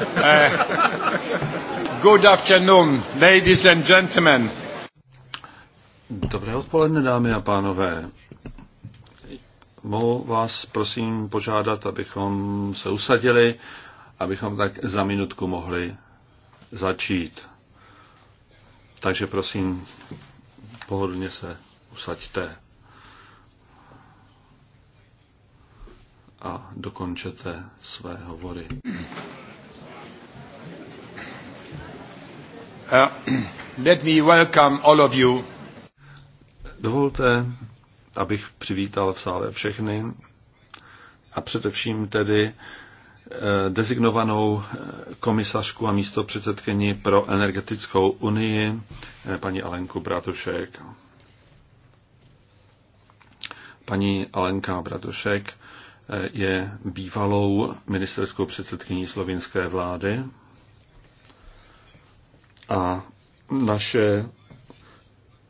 Uh, good afternoon, ladies and gentlemen. Dobré odpoledne, dámy a pánové. Mohu vás prosím požádat, abychom se usadili, abychom tak za minutku mohli začít. Takže prosím, pohodlně se usaďte. a dokončete své hovory. Uh, let me welcome all of you. Dovolte, abych přivítal v sále všechny a především tedy eh, designovanou eh, komisařku a místo předsedkyni pro energetickou unii, eh, paní Alenku Bratušek. Paní Alenka Bratušek je bývalou ministerskou předsedkyní slovinské vlády a naše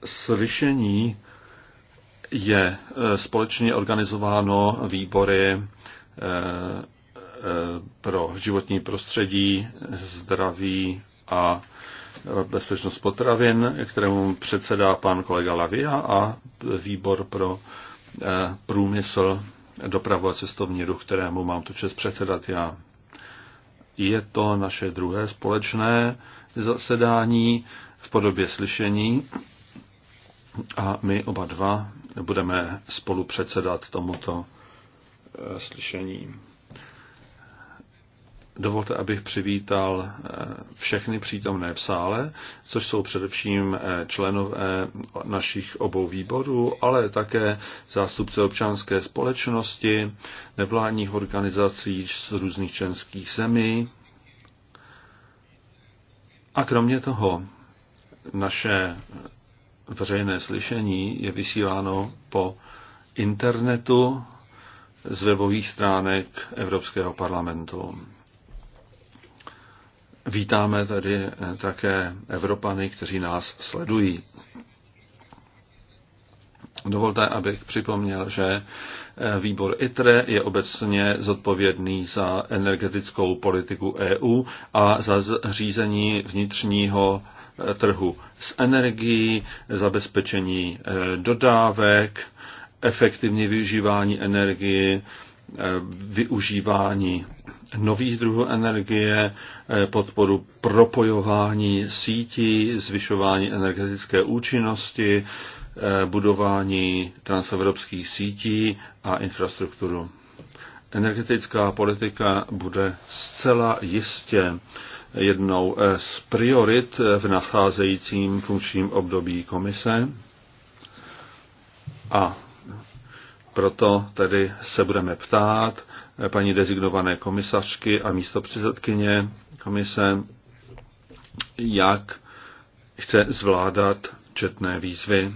slyšení je e, společně organizováno výbory e, e, pro životní prostředí, zdraví a bezpečnost potravin, kterému předsedá pan kolega Lavia a výbor pro průmysl, dopravu a cestovní ruch, kterému mám tu čest předsedat já. Je to naše druhé společné zasedání v podobě slyšení a my oba dva budeme spolu předsedat tomuto eh, slyšení. Dovolte, abych přivítal eh, všechny přítomné v sále, což jsou především eh, členové našich obou výborů, ale také zástupce občanské společnosti, nevládních organizací z různých členských zemí, a kromě toho naše veřejné slyšení je vysíláno po internetu z webových stránek Evropského parlamentu. Vítáme tady také Evropany, kteří nás sledují Dovolte, abych připomněl, že eh, výbor ITRE je obecně zodpovědný za energetickou politiku EU a za řízení vnitřního eh, trhu s energií, zabezpečení eh, dodávek, efektivní využívání energie, využívání nových druhů energie, podporu propojování sítí, zvyšování energetické účinnosti, Eh, budování transevropských sítí a infrastrukturu. Energetická politika bude zcela jistě jednou eh, z priorit v nacházejícím funkčním období komise a proto tedy se budeme ptát eh, paní dezignované komisařky a místopředsedkyně komise, jak chce zvládat četné výzvy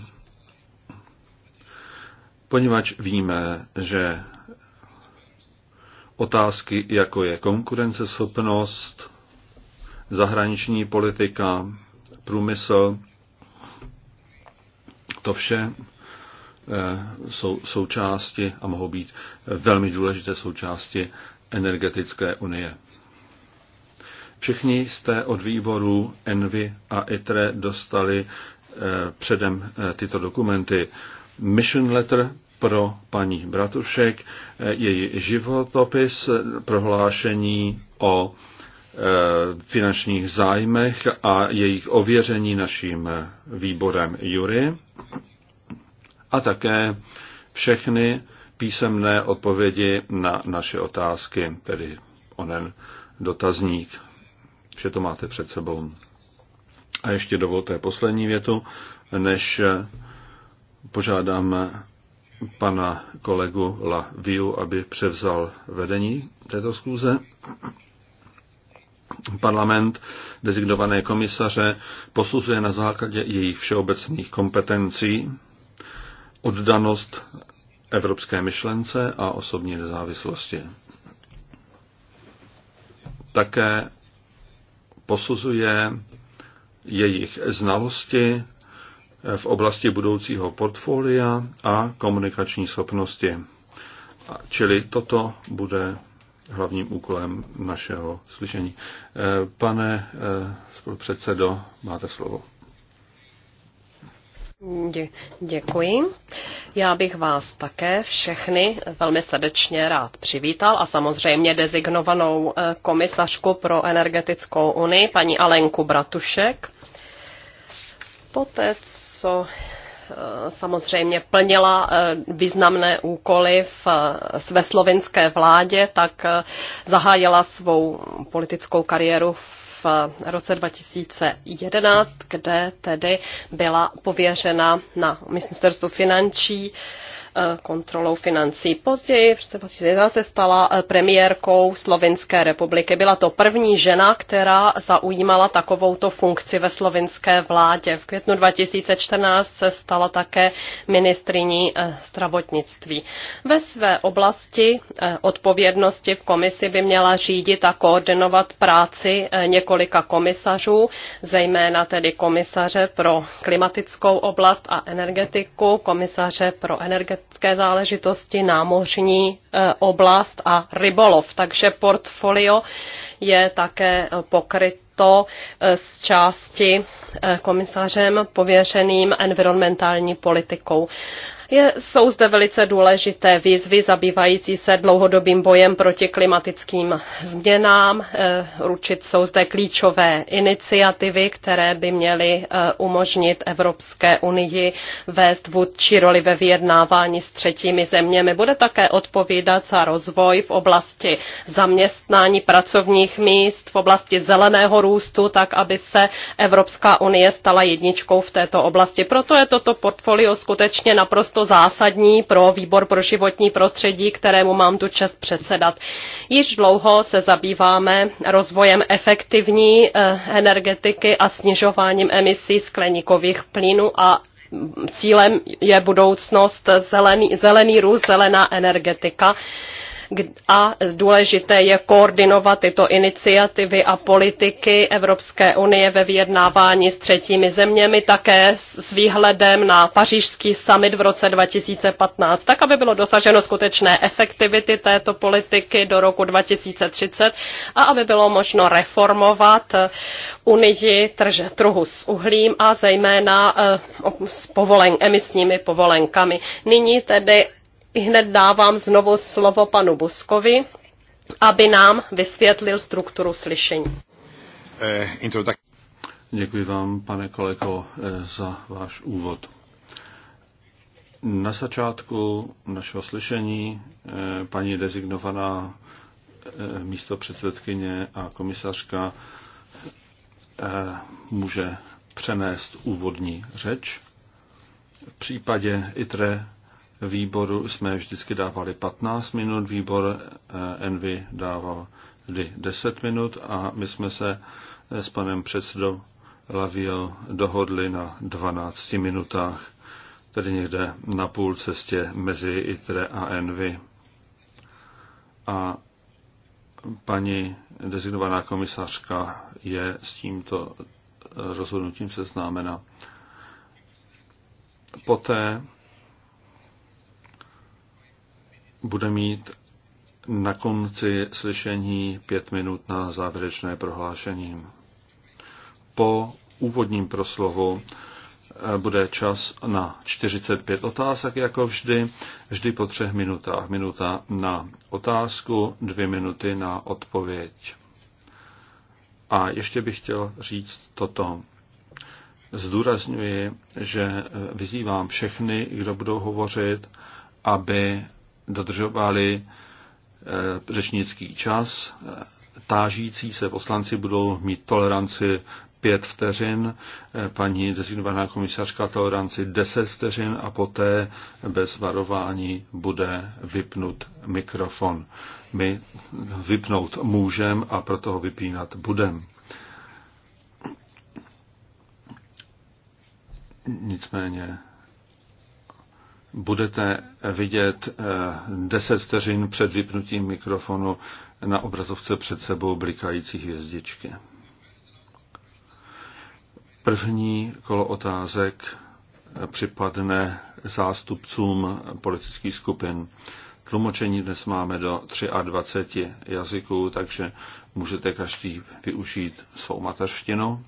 poněvadž víme, že otázky, jako je konkurenceschopnost, zahraniční politika, průmysl, to vše eh, jsou součásti a mohou být velmi důležité součásti energetické unie. Všichni jste od výboru Envy a ITRE dostali eh, předem eh, tyto dokumenty mission letter pro paní Bratušek, její životopis, prohlášení o e, finančních zájmech a jejich ověření naším výborem Jury a také všechny písemné odpovědi na naše otázky, tedy onen dotazník. Vše to máte před sebou. A ještě dovolte poslední větu, než Požádám pana kolegu La Viu, aby převzal vedení této schůze. Parlament designované komisaře posuzuje na základě jejich všeobecných kompetencí oddanost evropské myšlence a osobní nezávislosti. Také posuzuje jejich znalosti v oblasti budoucího portfolia a komunikační schopnosti. Čili toto bude hlavním úkolem našeho slyšení. Eh, pane eh, předsedo, máte slovo. Dě, děkuji. Já bych vás také všechny velmi srdečně rád přivítal a samozřejmě dezignovanou eh, komisařku pro energetickou unii, paní Alenku Bratušek. Poté, co eh, samozřejmě plnila eh, významné úkoly v, eh, své slovinské vládě, tak zahájila svou politickou kariéru v roce 2011, kde tedy byla pověřena na ministerstvu financí Eh, kontrolou financí. Později se stala eh, premiérkou Slovenské republiky. Byla to první žena, která zaujímala takovouto funkci ve slovinské vládě. V květnu 2014 se stala také ministriní eh, zdravotnictví. Ve své oblasti odpovědnosti v komisi by měla řídit a koordinovat práci několika komisařů, zejména tedy komisaře pro klimatickou oblast a energetiku, komisaře pro energetiku politické záležitosti, námořní eh, oblast a rybolov. Takže portfolio je také eh, pokryto eh, z části komisařem pověřeným environmentální politikou jsou zde velice důležité výzvy zabývající se dlouhodobým bojem proti klimatickým změnám. Eh, Určit jsou zde klíčové iniciativy, které by měly eh, umožnit Evropské unii vést vůdčí roli ve vyjednávání s třetími zeměmi. Bude také odpovídat za rozvoj v oblasti zaměstnání pracovních míst, v oblasti zeleného růstu, tak aby se Evropská unie stala jedničkou v této oblasti. Proto je toto portfolio skutečně naprosto zásadní pro výbor pro životní prostředí, kterému mám tu čest předsedat. Již dlouho se zabýváme rozvojem efektivní eh, energetiky a snižováním emisí skleníkových plynů a cílem je budoucnost zelený, zelený růst, zelená energetika a důležité je koordinovat tyto iniciativy a politiky Evropské unie ve vyjednávání s třetími zeměmi, také s výhledem na pařížský summit v roce 2015, tak aby bylo dosaženo skutečné efektivity této politiky do roku 2030 a aby bylo možno reformovat eh, unii trže trhu s uhlím a zejména eh, s povolen, emisními povolenkami. Nyní tedy i hned dávám znovu slovo panu Buskovi, aby nám vysvětlil strukturu slyšení. Děkuji vám, pane kolego, eh, za váš úvod. Na začátku našeho slyšení eh, paní dezignovaná eh, místo předsedkyně a komisařka může přenést úvodní řeč. V případě ITRE výboru jsme vždycky dávali 15 minut, výbor eh, Envy dával vždy 10 minut a my jsme se eh, s panem předsedou Lavio dohodli na 12 minutách, tedy někde na půl cestě mezi ITRE a Envy. A paní designovaná komisařka je s tímto eh, rozhodnutím seznámena. Poté bude mít na konci slyšení pět minut na závěrečné prohlášení. Po úvodním proslovu eh, bude čas na 45 otázek, jako vždy, vždy po třech minutách. Minuta na otázku, dvě minuty na odpověď. A ještě bych chtěl říct toto. Zdůrazňuji, že eh, vyzývám všechny, kdo budou hovořit, aby dodržovali eh, řečnický čas. Tážící se poslanci budou mít toleranci pět vteřin, eh, paní designovaná komisařka toleranci deset vteřin a poté bez varování bude vypnut mikrofon. My vypnout můžem a proto ho vypínat budem. Nicméně budete vidět 10 eh, vteřin před vypnutím mikrofonu na obrazovce před sebou blikající hvězdičky. První kolo otázek připadne zástupcům politických skupin. Tlumočení dnes máme do 23 jazyků, takže můžete každý využít svou mateřštinu.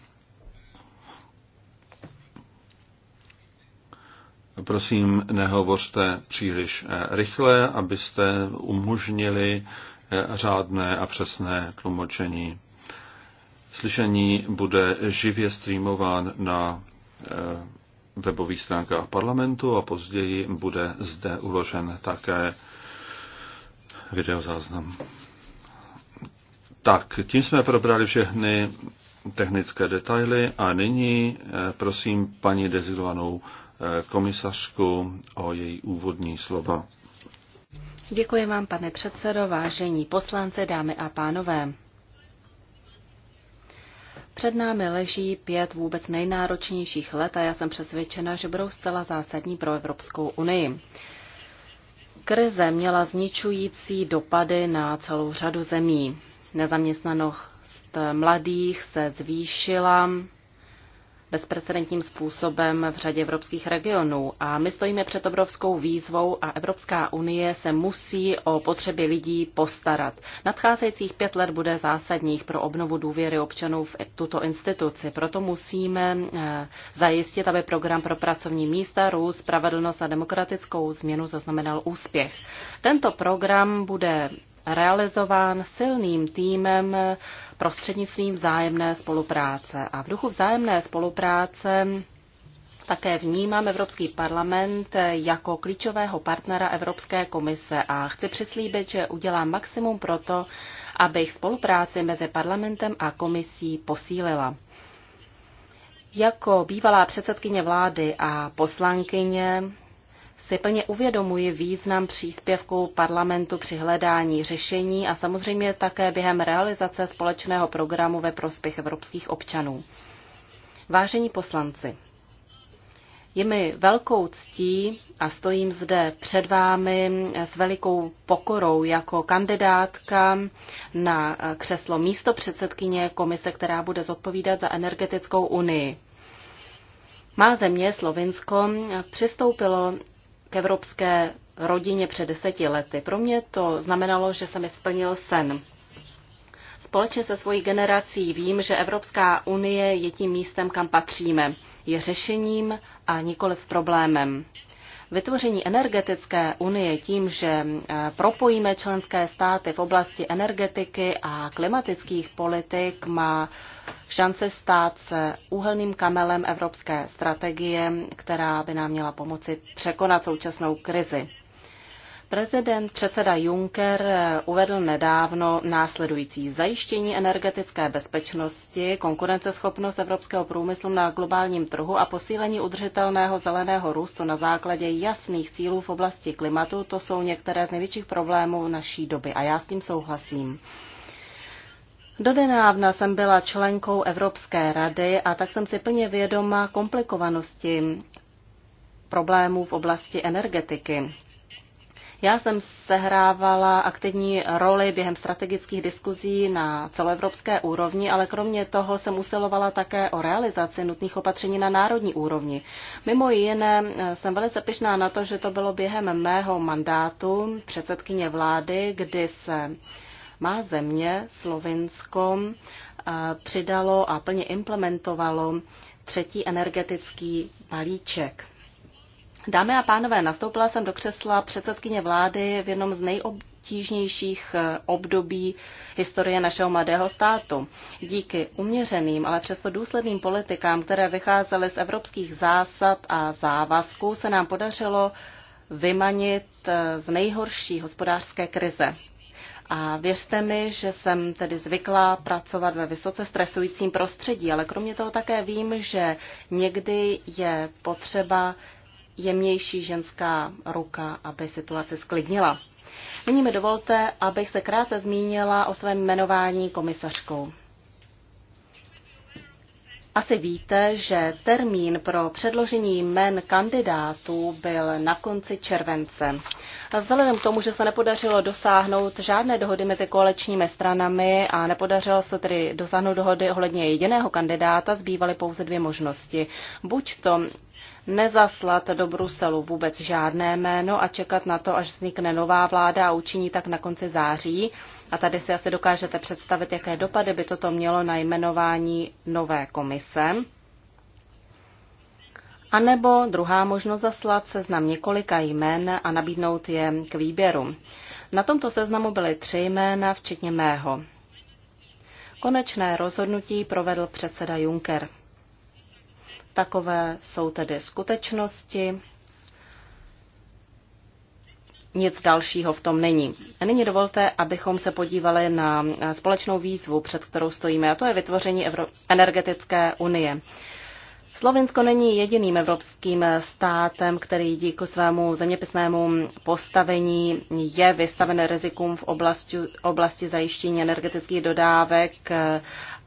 Prosím, nehovořte příliš eh, rychle, abyste umožnili eh, řádné a přesné tlumočení. Slyšení bude živě streamován na eh, webových stránkách parlamentu a později bude zde uložen také videozáznam. Tak, tím jsme probrali všechny technické detaily a nyní prosím paní dezidovanou komisařku o její úvodní slova. Děkuji vám, pane předsedo, vážení poslance, dámy a pánové. Před námi leží pět vůbec nejnáročnějších let a já jsem přesvědčena, že budou zcela zásadní pro Evropskou unii. Krize měla zničující dopady na celou řadu zemí. Nezaměstnanost mladých se zvýšila, bezprecedentním způsobem v řadě evropských regionů. A my stojíme před obrovskou výzvou a Evropská unie se musí o potřeby lidí postarat. Nadcházejících pět let bude zásadních pro obnovu důvěry občanů v tuto instituci. Proto musíme eh, zajistit, aby program pro pracovní místa, růst, spravedlnost a demokratickou změnu zaznamenal úspěch. Tento program bude realizován silným týmem prostřednictvím vzájemné spolupráce. A v duchu vzájemné spolupráce také vnímám Evropský parlament jako klíčového partnera Evropské komise a chci přislíbit, že udělám maximum pro to, abych spolupráci mezi parlamentem a komisí posílila. Jako bývalá předsedkyně vlády a poslankyně si plně uvědomuji význam příspěvku parlamentu při hledání řešení a samozřejmě také během realizace společného programu ve prospěch evropských občanů. Vážení poslanci, je mi velkou ctí a stojím zde před vámi s velikou pokorou jako kandidátka na křeslo místo předsedkyně komise, která bude zodpovídat za energetickou unii. Má země, Slovinsko, přistoupilo k evropské rodině před deseti lety. Pro mě to znamenalo, že jsem mi splnil sen. Společně se svojí generací vím, že Evropská unie je tím místem, kam patříme. Je řešením a nikoliv problémem. Vytvoření energetické unie tím, že eh, propojíme členské státy v oblasti energetiky a klimatických politik, má šance stát se úhelným kamelem evropské strategie, která by nám měla pomoci překonat současnou krizi. Prezident předseda Juncker uvedl nedávno následující zajištění energetické bezpečnosti, konkurenceschopnost evropského průmyslu na globálním trhu a posílení udržitelného zeleného růstu na základě jasných cílů v oblasti klimatu. To jsou některé z největších problémů naší doby a já s tím souhlasím. Dodenávna jsem byla členkou Evropské rady a tak jsem si plně vědoma komplikovanosti problémů v oblasti energetiky. Já jsem sehrávala aktivní roli během strategických diskuzí na celoevropské úrovni, ale kromě toho jsem usilovala také o realizaci nutných opatření na národní úrovni. Mimo jiné eh, jsem velice pyšná na to, že to bylo během mého mandátu předsedkyně vlády, kdy se má země Slovinsko eh, přidalo a plně implementovalo třetí energetický balíček. Dámy a pánové, nastoupila jsem do křesla předsedkyně vlády v jednom z nejobtížnějších eh, období historie našeho mladého státu. Díky uměřeným, ale přesto důsledným politikám, které vycházely z evropských zásad a závazků, se nám podařilo vymanit eh, z nejhorší hospodářské krize. A věřte mi, že jsem tedy zvyklá pracovat ve vysoce stresujícím prostředí, ale kromě toho také vím, že někdy je potřeba jemnější ženská ruka, aby situace sklidnila. Nyní mi dovolte, abych se krátce zmínila o svém jmenování komisařkou. Asi víte, že termín pro předložení jmen kandidátů byl na konci července. Vzhledem k tomu, že se nepodařilo dosáhnout žádné dohody mezi koaličními stranami a nepodařilo se tedy dosáhnout dohody ohledně jediného kandidáta, zbývaly pouze dvě možnosti. Buď to nezaslat do Bruselu vůbec žádné jméno a čekat na to, až vznikne nová vláda a učiní tak na konci září. A tady si asi dokážete představit, jaké dopady by toto mělo na jmenování nové komise. A nebo druhá možnost zaslat seznam několika jmén a nabídnout je k výběru. Na tomto seznamu byly tři jména, včetně mého. Konečné rozhodnutí provedl předseda Juncker. Takové jsou tedy skutečnosti. Nic dalšího v tom není. A nyní dovolte, abychom se podívali na společnou výzvu, před kterou stojíme, a to je vytvoření Evro- energetické unie. Slovensko není jediným evropským státem, který díky svému zeměpisnému postavení je vystaven rizikům v oblasti, oblasti zajištění energetických dodávek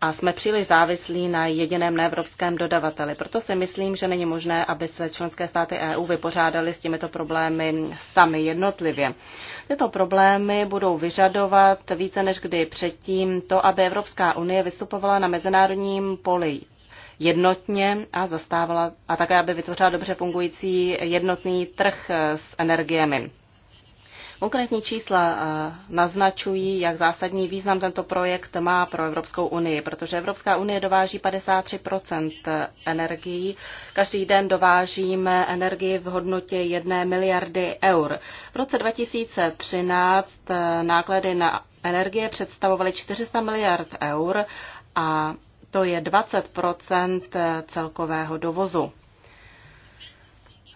a jsme příliš závislí na jediném neevropském dodavateli. Proto si myslím, že není možné, aby se členské státy EU vypořádaly s těmito problémy sami jednotlivě. Tyto problémy budou vyžadovat více než kdy předtím to, aby Evropská unie vystupovala na mezinárodním poli jednotně a zastávala a také, aby vytvořila dobře fungující jednotný trh eh, s energiemi. Konkrétní čísla eh, naznačují, jak zásadní význam tento projekt má pro Evropskou unii, protože Evropská unie dováží 53 eh, energií. Každý den dovážíme energii v hodnotě 1 miliardy eur. V roce 2013 náklady na energie představovaly 400 miliard eur a to je 20 celkového dovozu.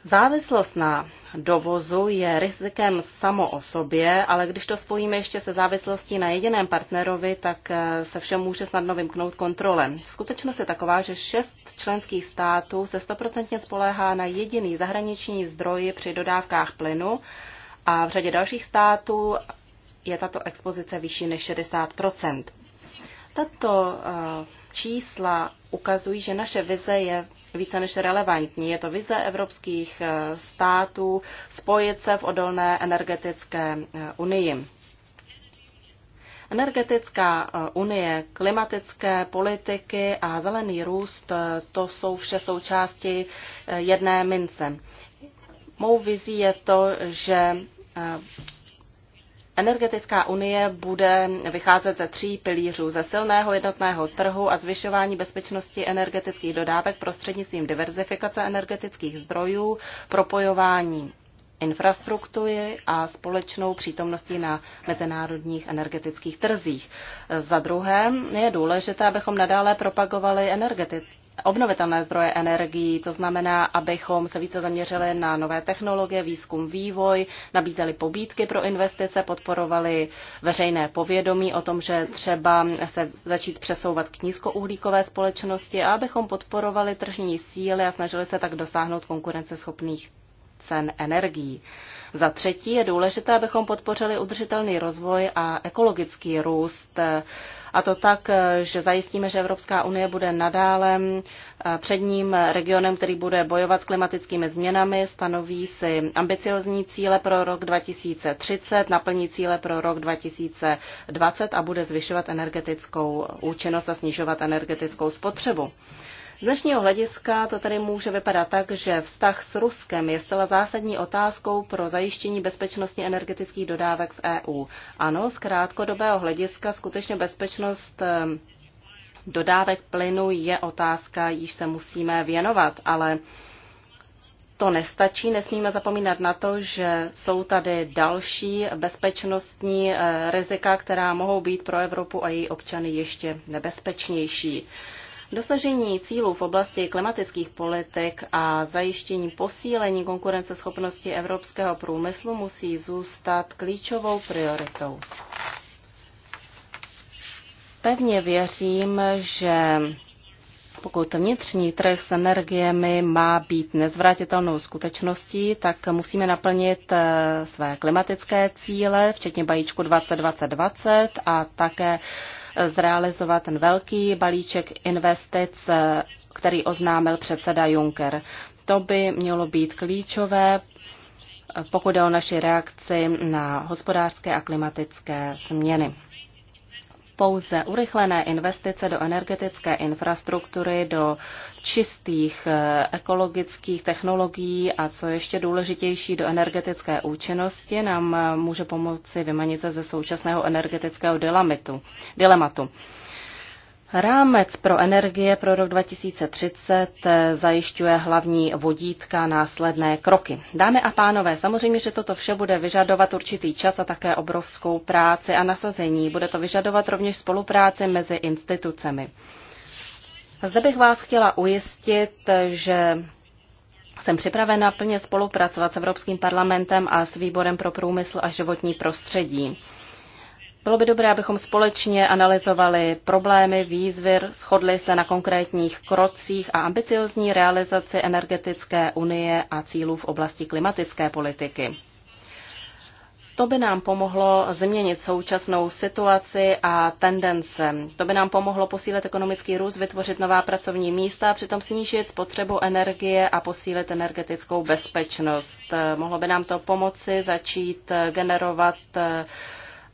Závislost na dovozu je rizikem samo o sobě, ale když to spojíme ještě se závislostí na jediném partnerovi, tak eh, se všem může snadno vymknout kontrole. Skutečnost je taková, že šest členských států se stoprocentně spoléhá na jediný zahraniční zdroj při dodávkách plynu a v řadě dalších států je tato expozice vyšší než 60 Tato eh, čísla ukazují, že naše vize je více než relevantní. Je to vize evropských eh, států spojit se v odolné energetické eh, unii. Energetická eh, unie, klimatické politiky a zelený růst, to jsou vše součásti jedné mince. Mou vizí je to, že Energetická unie bude vycházet ze tří pilířů, ze silného jednotného trhu a zvyšování bezpečnosti energetických dodávek prostřednictvím diverzifikace energetických zdrojů, propojování infrastruktury a společnou přítomností na mezinárodních energetických trzích. Za druhé je důležité, abychom nadále propagovali energetiku obnovitelné zdroje energií, to znamená, abychom se více zaměřili na nové technologie, výzkum, vývoj, nabízeli pobídky pro investice, podporovali veřejné povědomí o tom, že třeba se začít přesouvat k nízkouhlíkové společnosti a abychom podporovali tržní síly a snažili se tak dosáhnout konkurenceschopných cen energií. Za třetí je důležité, abychom podpořili udržitelný rozvoj a ekologický růst. A to tak, že zajistíme, že Evropská unie bude nadále eh, předním regionem, který bude bojovat s klimatickými změnami, stanoví si ambiciozní cíle pro rok 2030, naplní cíle pro rok 2020 a bude zvyšovat energetickou účinnost a snižovat energetickou spotřebu. Z dnešního hlediska to tady může vypadat tak, že vztah s Ruskem je zcela zásadní otázkou pro zajištění bezpečnosti energetických dodávek v EU. Ano, z krátkodobého hlediska skutečně bezpečnost eh, dodávek plynu je otázka, již se musíme věnovat, ale to nestačí. Nesmíme zapomínat na to, že jsou tady další bezpečnostní eh, rizika, která mohou být pro Evropu a její občany ještě nebezpečnější. Dosažení cílů v oblasti klimatických politik a zajištění posílení konkurenceschopnosti evropského průmyslu musí zůstat klíčovou prioritou. Pevně věřím, že pokud vnitřní trh s energiemi má být nezvratitelnou skutečností, tak musíme naplnit eh, své klimatické cíle, včetně bajíčku 2020 a také zrealizovat ten velký balíček investic, eh, který oznámil předseda Juncker. To by mělo být klíčové, eh, pokud jde o naši reakci na hospodářské a klimatické změny pouze urychlené investice do energetické infrastruktury, do čistých eh, ekologických technologií a co ještě důležitější do energetické účinnosti nám eh, může pomoci vymanit se ze současného energetického dilematu. Rámec pro energie pro rok 2030 eh, zajišťuje hlavní vodítka následné kroky. Dámy a pánové, samozřejmě, že toto vše bude vyžadovat určitý čas a také obrovskou práci a nasazení. Bude to vyžadovat rovněž spolupráci mezi institucemi. Zde bych vás chtěla ujistit, že jsem připravena plně spolupracovat s Evropským parlamentem a s Výborem pro průmysl a životní prostředí. Bylo by dobré, abychom společně analyzovali problémy, výzvy, shodli se na konkrétních krocích a ambiciozní realizaci energetické unie a cílů v oblasti klimatické politiky. To by nám pomohlo změnit současnou situaci a tendence. To by nám pomohlo posílit ekonomický růst, vytvořit nová pracovní místa a přitom snížit potřebu energie a posílit energetickou bezpečnost. Mohlo by nám to pomoci začít generovat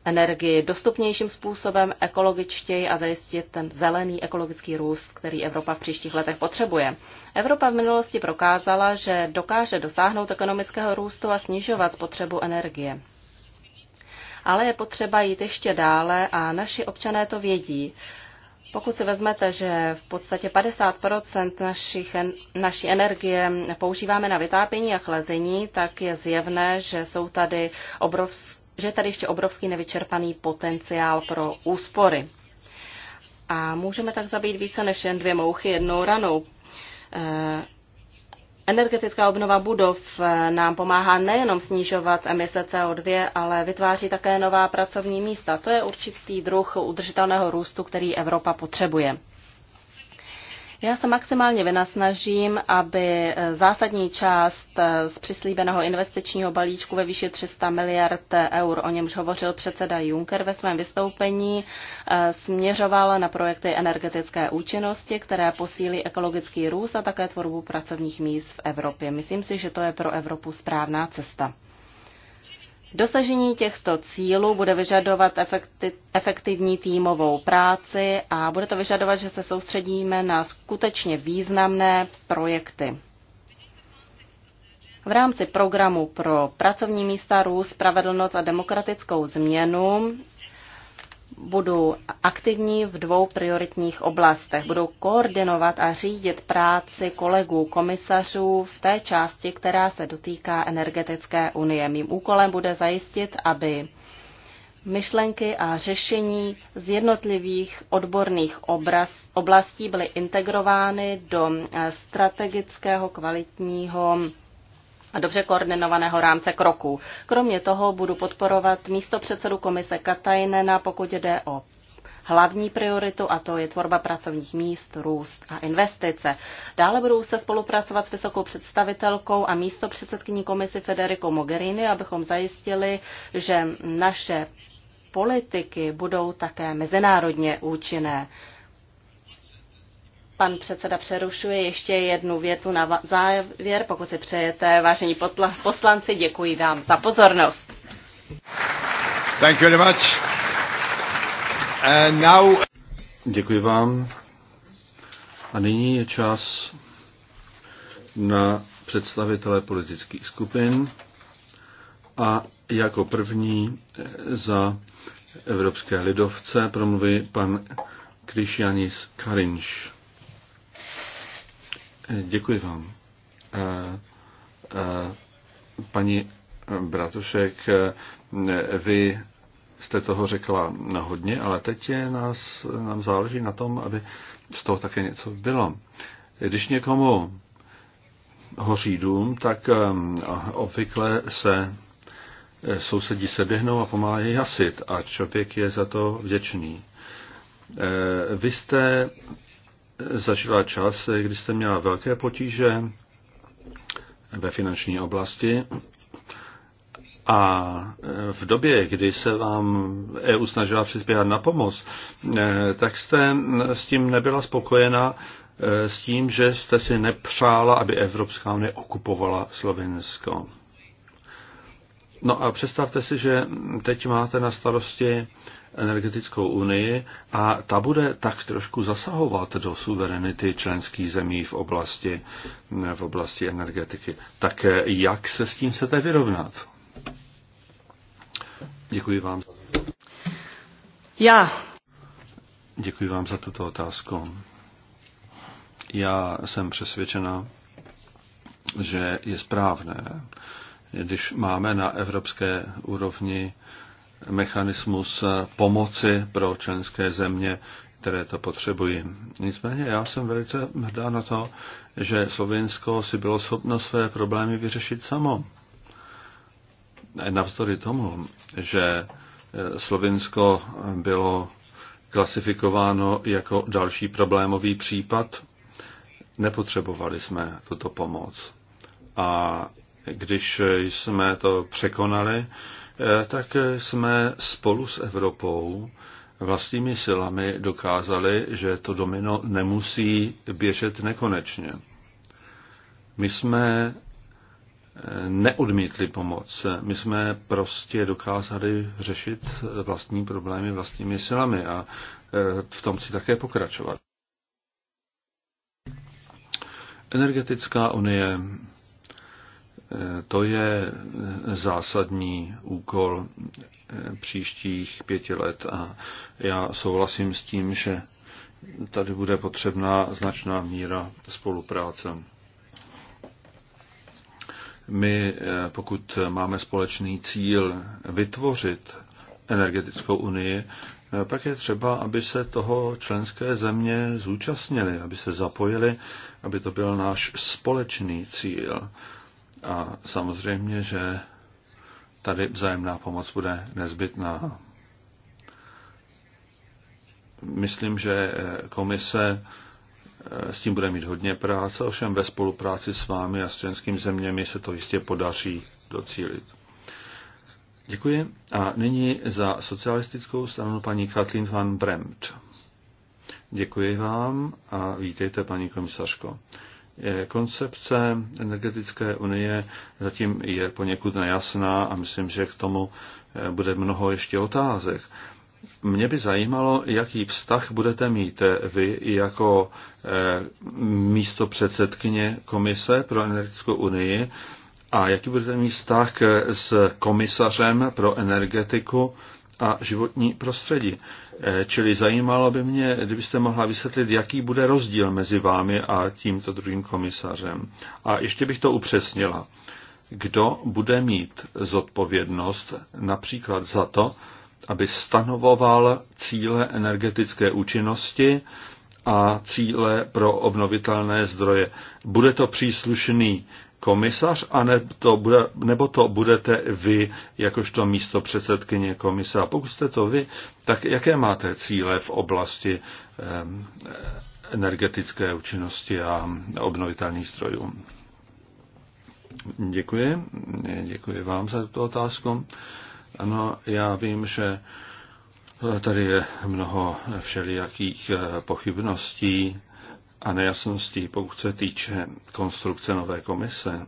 energii dostupnějším způsobem, ekologičtěji a zajistit ten zelený ekologický růst, který Evropa v příštích letech potřebuje. Evropa v minulosti prokázala, že dokáže dosáhnout ekonomického růstu a snižovat spotřebu energie. Ale je potřeba jít ještě dále a naši občané to vědí. Pokud si vezmete, že v podstatě 50 našich, naší energie používáme na vytápění a chlazení, tak je zjevné, že jsou tady obrovské že tady ještě obrovský nevyčerpaný potenciál pro úspory. A můžeme tak zabít více než jen dvě mouchy jednou ranou. Eh, energetická obnova budov eh, nám pomáhá nejenom snižovat emise CO2, ale vytváří také nová pracovní místa. To je určitý druh udržitelného růstu, který Evropa potřebuje. Já se maximálně vynasnažím, aby eh, zásadní část eh, z přislíbeného investičního balíčku ve výši 300 miliard eur, o němž hovořil předseda Juncker ve svém vystoupení, eh, směřovala na projekty energetické účinnosti, které posílí ekologický růst a také tvorbu pracovních míst v Evropě. Myslím si, že to je pro Evropu správná cesta. Dosažení těchto cílů bude vyžadovat efektivní týmovou práci a bude to vyžadovat, že se soustředíme na skutečně významné projekty. V rámci programu pro pracovní místa, růst, spravedlnost a demokratickou změnu budou aktivní v dvou prioritních oblastech. Budou koordinovat a řídit práci kolegů komisařů v té části, která se dotýká energetické unie. Mým úkolem bude zajistit, aby myšlenky a řešení z jednotlivých odborných obraz, oblastí byly integrovány do eh, strategického kvalitního a dobře koordinovaného rámce kroků. Kromě toho budu podporovat místo předsedu komise Katajnena, pokud jde o hlavní prioritu a to je tvorba pracovních míst, růst a investice. Dále budou se spolupracovat s vysokou představitelkou a místo předsedkyní komisy Federico Mogherini, abychom zajistili, že naše politiky budou také mezinárodně účinné. Pan předseda přerušuje ještě jednu větu na závěr. Pokud si přejete, vážení poslanci, děkuji vám za pozornost. Thank you very much. And now... Děkuji vám. A nyní je čas na představitele politických skupin a jako první za Evropské lidovce promluví pan Krišianis Karinš. Děkuji vám. Paní Bratušek, vy jste toho řekla hodně, ale teď je nás, nám záleží na tom, aby z toho také něco bylo. Když někomu hoří dům, tak um, obvykle se eh, sousedí se běhnou a pomáhají hasit a člověk je za to vděčný. Eh, vy jste zažila čas, kdy jste měla velké potíže ve finanční oblasti a v době, kdy se vám EU snažila přispěhat na pomoc, eh, tak jste s tím nebyla spokojena, eh, s tím, že jste si nepřála, aby Evropská unie okupovala Slovensko. No a představte si, že teď máte na starosti energetickou unii a ta bude tak trošku zasahovat do suverenity členských zemí v oblasti, v oblasti energetiky. Tak jak se s tím chcete vyrovnat? Děkuji vám. Já. Děkuji vám za tuto otázku. Já jsem přesvědčena, že je správné, když máme na evropské úrovni mechanismus eh, pomoci pro členské země, které to potřebují. Nicméně já jsem velice hrdá na to, že Slovensko si bylo schopno své problémy vyřešit samo. Navzdory tomu, že eh, Slovensko bylo klasifikováno jako další problémový případ, nepotřebovali jsme tuto pomoc. A když jsme to překonali, Eh, tak jsme spolu s Evropou vlastními silami dokázali, že to domino nemusí běžet nekonečně. My jsme eh, neodmítli pomoc. My jsme prostě dokázali řešit vlastní problémy vlastními silami a eh, v tom si také pokračovat. Energetická unie to je zásadní úkol eh, příštích pěti let a já souhlasím s tím, že tady bude potřebná značná míra spolupráce. My, eh, pokud máme společný cíl vytvořit energetickou unii, eh, pak je třeba, aby se toho členské země zúčastnily, aby se zapojili, aby to byl náš společný cíl. A samozřejmě, že tady vzájemná pomoc bude nezbytná. Myslím, že eh, komise eh, s tím bude mít hodně práce, ovšem ve spolupráci s vámi a s členskými zeměmi se to jistě podaří docílit. Děkuji. A nyní za socialistickou stranu paní Katlin van Bremt. Děkuji vám a vítejte, paní komisařko. Koncepce energetické unie zatím je poněkud nejasná a myslím, že k tomu eh, bude mnoho ještě otázek. Mě by zajímalo, jaký vztah budete mít eh, vy jako eh, místo předsedkyně Komise pro energetickou unii a jaký budete mít vztah s komisařem pro energetiku, a životní prostředí. Eh, čili zajímalo by mě, kdybyste mohla vysvětlit, jaký bude rozdíl mezi vámi a tímto druhým komisařem. A ještě bych to upřesnila. Kdo bude mít zodpovědnost například za to, aby stanovoval cíle energetické účinnosti a cíle pro obnovitelné zdroje. Bude to příslušný komisař, a ne to bude, nebo to budete vy, jakožto místo předsedkyně komise. A pokud jste to vy, tak jaké máte cíle v oblasti um, energetické účinnosti a obnovitelných strojů? Děkuji. Děkuji vám za tuto otázku. Ano, já vím, že tady je mnoho všelijakých eh, pochybností a nejasností, pokud se týče konstrukce nové komise.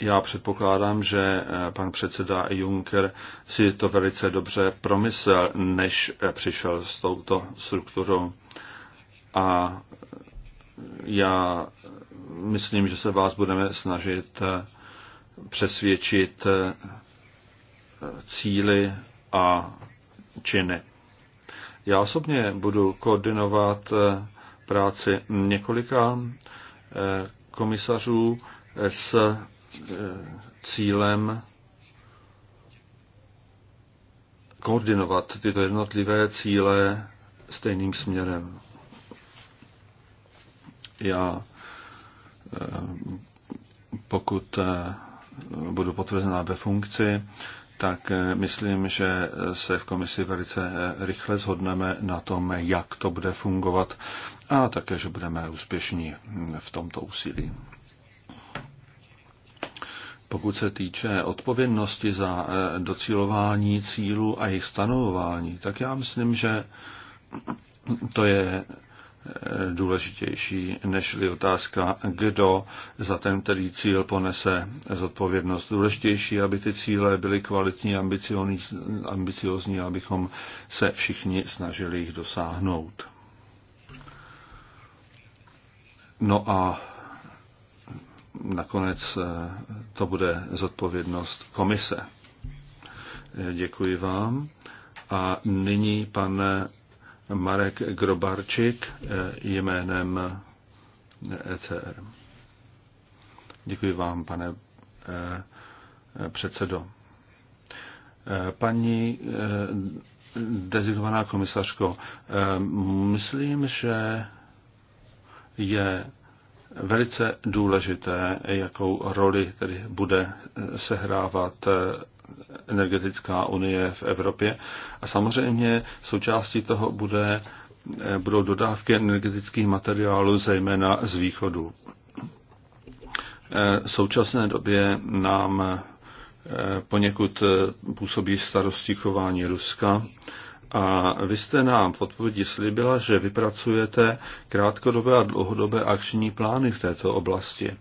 Já předpokládám, že eh, pan předseda Juncker si to velice dobře promyslel, než eh, přišel s touto strukturou. A eh, já myslím, že se vás budeme snažit přesvědčit cíly a činy. Já osobně budu koordinovat práci několika eh, komisařů eh, s eh, cílem koordinovat tyto jednotlivé cíle stejným směrem. Já, pokud budu potvrzená ve funkci, tak myslím, že se v komisi velice rychle zhodneme na tom, jak to bude fungovat a také, že budeme úspěšní v tomto úsilí. Pokud se týče odpovědnosti za eh, docílování cílů a jejich stanovování, tak já myslím, že to je eh, důležitější než otázka, kdo za ten, který cíl ponese zodpovědnost. Důležitější, aby ty cíle byly kvalitní, ambiciozní, abychom se všichni snažili jich dosáhnout. No a nakonec eh, to bude zodpovědnost komise. Eh, děkuji vám. A nyní pan Marek Grobarčik eh, jménem ECR. E děkuji vám, pane předsedo. Paní designovaná komisařko, myslím, že je velice důležité, jakou roli tedy bude sehrávat energetická unie v Evropě. A samozřejmě součástí toho bude, budou dodávky energetických materiálů, zejména z východu. V současné době nám poněkud působí starosti chování Ruska a vy jste nám v odpovědi slibila, že vypracujete krátkodobé a dlouhodobé akční plány v této oblasti.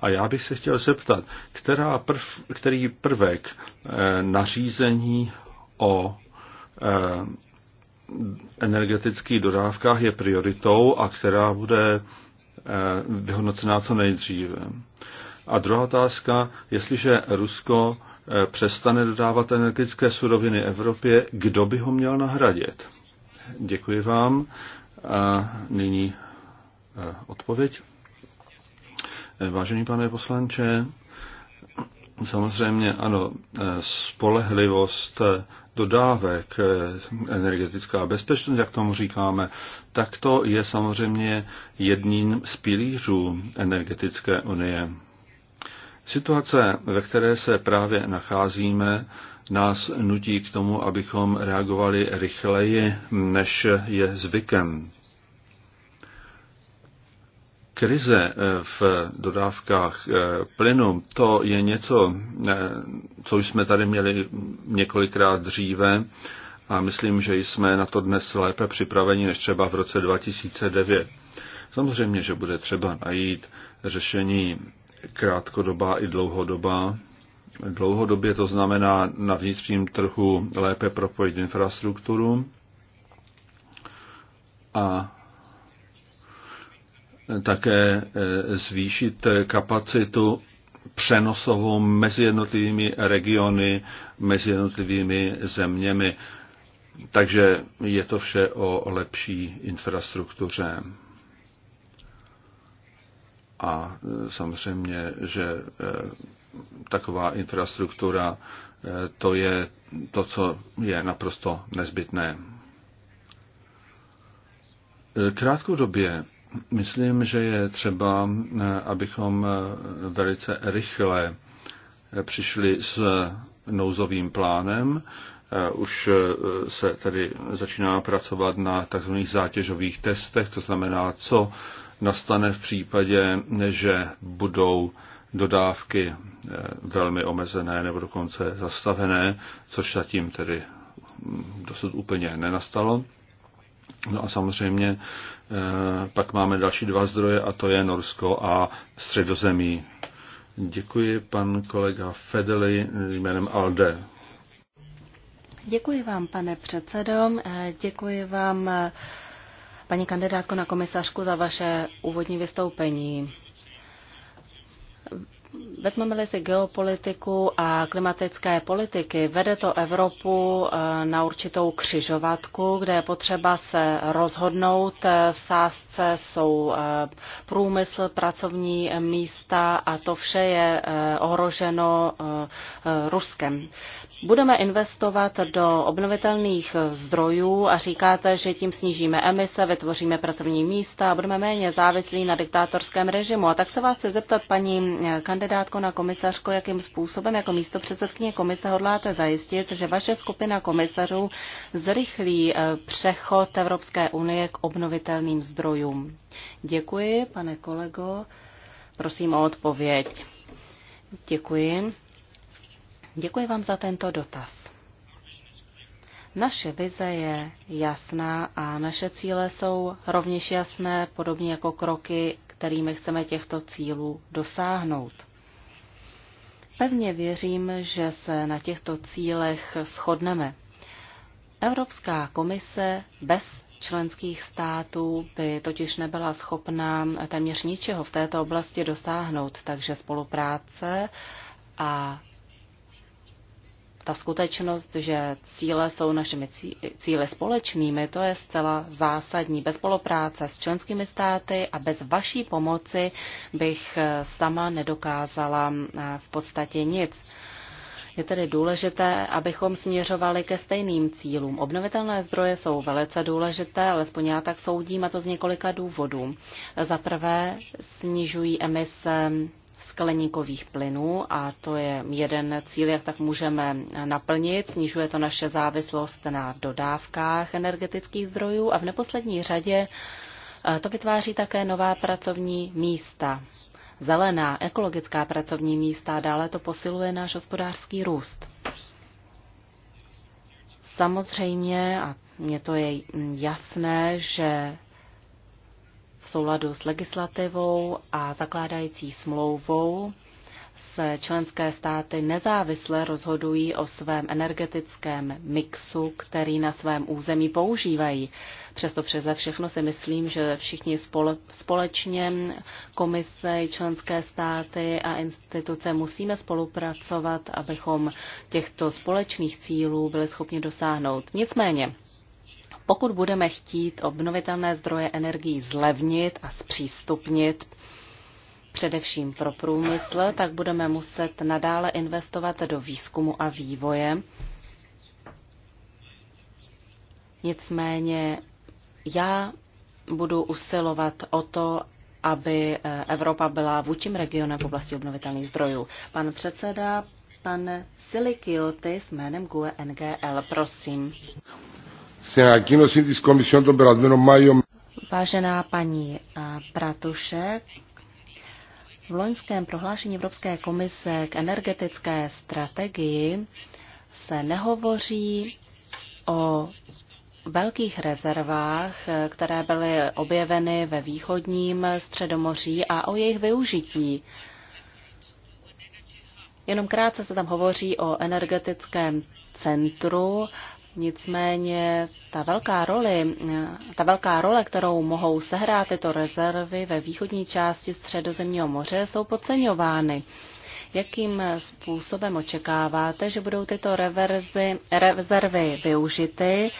A já bych se chtěl zeptat, která prv, který prvek e, nařízení o e, energetických dodávkách je prioritou a která bude e, vyhodnocená co nejdříve. A druhá otázka, jestliže Rusko Eh, přestane dodávat energetické suroviny Evropě, kdo by ho měl nahradit? Děkuji vám. A nyní eh, odpověď. Eh, vážený pane poslanče, samozřejmě ano, spolehlivost dodávek, energetická bezpečnost, jak tomu říkáme, tak to je samozřejmě jedním z pilířů energetické unie. Situace, ve které se právě nacházíme, nás nutí k tomu, abychom reagovali rychleji, než je zvykem. Krize eh, v dodávkách eh, plynu, to je něco, eh, co jsme tady měli několikrát dříve a myslím, že jsme na to dnes lépe připraveni než třeba v roce 2009. Samozřejmě, že bude třeba najít řešení krátkodobá i dlouhodobá. Dlouhodobě to znamená na vnitřním trhu lépe propojit infrastrukturu a také eh, zvýšit kapacitu přenosovou mezi jednotlivými regiony, mezi jednotlivými zeměmi. Takže je to vše o lepší infrastruktuře. A e, samozřejmě, že e, taková infrastruktura, e, to je to, co je naprosto nezbytné. Krátkou době myslím, že je třeba, abychom velice rychle přišli s nouzovým plánem. Už se tedy začíná pracovat na takzvaných zátěžových testech, to znamená, co nastane v případě, že budou dodávky eh, velmi omezené nebo dokonce zastavené, což zatím tedy mm, dosud úplně nenastalo. No a samozřejmě eh, pak máme další dva zdroje a to je Norsko a Středozemí. Děkuji pan kolega Fedeli jménem Alde. Děkuji vám, pane předsedo. Eh, děkuji vám Paní kandidátko na komisařku za vaše úvodní vystoupení. Vezmeme-li si geopolitiku a klimatické politiky, vede to Evropu eh, na určitou křižovatku, kde je potřeba se rozhodnout. Eh, v sázce jsou eh, průmysl, pracovní místa a to vše je ohroženo Ruskem. Budeme investovat do obnovitelných zdrojů a říkáte, že tím snížíme emise, vytvoříme pracovní místa a budeme méně závislí na diktátorském režimu. A tak se vás chci zeptat, paní kandidátka, na komisařko, jakým způsobem jako místo předsedkyně komise hodláte zajistit, že vaše skupina komisařů zrychlí eh, přechod Evropské unie k obnovitelným zdrojům. Děkuji, pane kolego. Prosím o odpověď. Děkuji. Děkuji vám za tento dotaz. Naše vize je jasná a naše cíle jsou rovněž jasné, podobně jako kroky, kterými chceme těchto cílů dosáhnout. Pevně věřím, že se na těchto cílech shodneme. Evropská komise bez členských států by totiž nebyla schopná téměř ničeho v této oblasti dosáhnout, takže spolupráce a ta skutečnost, že cíle jsou našimi cíle společnými, to je zcela zásadní. Bez spolupráce s členskými státy a bez vaší pomoci bych eh, sama nedokázala eh, v podstatě nic. Je tedy důležité, abychom směřovali ke stejným cílům. Obnovitelné zdroje jsou velice důležité, alespoň já tak soudím, a to z několika důvodů. Za prvé snižují emise skleníkových plynů a to je jeden cíl, jak tak můžeme naplnit. Snižuje to naše závislost na dodávkách energetických zdrojů a v neposlední řadě to vytváří také nová pracovní místa. Zelená, ekologická pracovní místa a dále to posiluje náš hospodářský růst. Samozřejmě, a mně to je jasné, že v souladu s legislativou a zakládající smlouvou se členské státy nezávisle rozhodují o svém energetickém mixu, který na svém území používají. Přesto přeze všechno si myslím, že všichni společně, komise, členské státy a instituce musíme spolupracovat, abychom těchto společných cílů byli schopni dosáhnout. Nicméně, pokud budeme chtít obnovitelné zdroje energií zlevnit a zpřístupnit především pro průmysl, tak budeme muset nadále investovat do výzkumu a vývoje. Nicméně já budu usilovat o to, aby eh, Evropa byla vůčím regionem v oblasti obnovitelných zdrojů. Pan předseda, pan s jménem GUE NGL, prosím. Στην ανακοίνωση της Κομισιόν τον περασμένο Μάιο... Vážená paní eh, Bratušek, v loňském prohlášení Evropské komise k energetické strategii se nehovoří o velkých rezervách, eh, které byly objeveny ve východním středomoří a o jejich využití. Jenom krátce se tam hovoří o energetickém centru Nicméně ta velká, roli, ta velká role, kterou mohou sehrát tyto rezervy ve východní části Středozemního moře, jsou podceňovány. Jakým způsobem očekáváte, že budou tyto reverzy, rezervy využity,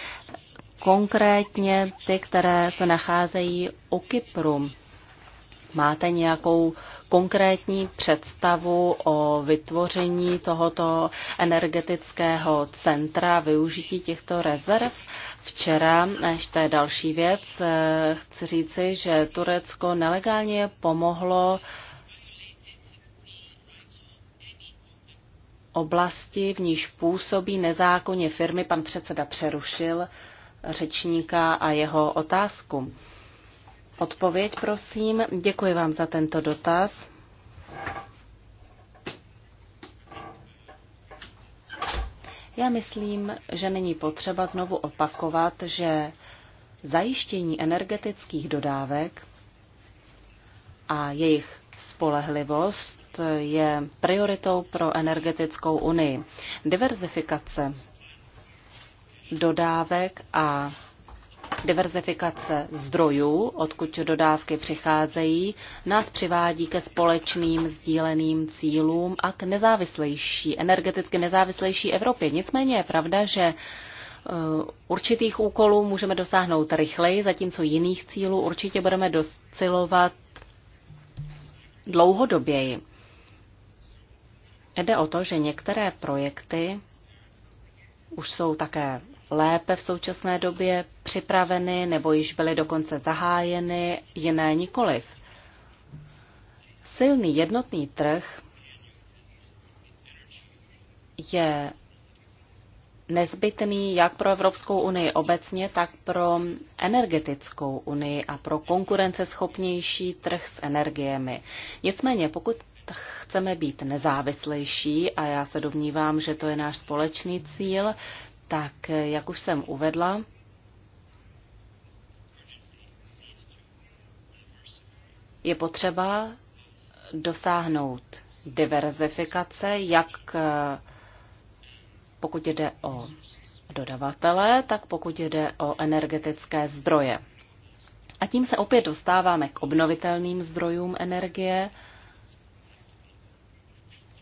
konkrétně ty, které se nacházejí u Kypru? Máte nějakou konkrétní představu o vytvoření tohoto energetického centra, využití těchto rezerv. Včera, ještě je další věc, eh, chci říci, že Turecko nelegálně pomohlo oblasti, v níž působí nezákonně firmy. Pan předseda přerušil řečníka a jeho otázku odpověď, prosím. Děkuji vám za tento dotaz. Já myslím, že není potřeba znovu opakovat, že zajištění energetických dodávek a jejich spolehlivost je prioritou pro energetickou unii. Diverzifikace dodávek a Diverzifikace zdrojů, odkud dodávky přicházejí, nás přivádí ke společným sdíleným cílům a k nezávislejší, energeticky nezávislejší Evropě. Nicméně je pravda, že eh, určitých úkolů můžeme dosáhnout rychleji, zatímco jiných cílů určitě budeme docilovat dlouhodoběji. Jde o to, že některé projekty už jsou také lépe v současné době připraveny nebo již byly dokonce zahájeny, jiné nikoliv. Silný jednotný trh je nezbytný jak pro Evropskou unii obecně, tak pro energetickou unii a pro konkurenceschopnější trh s energiemi. Nicméně, pokud chceme být nezávislejší, a já se domnívám, že to je náš společný cíl, tak jak už jsem uvedla, je potřeba dosáhnout diverzifikace, jak pokud jde o dodavatele, tak pokud jde o energetické zdroje. A tím se opět dostáváme k obnovitelným zdrojům energie,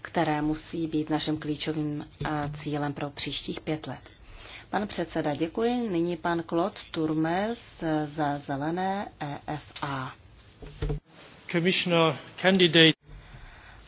které musí být naším klíčovým eh, cílem pro příštích pět let. Pan předseda, děkuji. Nyní pan Claude Turmes za zelené EFA. Commissioner candidate.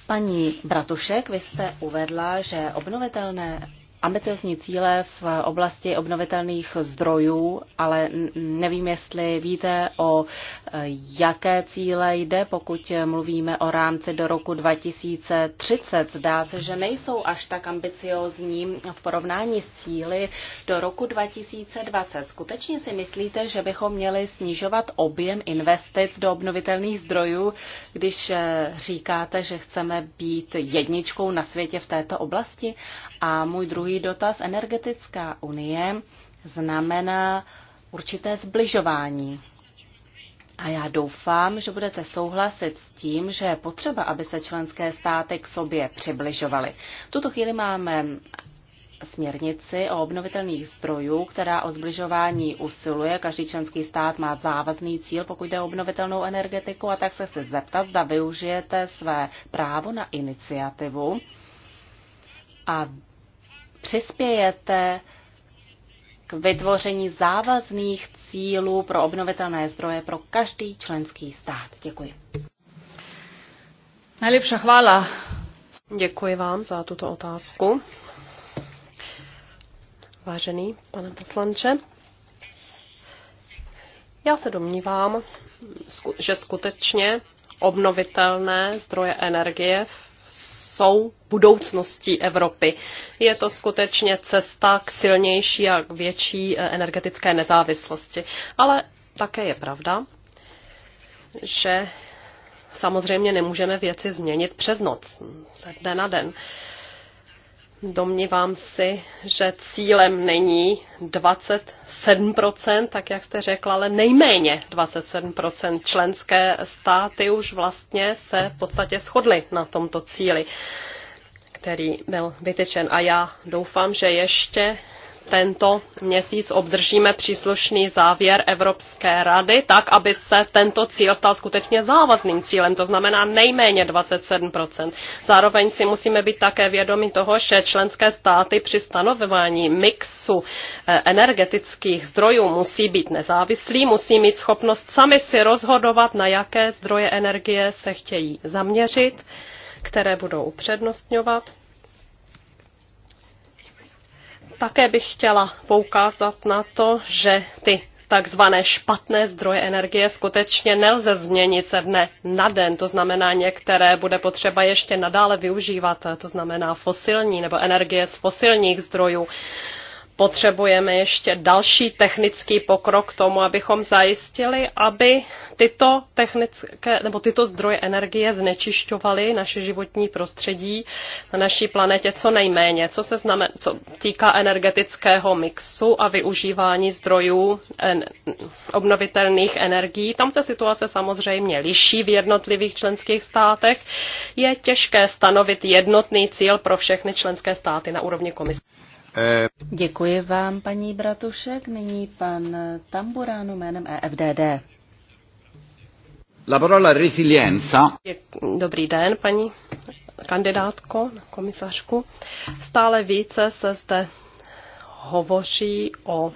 Paní Bratušek, vy jste uvedla, že obnovitelné ambiciozní cíle v oblasti obnovitelných zdrojů, ale nevím, jestli víte, o eh, jaké cíle jde, pokud mluvíme o rámci do roku 2030. Zdá se, že nejsou až tak ambiciozní v porovnání s cíly do roku 2020. Skutečně si myslíte, že bychom měli snižovat objem investic do obnovitelných zdrojů, když eh, říkáte, že chceme být jedničkou na světě v této oblasti? A můj druhý Druhý dotaz. Energetická unie znamená určité zbližování. A já doufám, že budete souhlasit s tím, že je potřeba, aby se členské státy k sobě přibližovaly. V tuto chvíli máme směrnici o obnovitelných zdrojů, která o zbližování usiluje. Každý členský stát má závazný cíl, pokud jde o obnovitelnou energetiku, a tak se chci zeptat, zda využijete své právo na iniciativu a přispějete k vytvoření závazných cílů pro obnovitelné zdroje pro každý členský stát. Děkuji. Nejlepší chvála. Děkuji vám za tuto otázku. Vážený pane poslanče, já se domnívám, že skutečně obnovitelné zdroje energie v jsou budoucností Evropy. Je to skutečně cesta k silnější a k větší eh, energetické nezávislosti. Ale také je pravda, že samozřejmě nemůžeme věci změnit přes noc, ze dne na den. Uh, Domnívám si, že cílem není 27%, tak jak jste řekla, ale nejméně 27%. Členské státy už vlastně se v podstatě shodly na tomto cíli, který byl vytyčen. A já doufám, že ještě tento měsíc obdržíme příslušný závěr Evropské rady, tak aby se tento cíl stal skutečně závazným cílem, to znamená nejméně 27%. Zároveň si musíme být také vědomi toho, že členské státy při stanovování mixu eh, energetických zdrojů musí být nezávislí, musí mít schopnost sami si rozhodovat, na jaké zdroje energie se chtějí zaměřit, které budou upřednostňovat také bych chtěla poukázat na to, že ty takzvané špatné zdroje energie skutečně nelze změnit ze dne na den. To znamená, některé bude potřeba ještě nadále využívat, to znamená fosilní nebo energie z fosilních zdrojů potřebujeme ještě další technický pokrok k tomu, abychom zajistili, aby tyto, technické, nebo tyto zdroje energie znečišťovaly naše životní prostředí na naší planetě co nejméně, co se znamen, co týká energetického mixu a využívání zdrojů en, obnovitelných energií. Tam se situace samozřejmě liší v jednotlivých členských státech. Je těžké stanovit jednotný cíl pro všechny členské státy na úrovni komise. Eh, Děkuji vám, paní Bratušek. Nyní pan Tamburánu jménem EFDD. La parola resilienza. Dobrý den, paní kandidátko na komisařku. Stále více se zde hovoří o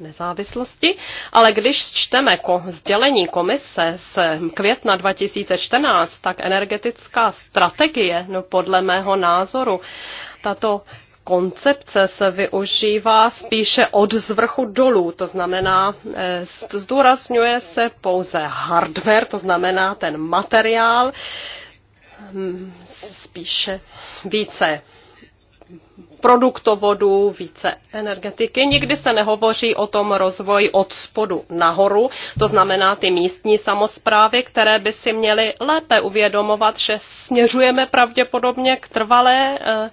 nezávislosti, ale když čteme ko- sdělení komise z května 2014, tak energetická strategie, no podle mého názoru, tato koncepce se využívá spíše od zvrchu dolů, to znamená, eh, zdůrazňuje se pouze hardware, to znamená ten materiál, hm, spíše více produktovodů, více energetiky. Nikdy se nehovoří o tom rozvoji od spodu nahoru, to znamená ty místní samozprávy, které by si měly lépe uvědomovat, že směřujeme pravděpodobně k trvalé, eh,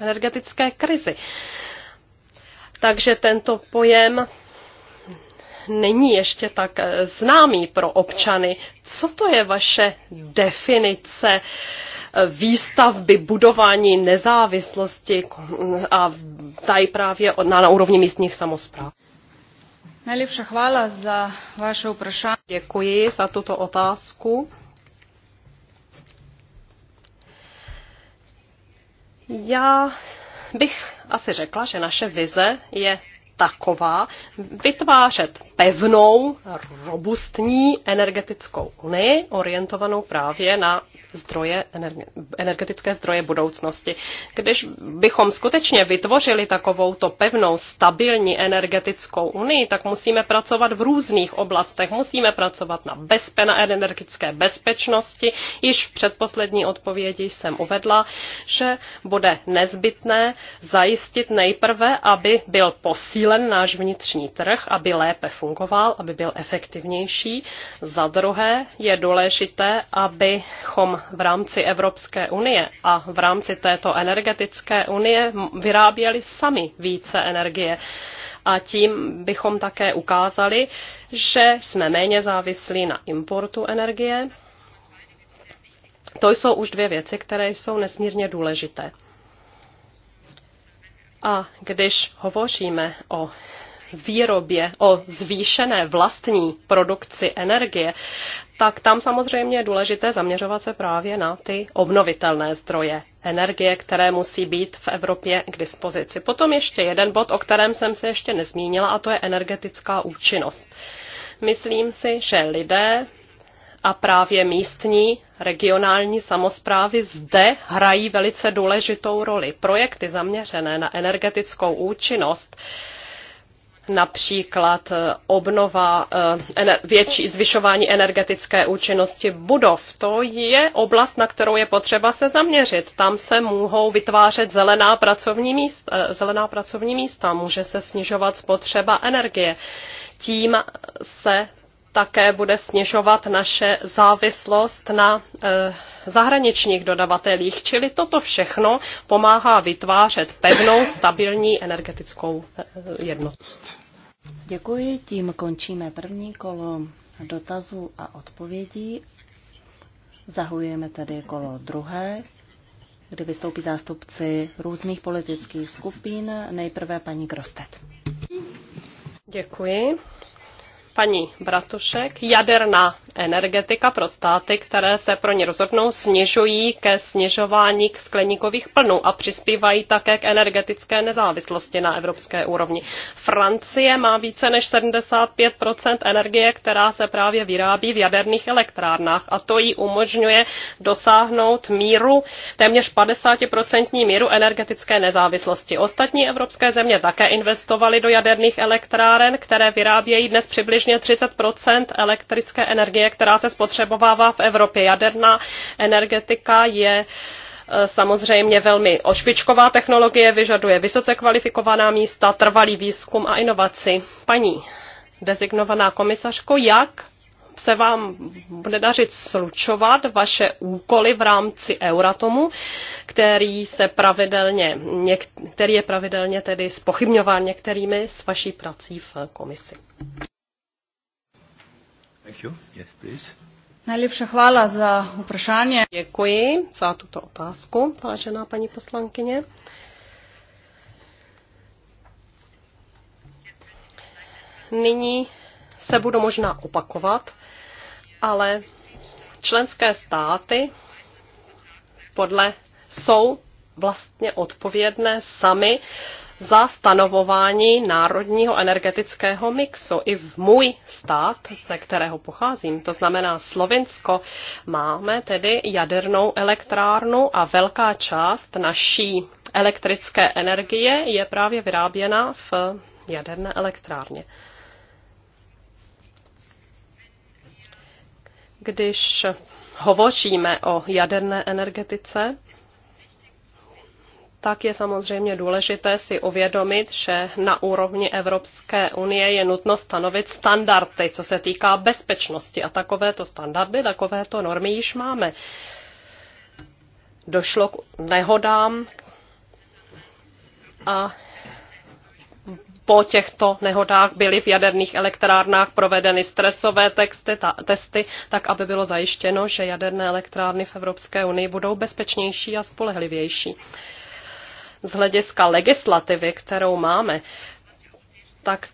energetické krizi. Takže tento pojem není ještě tak eh, známý pro občany. Co to je vaše definice eh, výstavby, budování nezávislosti a tady právě na, úrovni místních samozpráv? Najlepša hvala za vaše vprašanje. Děkuji za tuto otázku. Já bych asi řekla, že naše vize je taková vytvářet pevnou, robustní energetickou unii, orientovanou právě na zdroje, energetické zdroje budoucnosti. Když bychom skutečně vytvořili takovouto pevnou, stabilní energetickou unii, tak musíme pracovat v různých oblastech. Musíme pracovat na, bezpe, na energetické bezpečnosti. Již v předposlední odpovědi jsem uvedla, že bude nezbytné zajistit nejprve, aby byl posílen náš vnitřní trh, aby lépe fungoval fungoval, aby byl efektivnější. Za druhé je důležité, abychom v rámci Evropské unie a v rámci této energetické unie vyráběli sami více energie. A tím bychom také ukázali, že jsme méně závislí na importu energie. To jsou už dvě věci, které jsou nesmírně důležité. A když hovoříme o výrobě, o zvýšené vlastní produkci energie, tak tam samozřejmě je důležité zaměřovat se právě na ty obnovitelné zdroje energie, které musí být v Evropě k dispozici. Potom ještě jeden bod, o kterém jsem se ještě nezmínila, a to je energetická účinnost. Myslím si, že lidé a právě místní regionální samozprávy zde hrají velice důležitou roli. Projekty zaměřené na energetickou účinnost například eh, obnova, eh, větší zvyšování energetické účinnosti budov. To je oblast, na kterou je potřeba se zaměřit. Tam se mohou vytvářet zelená pracovní místa, eh, zelená pracovní místa může se snižovat spotřeba energie. Tím se také bude snižovat naše závislost na eh, zahraničních dodavatelích. Čili toto všechno pomáhá vytvářet pevnou, stabilní energetickou eh, jednotnost. Děkuji, tím končíme první kolo dotazů a odpovědí. Zahujeme tedy kolo druhé, kdy vystoupí zástupci různých politických skupin. Nejprve paní Grostet. Děkuji paní Bratušek, jaderná energetika pro státy, které se pro ně rozhodnou, snižují ke snižování k skleníkových plnů a přispívají také k energetické nezávislosti na evropské úrovni. Francie má více než 75 energie, která se právě vyrábí v jaderných elektrárnách a to jí umožňuje dosáhnout míru, téměř 50 míru energetické nezávislosti. Ostatní evropské země také investovaly do jaderných elektráren, které vyrábějí dnes přibližně přibližně 30 elektrické energie, která se spotřebovává v Evropě. Jaderná energetika je e, samozřejmě velmi ošpičková technologie, vyžaduje vysoce kvalifikovaná místa, trvalý výzkum a inovaci. Paní designovaná komisařko, jak se vám bude dařit slučovat vaše úkoly v rámci Euratomu, který, se pravidelně, který je pravidelně tedy spochybňován některými s vaší prací v komisi. Najlepša hvala za vprašanje. Děkuji za tuto otázku, vážená paní poslankyně. Nyní se budu možná opakovat, ale členské státy podle jsou vlastně odpovědné sami za stanovování národního energetického mixu. I v můj stát, ze kterého pocházím, to znamená Slovinsko, máme tedy jadernou elektrárnu a velká část naší elektrické energie je právě vyráběna v jaderné elektrárně. Když hovoříme o jaderné energetice, tak je samozřejmě důležité si uvědomit, že na úrovni Evropské unie je nutno stanovit standardy, co se týká bezpečnosti. A takovéto standardy, takovéto normy již máme. Došlo k nehodám a po těchto nehodách byly v jaderných elektrárnách provedeny stresové texty, ta, testy, tak aby bylo zajištěno, že jaderné elektrárny v Evropské unii budou bezpečnější a spolehlivější. Uh, z hlediska legislativy, kterou máme, tak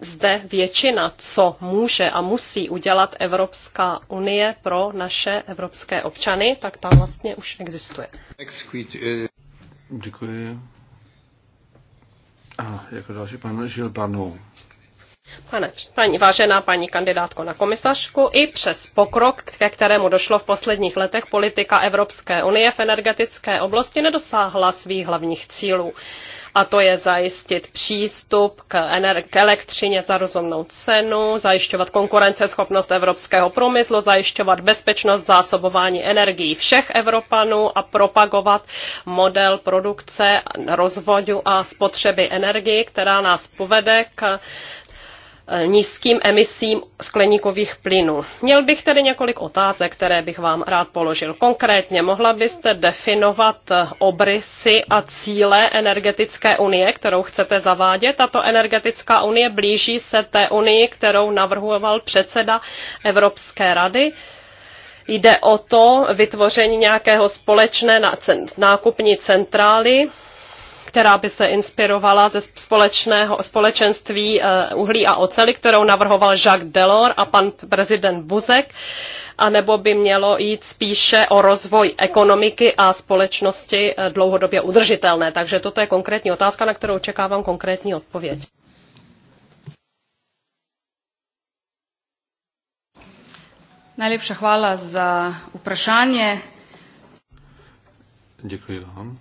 zde většina, co může a musí udělat Evropská unie pro naše evropské občany, tak tam vlastně už existuje. Eh. Děkuji. A jako další pan Žil Barnou. Pane, paní, vážená paní kandidátko na komisařku, i přes pokrok, ke kterému došlo v posledních letech, politika Evropské unie v energetické oblasti nedosáhla svých hlavních cílů. A to je zajistit přístup k, ener- k elektřině za rozumnou cenu, zajišťovat konkurenceschopnost evropského průmyslu, zajišťovat bezpečnost zásobování energií všech Evropanů a propagovat model produkce, rozvodu a spotřeby energii, která nás povede k Eh, nízkým emisím skleníkových plynů. Měl bych tedy několik otázek, které bych vám rád položil. Konkrétně, mohla byste definovat eh, obrysy a cíle energetické unie, kterou chcete zavádět? Tato energetická unie blíží se té unii, kterou navrhoval předseda Evropské rady jde o to vytvoření nějakého společné nákupní centrály která by se inspirovala ze společného společenství eh, uhlí a oceli, kterou navrhoval Jacques Delors a pan prezident Buzek, anebo by mělo jít spíše o rozvoj ekonomiky a společnosti eh, dlouhodobě udržitelné. Takže toto je konkrétní otázka, na kterou očekávám konkrétní odpověď. Najlepša hvala za vprašanje. Děkuji vám.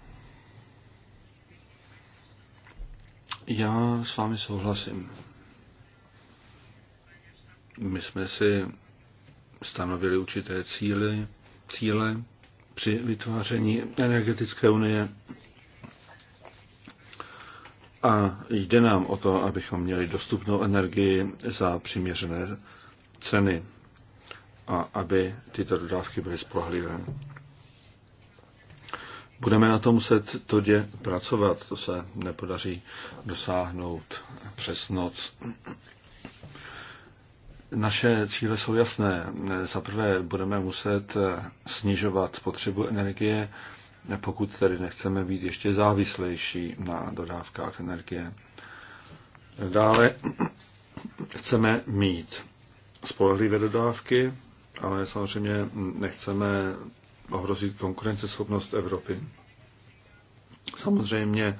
Já s vámi souhlasím. My jsme si stanovili určité cíly, cíle při vytváření energetické unie a jde nám o to, abychom měli dostupnou energii za přiměřené ceny a aby tyto dodávky byly spolehlivé. Budeme na tom muset to dě pracovat, to se nepodaří dosáhnout přes noc. Naše cíle jsou jasné. Za prvé budeme muset snižovat spotřebu energie, pokud tedy nechceme být ještě závislejší na dodávkách energie. Dále chceme mít spolehlivé dodávky, ale samozřejmě nechceme ohrozit konkurenceschopnost Evropy. Samozřejmě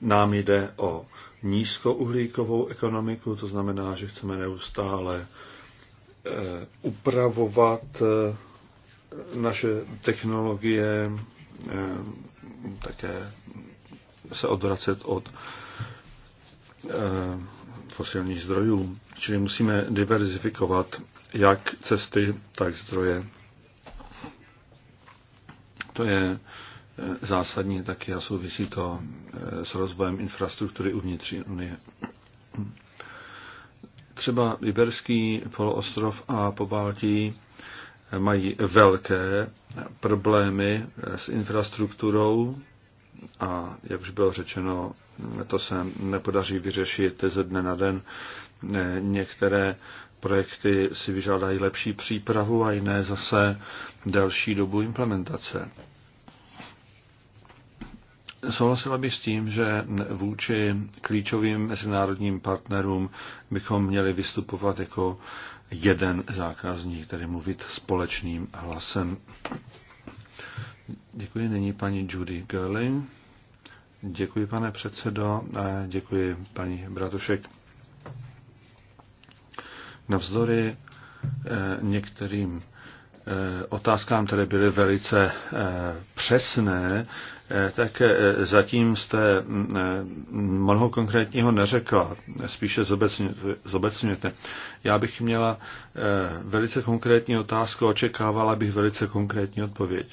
nám jde o nízkouhlíkovou ekonomiku, to znamená, že chceme neustále eh, upravovat eh, naše technologie, eh, také se odvracet od fosilních zdrojů. Čili musíme diverzifikovat jak cesty, tak zdroje to je e, zásadní taky a souvisí to e, s rozvojem infrastruktury uvnitř Unie. Třeba Iberský poloostrov a Pobaltí e, mají velké problémy s infrastrukturou a, jak už bylo řečeno, to se nepodaří vyřešit ze dne na den. Některé projekty si vyžádají lepší přípravu a jiné zase delší dobu implementace. Souhlasila bych s tím, že vůči klíčovým mezinárodním partnerům bychom měli vystupovat jako jeden zákazník, tedy mluvit společným hlasem. Děkuji nyní paní Judy Gerling. Děkuji, pane předsedo, děkuji paní Bratušek. Navzdory eh, některým eh, otázkám, které byly velice eh, přesné, tak zatím jste mm, mnoho konkrétního neřekla, spíše zobecňujete. Já bych měla velice konkrétní otázku, očekávala bych velice konkrétní odpověď.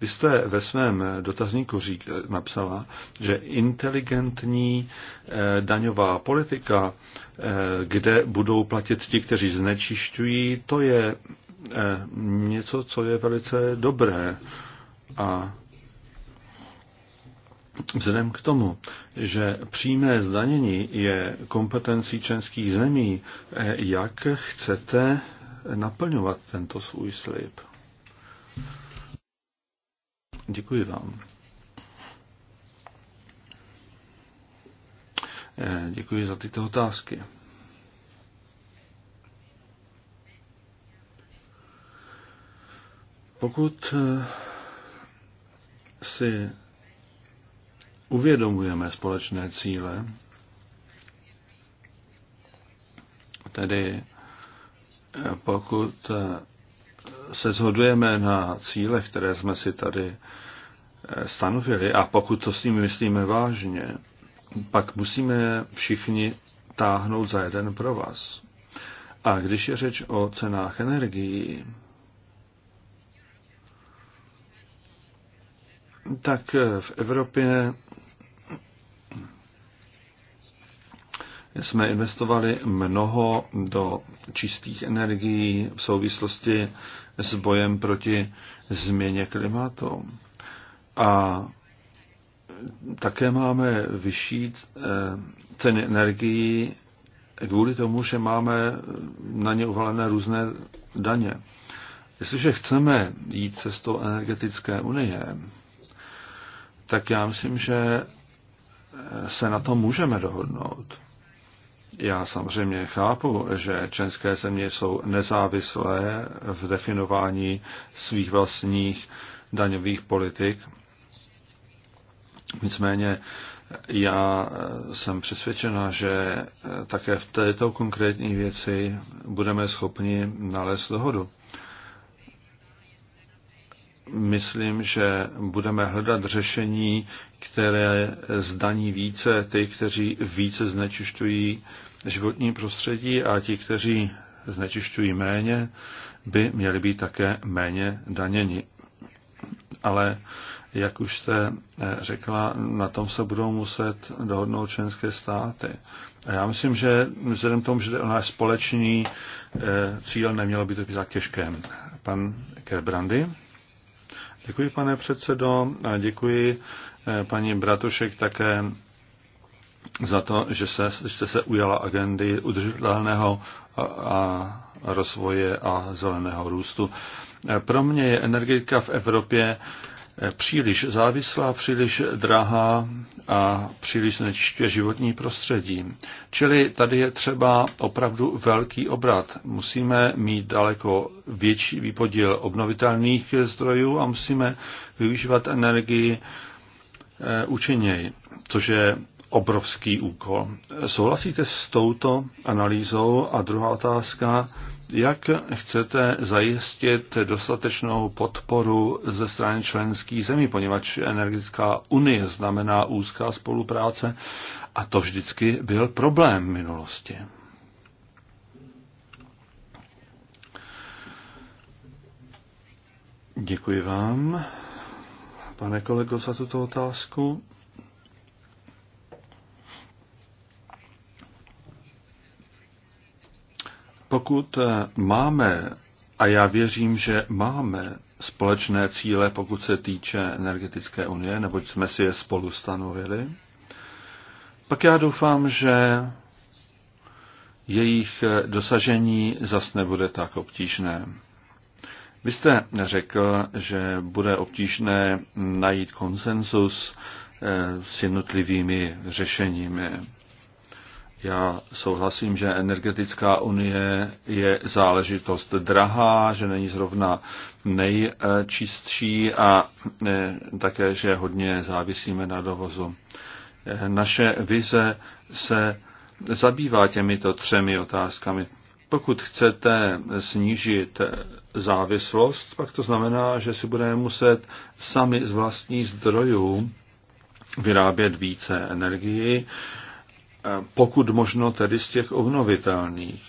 Vy jste ve svém dotazníku řík, napsala, že inteligentní eh, daňová politika, eh, kde budou platit ti, kteří znečišťují, to je eh, něco, co je velice dobré. A Vzhledem k tomu, že přímé zdanění je kompetencí členských zemí, jak chcete naplňovat tento svůj slib? Děkuji vám. Eh, děkuji za tyto otázky. Pokud eh, si uvědomujeme společné cíle, tedy eh, pokud se shodujeme na cílech, které jsme si tady eh, stanovili, a pokud to s tím myslíme vážně, pak musíme všichni táhnout za jeden pro vás. A když je řeč o cenách energií, tak v Evropě jsme investovali mnoho do čistých energií v souvislosti s bojem proti změně klimatu. A také máme vyšší eh, ceny energií kvůli tomu, že máme na ně uvalené různé daně. Jestliže chceme jít cestou energetické unie, tak já myslím, že se na tom můžeme dohodnout. Já samozřejmě chápu, že české země jsou nezávislé v definování svých vlastních daňových politik. Nicméně já jsem přesvědčena, že také v této konkrétní věci budeme schopni nalézt dohodu myslím, že budeme hledat řešení, které zdaní více ty, kteří více znečišťují životní prostředí a ti, kteří znečišťují méně, by měli být také méně daněni. Ale jak už jste eh, řekla, na tom se budou muset dohodnout členské státy. A já myslím, že vzhledem k tomu, že náš společný eh, cíl nemělo by to být tak těžké. Pan Kerbrandy. Děkuji, pane předsedo, a děkuji eh, paní Bratušek také za to, že, se, že jste se ujala agendy udržitelného a, a rozvoje a zeleného růstu. Eh, pro mě je energetika v Evropě příliš závislá, příliš drahá a příliš znečišťuje životní prostředí. Čili tady je třeba opravdu velký obrat. Musíme mít daleko větší výpodíl obnovitelných zdrojů a musíme využívat energii eh, účinněji, což je obrovský úkol. Souhlasíte s touto analýzou? A druhá otázka, jak chcete zajistit dostatečnou podporu ze strany členských zemí, poněvadž energetická unie znamená úzká spolupráce a to vždycky byl problém v minulosti. Děkuji vám, pane kolego, za tuto otázku. pokud eh, máme, a já věřím, že máme společné cíle, pokud se týče energetické unie, neboť jsme si je spolu stanovili, pak já doufám, že jejich eh, dosažení zas nebude tak obtížné. Vy jste řekl, že bude obtížné najít konsenzus eh, s jednotlivými řešeními. Já souhlasím, že energetická unie je záležitost drahá, že není zrovna nejčistší a e, také, že hodně závisíme na dovozu. E, naše vize se zabývá těmito třemi otázkami. Pokud chcete snížit závislost, pak to znamená, že si budeme muset sami z vlastních zdrojů vyrábět více energii pokud možno tedy z těch obnovitelných.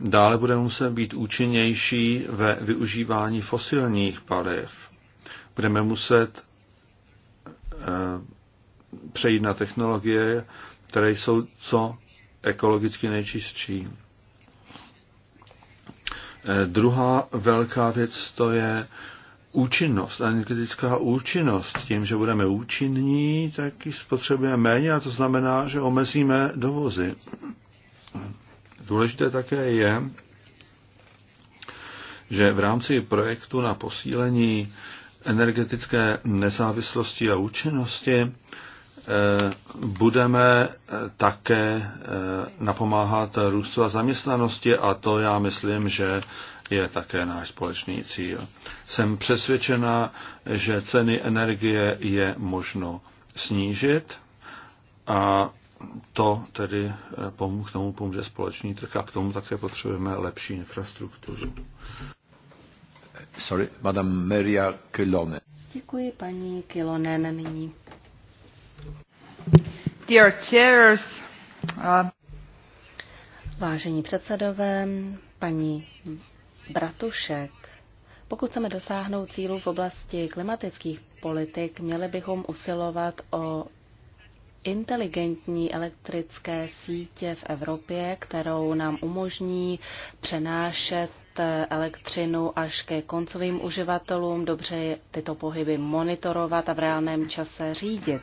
Dále budeme muset být účinnější ve využívání fosilních paliv. Budeme muset e, přejít na technologie, které jsou co ekologicky nejčistší. E, druhá velká věc to je účinnost, energetická účinnost. Tím, že budeme účinní, tak ji spotřebujeme méně a to znamená, že omezíme dovozy. Důležité také je, že v rámci projektu na posílení energetické nezávislosti a účinnosti eh, budeme eh, také eh, napomáhat růstu a zaměstnanosti a to já myslím, že je také náš společný cíl. Jsem přesvědčena, že ceny energie je možno snížit a to tedy eh, k tomu pomůže společný trh a k tomu také potřebujeme lepší infrastrukturu. Sorry, Madame Maria Kilonen. Děkuji, paní Kilonen, nyní. Dear chairs, uh... Vážení předsedové, paní Bratušek. Pokud chceme dosáhnout cílů v oblasti klimatických politik, měli bychom usilovat o inteligentní elektrické sítě v Evropě, kterou nám umožní přenášet elektřinu až ke koncovým uživatelům, dobře tyto pohyby monitorovat a v reálném čase řídit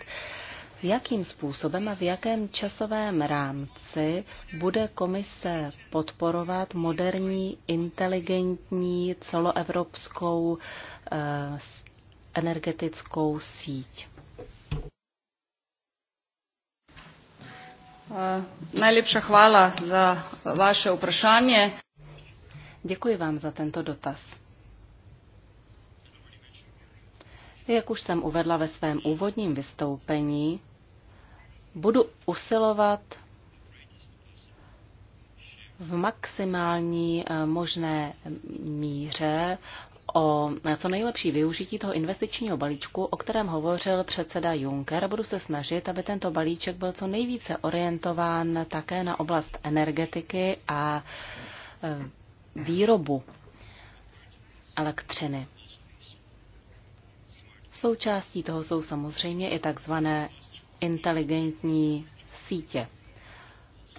jakým způsobem a v jakém časovém rámci bude komise podporovat moderní, inteligentní, celoevropskou eh, energetickou síť. Eh, Nejlepší chvála za vaše uprašání. Děkuji vám za tento dotaz. Jak už jsem uvedla ve svém úvodním vystoupení, budu usilovat v maximální eh, možné míře o co nejlepší využití toho investičního balíčku, o kterém hovořil předseda Juncker. Budu se snažit, aby tento balíček byl co nejvíce orientován také na oblast energetiky a eh, výrobu elektřiny. Součástí toho jsou samozřejmě i takzvané inteligentní sítě.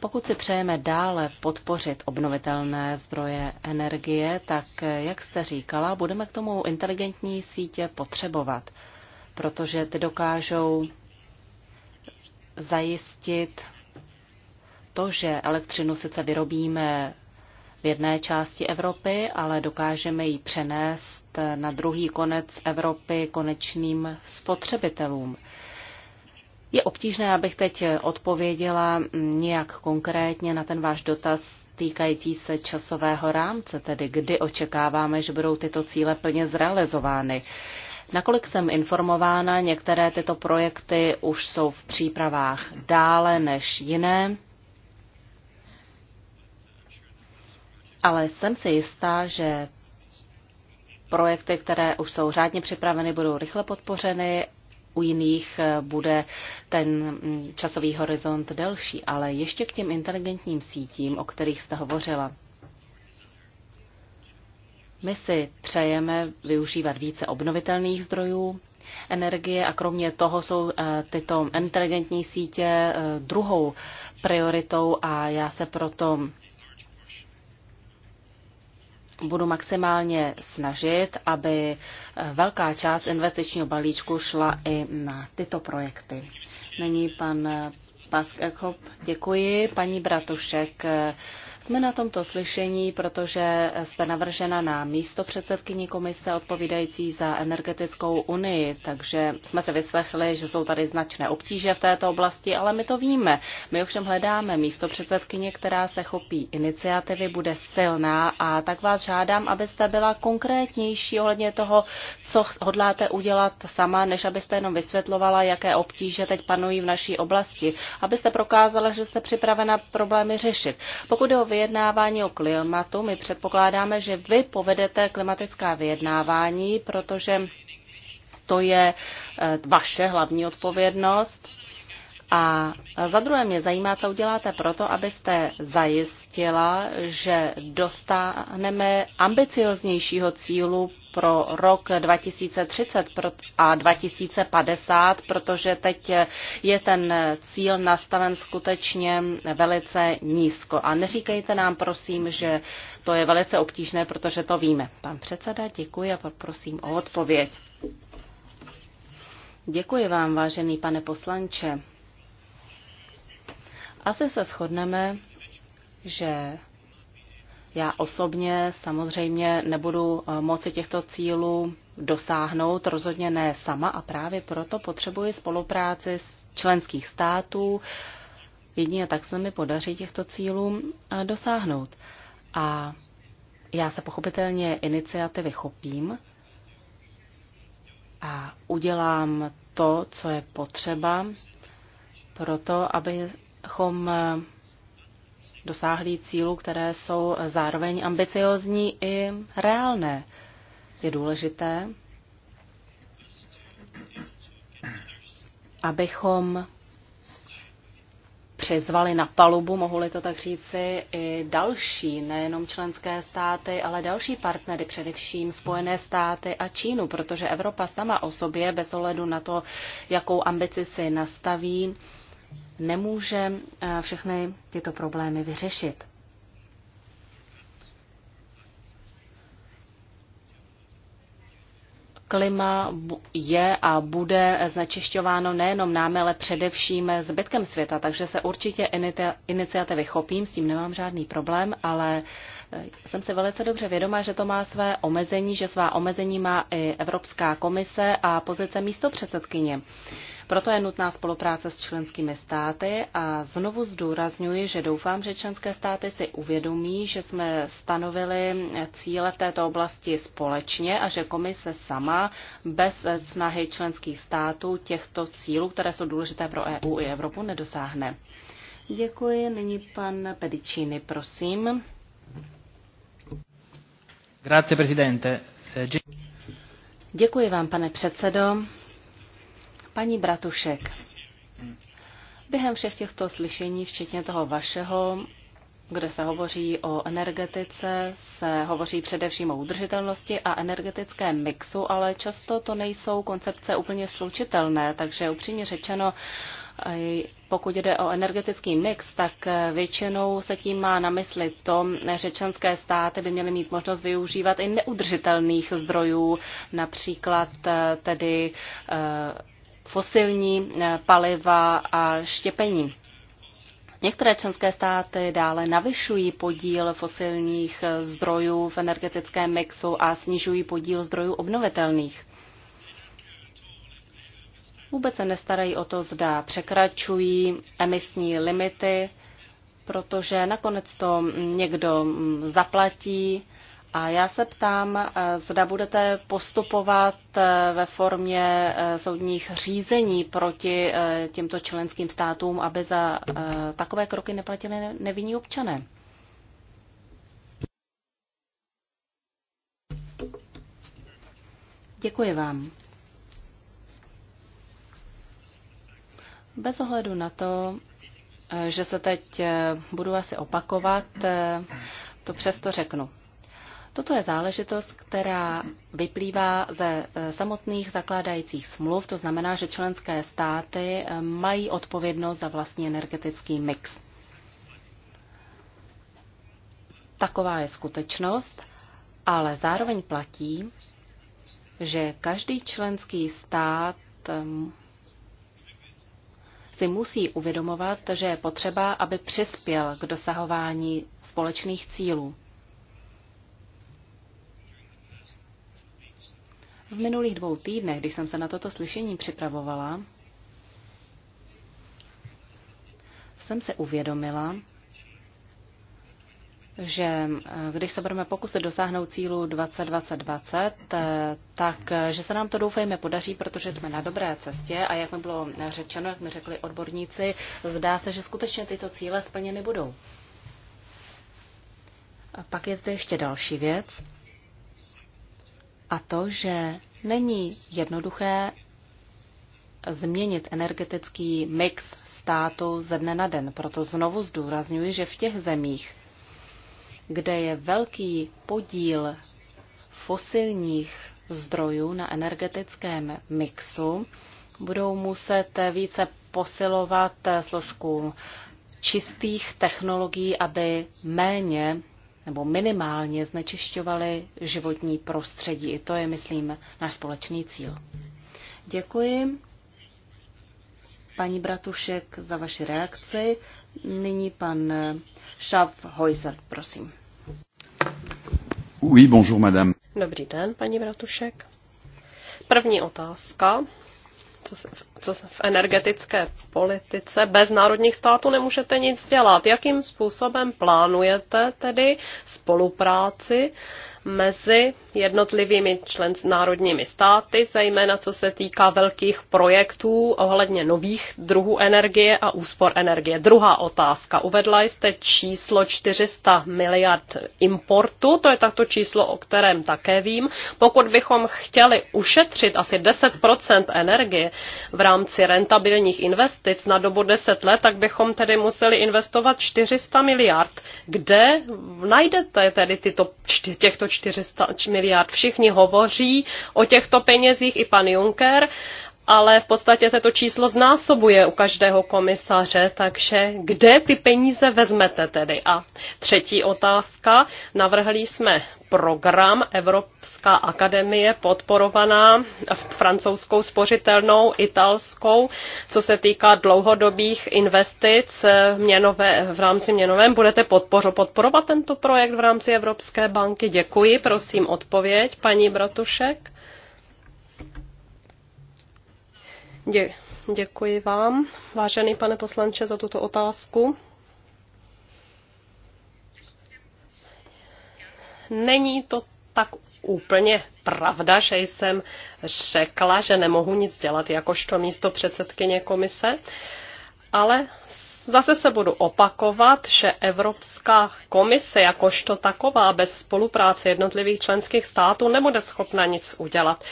Pokud si přejeme dále podpořit obnovitelné zdroje energie, tak, jak jste říkala, budeme k tomu inteligentní sítě potřebovat, protože ty dokážou zajistit to, že elektřinu sice vyrobíme v jedné části Evropy, ale dokážeme ji přenést na druhý konec Evropy konečným spotřebitelům. Je obtížné, abych teď odpověděla nějak konkrétně na ten váš dotaz týkající se časového rámce, tedy kdy očekáváme, že budou tyto cíle plně zrealizovány. Nakolik jsem informována, některé tyto projekty už jsou v přípravách dále než jiné, ale jsem si jistá, že projekty, které už jsou řádně připraveny, budou rychle podpořeny u jiných eh, bude ten mm, časový horizont delší. Ale ještě k těm inteligentním sítím, o kterých jste hovořila. My si přejeme využívat více obnovitelných zdrojů energie a kromě toho jsou eh, tyto inteligentní sítě eh, druhou prioritou a já se proto budu maximálně snažit, aby eh, velká část investičního balíčku šla i na tyto projekty. Není pan eh, Paskekop, děkuji. Paní Bratušek, eh, jsme na tomto slyšení, protože jste navržena na místo předsedkyní komise odpovídající za energetickou unii, takže jsme se vyslechli, že jsou tady značné obtíže v této oblasti, ale my to víme. My ovšem hledáme místo předsedkyně, která se chopí iniciativy, bude silná a tak vás žádám, abyste byla konkrétnější ohledně toho, co hodláte udělat sama, než abyste jenom vysvětlovala, jaké obtíže teď panují v naší oblasti, abyste prokázala, že jste připravena problémy řešit. Pokud je o vyjednávání o klimatu, my předpokládáme, že vy povedete klimatická vyjednávání, protože to je eh, vaše hlavní odpovědnost. A za druhé mě zajímá, co uděláte proto, abyste zajistila, že dostaneme ambicioznějšího cílu pro rok 2030 a 2050, protože teď je ten cíl nastaven skutečně velice nízko. A neříkejte nám, prosím, že to je velice obtížné, protože to víme. Pan předseda, děkuji a prosím o odpověď. Děkuji vám, vážený pane poslanče. Asi se shodneme, že já osobně samozřejmě nebudu eh, moci těchto cílů dosáhnout, rozhodně ne sama a právě proto potřebuji spolupráci s členských států. Jedině tak se mi podaří těchto cílů eh, dosáhnout. A já se pochopitelně iniciativy chopím a udělám to, co je potřeba pro to, aby chom eh, dosáhli cílů, které jsou zároveň ambiciozní i reálné. Je důležité, abychom přizvali na palubu, mohu-li to tak říci, i další, nejenom členské státy, ale další partnery, především Spojené státy a Čínu, protože Evropa sama o sobě, bez ohledu na to, jakou ambici si nastaví, nemůže eh, všechny tyto problémy vyřešit. klima je a bude znečišťováno nejenom námi, ale především zbytkem světa, takže se určitě iniciativy chopím, s tím nemám žádný problém, ale eh, jsem si velice dobře vědoma, že to má své omezení, že svá omezení má i Evropská komise a pozice místo předsedkyně. Proto je nutná spolupráce s členskými státy a znovu zdůrazňuji, že doufám, že členské státy si uvědomí, že jsme stanovili cíle v této oblasti společně a že komise sama bez snahy členských států těchto cílů, které jsou důležité pro EU i Evropu, nedosáhne. Děkuji. Nyní pan Pedicini, prosím. Grazie, presidente. Eh, Děkuji vám, pane předsedo. Paní Bratušek, během všech těchto slyšení, včetně toho vašeho, kde se hovoří o energetice, se hovoří především o udržitelnosti a energetickém mixu, ale často to nejsou koncepce úplně slučitelné, takže upřímně řečeno, pokud jde o energetický mix, tak většinou se tím má na mysli to, že členské státy by měly mít možnost využívat i neudržitelných zdrojů, například tedy eh, fosilní eh, paliva a štěpení. Některé členské státy dále navyšují podíl fosilních eh, zdrojů v energetickém mixu a snižují podíl zdrojů obnovitelných. Vůbec se nestarají o to, zda překračují emisní limity, protože nakonec to někdo mm, zaplatí a já se ptám, eh, zda budete postupovat eh, ve formě eh, soudních řízení proti těmto členským státům, aby za takové kroky neplatili nevinní občané. Děkuji vám. Bez ohledu na to, že se teď budu asi opakovat, to přesto řeknu. Toto je záležitost, která vyplývá ze eh, samotných zakládajících smluv, to znamená, že členské státy eh, mají odpovědnost za vlastní energetický mix. Taková je skutečnost, ale zároveň platí, že každý členský stát ehm, si musí uvědomovat, že je potřeba, aby přispěl k dosahování společných cílů. V minulých dvou týdnech, když jsem se na toto slyšení připravovala, jsem se uvědomila, že eh, když se budeme pokusit dosáhnout cílu 2020, eh, tak eh, že se nám to doufejme podaří, protože jsme na dobré cestě a jak mi bylo řečeno, jak mi řekli odborníci, zdá se, že skutečně tyto cíle splněny budou. A pak je zde ještě další věc a to, že není jednoduché změnit energetický mix státu ze dne na den. Proto znovu zdůrazňuji, že v těch zemích, kde je velký podíl fosilních zdrojů na energetickém mixu, budou muset více posilovat složku čistých technologií, aby méně nebo minimálně znečišťovali životní prostředí. I to je, myslím, náš společný cíl. Děkuji, paní Bratušek, za vaši reakci. Nyní pan Schaffhäuser, prosím. Oui, bonjour, madame. Dobrý den, paní Bratušek. První otázka co se, co se v energetické politice bez národních států nemůžete nic dělat. Jakým způsobem plánujete tedy spolupráci mezi jednotlivými člen, národními státy, zejména co se týká velkých projektů ohledně nových druhů energie a úspor energie. Druhá otázka. Uvedla jste číslo 400 miliard importu, to je takto číslo, o kterém také vím. Pokud bychom chtěli ušetřit asi 10% energie v rámci rentabilních investic na dobu 10 let, tak bychom tedy museli investovat 400 miliard. Kde najdete tedy tyto, těchto 400 miliard. Všichni hovoří o těchto penězích, i pan Juncker, ale v podstatě se to číslo znásobuje u každého komisaře, takže kde ty peníze vezmete tedy? A třetí otázka, navrhli jsme program Evropská akademie podporovaná s francouzskou spořitelnou, italskou, co se týká dlouhodobých investic eh, měnové, v rámci měnovém. Budete podpořo, podporovat tento projekt v rámci Evropské banky? Děkuji, prosím odpověď, paní Bratušek. Dě- děkuji vám, vážený pane poslanče, za tuto otázku. Není to tak úplně pravda, že jsem řekla, že nemohu nic dělat jakožto místo předsedkyně komise, ale Zase se budu opakovat, že Evropská komise jakožto taková bez spolupráce jednotlivých členských států nebude schopna nic udělat.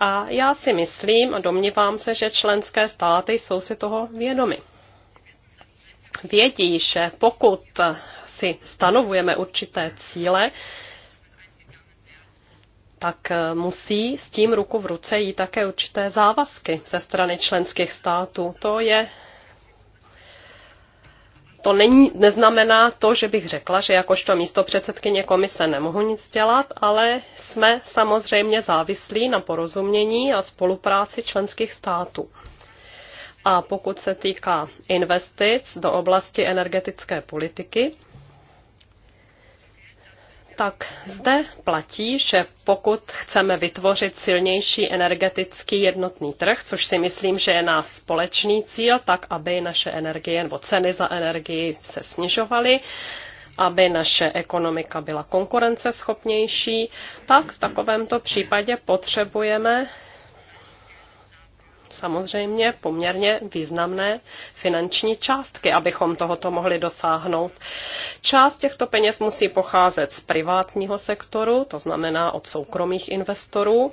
A já si myslím a domnívám se, že členské státy jsou si toho vědomi. Vědí, že pokud si stanovujeme určité cíle, tak musí s tím ruku v ruce jít také určité závazky ze strany členských států. To je to není, neznamená to, že bych řekla, že jakožto místo předsedkyně komise nemohu nic dělat, ale jsme samozřejmě závislí na porozumění a spolupráci členských států. A pokud se týká investic do oblasti energetické politiky, tak zde platí, že pokud chceme vytvořit silnější energetický jednotný trh, což si myslím, že je náš společný cíl, tak aby naše energie nebo ceny za energii se snižovaly, aby naše ekonomika byla konkurenceschopnější, tak v takovémto případě potřebujeme samozřejmě poměrně významné finanční částky, abychom tohoto mohli dosáhnout. Část těchto peněz musí pocházet z privátního sektoru, to znamená od soukromých investorů,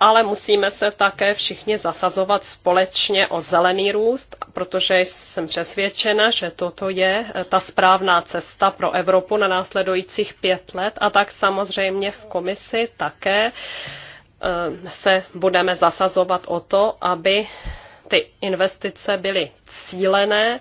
ale musíme se také všichni zasazovat společně o zelený růst, protože jsem přesvědčena, že toto je eh, ta správná cesta pro Evropu na následujících pět let a tak samozřejmě v komisi také Eh, se budeme zasazovat o to, aby ty investice byly cílené,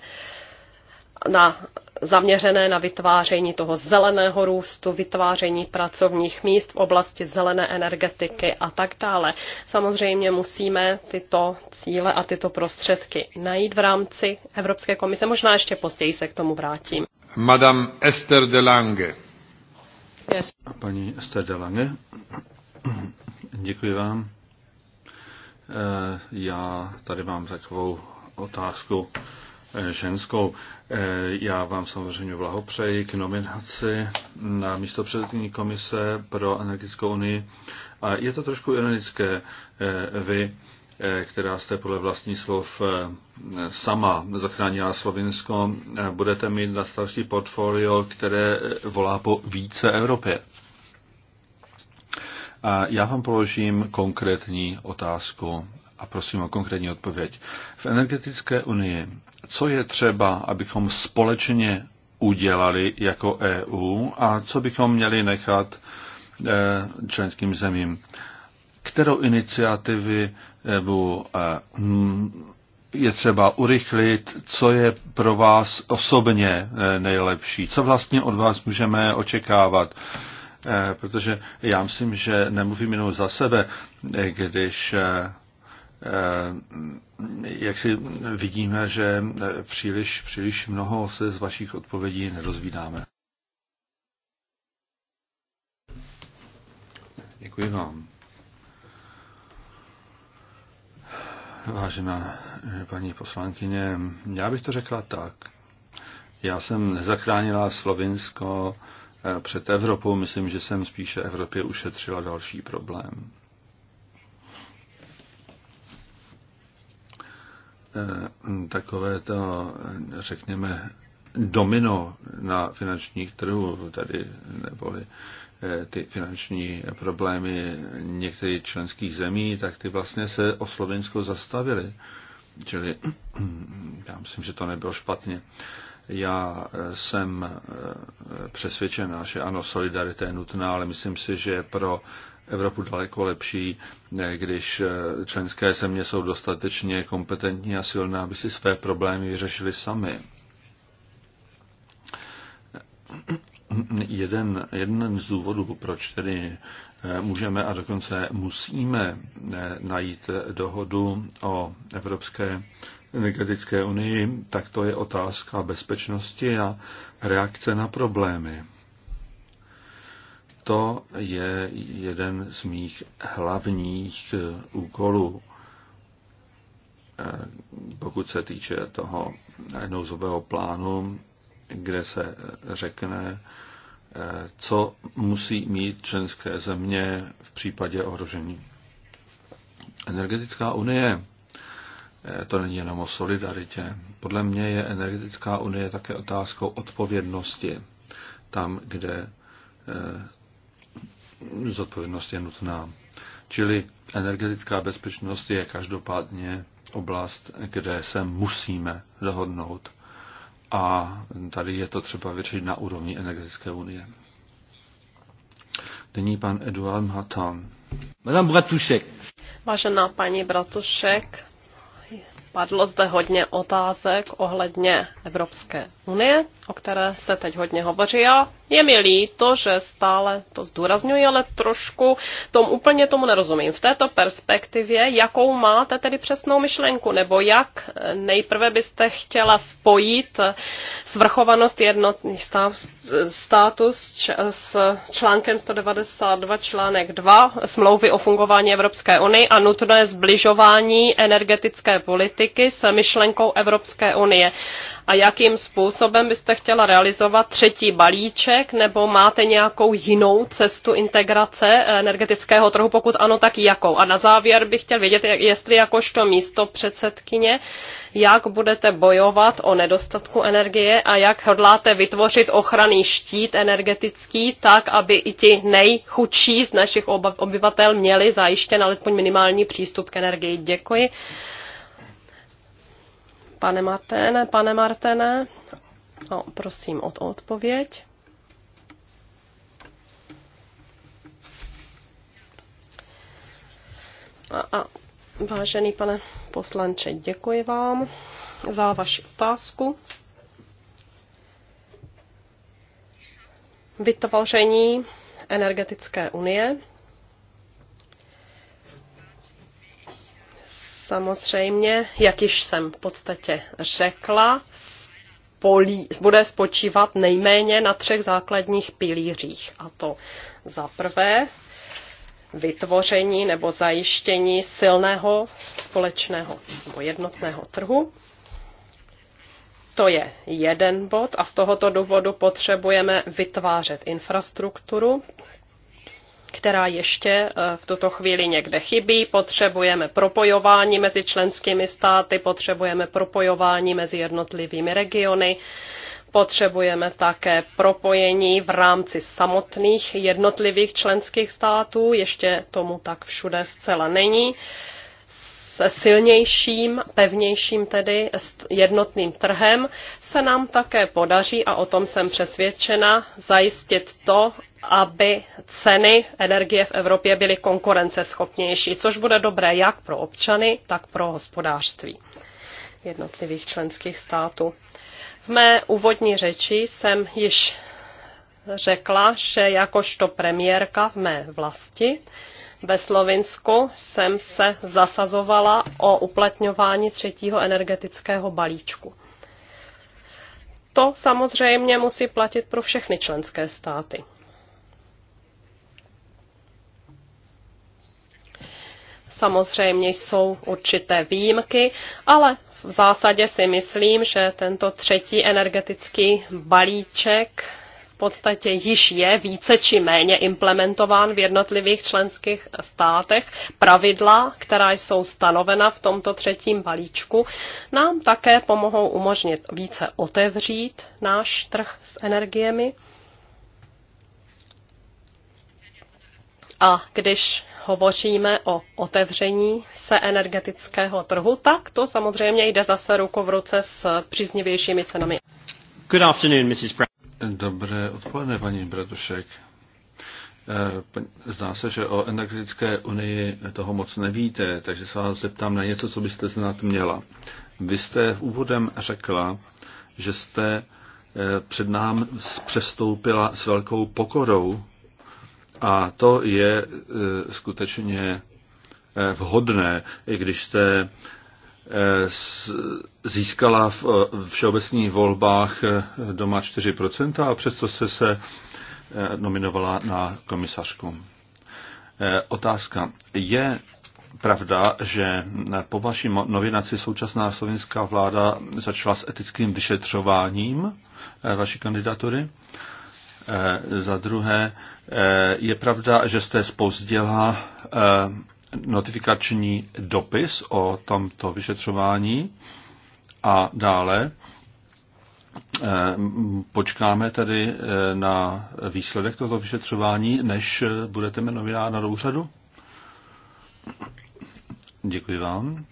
na, zaměřené na vytváření toho zeleného růstu, vytváření pracovních míst v oblasti zelené energetiky a tak dále. Samozřejmě musíme tyto cíle a tyto prostředky najít v rámci Evropské komise. Možná ještě později se k tomu vrátím. Madame Esther de Lange. Yes. A paní Esther de Lange. Děkuji vám. Eh, já tady mám takovou otázku eh, ženskou. Eh, já vám samozřejmě blahopřeji k nominaci na místo předsedkyní komise pro energetickou unii. A je to trošku ironické. Vy, která jste podle vlastních slov sama zachránila Slovinsko, budete mít na starší portfolio, které volá po více Evropě. A já vám položím konkrétní otázku a prosím o konkrétní odpověď. V energetické unii, co je třeba, abychom společně udělali jako EU a co bychom měli nechat eh, členským zemím? Kterou iniciativy eh, eh, je třeba urychlit, co je pro vás osobně nejlepší, co vlastně od vás můžeme očekávat. Eh, protože já myslím, že nemluvím jenom za sebe, eh, když eh, jak si vidíme, že příliš, příliš mnoho se z vašich odpovědí nerozvídáme. Děkuji vám. Vážená paní poslankyně, já bych to řekla tak. Já jsem nezachránila Slovinsko Eh, před Evropou. Myslím, že jsem spíše Evropě ušetřila další problém. Eh, Takové to, řekněme, domino na finančních trhu, tady neboli eh, ty finanční problémy některých členských zemí, tak ty vlastně se o Slovensko zastavily. Čili já myslím, že to nebylo špatně. Já eh, jsem eh, přesvědčená, že ano, solidarita je nutná, ale myslím si, že pro Evropu daleko lepší, eh, když členské země jsou dostatečně kompetentní a silné, aby si své problémy vyřešili sami. Jeden, jeden z důvodů, proč tedy můžeme a dokonce musíme najít dohodu o evropské energetické unii, tak to je otázka bezpečnosti a reakce na problémy. To je jeden z mých hlavních eh, úkolů, eh, pokud se týče toho nouzového plánu, kde se řekne, eh, co musí mít členské země v případě ohrožení. Energetická unie Eh, to není jenom o solidaritě. Podle mě je energetická unie také otázkou odpovědnosti. Tam, kde eh, zodpovědnost je nutná. Čili energetická bezpečnost je každopádně oblast, kde se musíme dohodnout. A tady je to třeba vyřešit na úrovni energetické unie. Nyní pan Eduard Matan. Madame Bratušek. Vážená paní Bratušek, Gracias. Padlo zde hodně otázek ohledně Evropské unie, o které se teď hodně hovoří a je mi líto, že stále to zdůrazňuji, ale trošku tom úplně tomu nerozumím. V této perspektivě, jakou máte tedy přesnou myšlenku, nebo jak nejprve byste chtěla spojit svrchovanost jednotných stáv, státu s, s článkem 192 článek 2 smlouvy o fungování Evropské unie a nutné zbližování energetické politiky politiky s myšlenkou Evropské unie a jakým způsobem byste chtěla realizovat třetí balíček, nebo máte nějakou jinou cestu integrace energetického trhu, pokud ano, tak jakou. A na závěr bych chtěl vědět, jestli jakožto místo předsedkyně, jak budete bojovat o nedostatku energie a jak hodláte vytvořit ochranný štít energetický, tak aby i ti nejchudší z našich obyvatel měli zajištěn alespoň minimální přístup k energii. Děkuji. Pane Martene, pane Martene, no, o, prosím od odpověď. A, a vážený pane poslanče, děkuji vám za vaši otázku. Vytvoření energetické unie Samozřejmě, jak již jsem v podstatě řekla, spolí, bude spočívat nejméně na třech základních pilířích. A to za prvé vytvoření nebo zajištění silného společného nebo jednotného trhu. To je jeden bod a z tohoto důvodu potřebujeme vytvářet infrastrukturu která ještě eh, v tuto chvíli někde chybí. Potřebujeme propojování mezi členskými státy, potřebujeme propojování mezi jednotlivými regiony, potřebujeme také propojení v rámci samotných jednotlivých členských států. Ještě tomu tak všude zcela není. Uh, se silnějším, pevnějším tedy jednotným trhem se nám také podaří, a o tom jsem přesvědčena, zajistit to, aby ceny energie v Evropě byly konkurenceschopnější, což bude dobré jak pro občany, tak pro hospodářství jednotlivých členských států. V mé úvodní řeči jsem již řekla, že jakožto premiérka v mé vlasti, ve Slovinsku jsem se zasazovala o uplatňování třetího energetického balíčku. To samozřejmě musí platit pro všechny členské státy. Samozřejmě jsou určité výjimky, ale v zásadě si myslím, že tento třetí energetický balíček podstatě již je více či méně implementován v jednotlivých členských státech. Pravidla, která jsou stanovena v tomto třetím balíčku, nám také pomohou umožnit více otevřít náš trh s energiemi. A když hovoříme o otevření se energetického trhu, tak to samozřejmě jde zase ruku v ruce s příznivějšími cenami. Good afternoon, Mrs. Dobré odpoledne, paní Bratušek. Eh, zdá se, že o energetické unii toho moc nevíte, takže se vás zeptám na něco, co byste znát měla. Vy jste v úvodem řekla, že jste eh, před nám přestoupila s velkou pokorou a to je eh, skutečně vhodné, i když jste Eh, získala v eh, všeobecných volbách eh, doma 4% a přesto se se nominovala na komisařku. Otázka. Je pravda, že po vaší novinaci současná slovinská vláda začala s etickým vyšetřováním vaší kandidatury? Za druhé, je pravda, že jste spozdila notifikační dopis o tomto vyšetřování a dále eh, počkáme tedy eh, na výsledek tohoto vyšetřování, než budete jmenován na úřadu? Děkuji vám.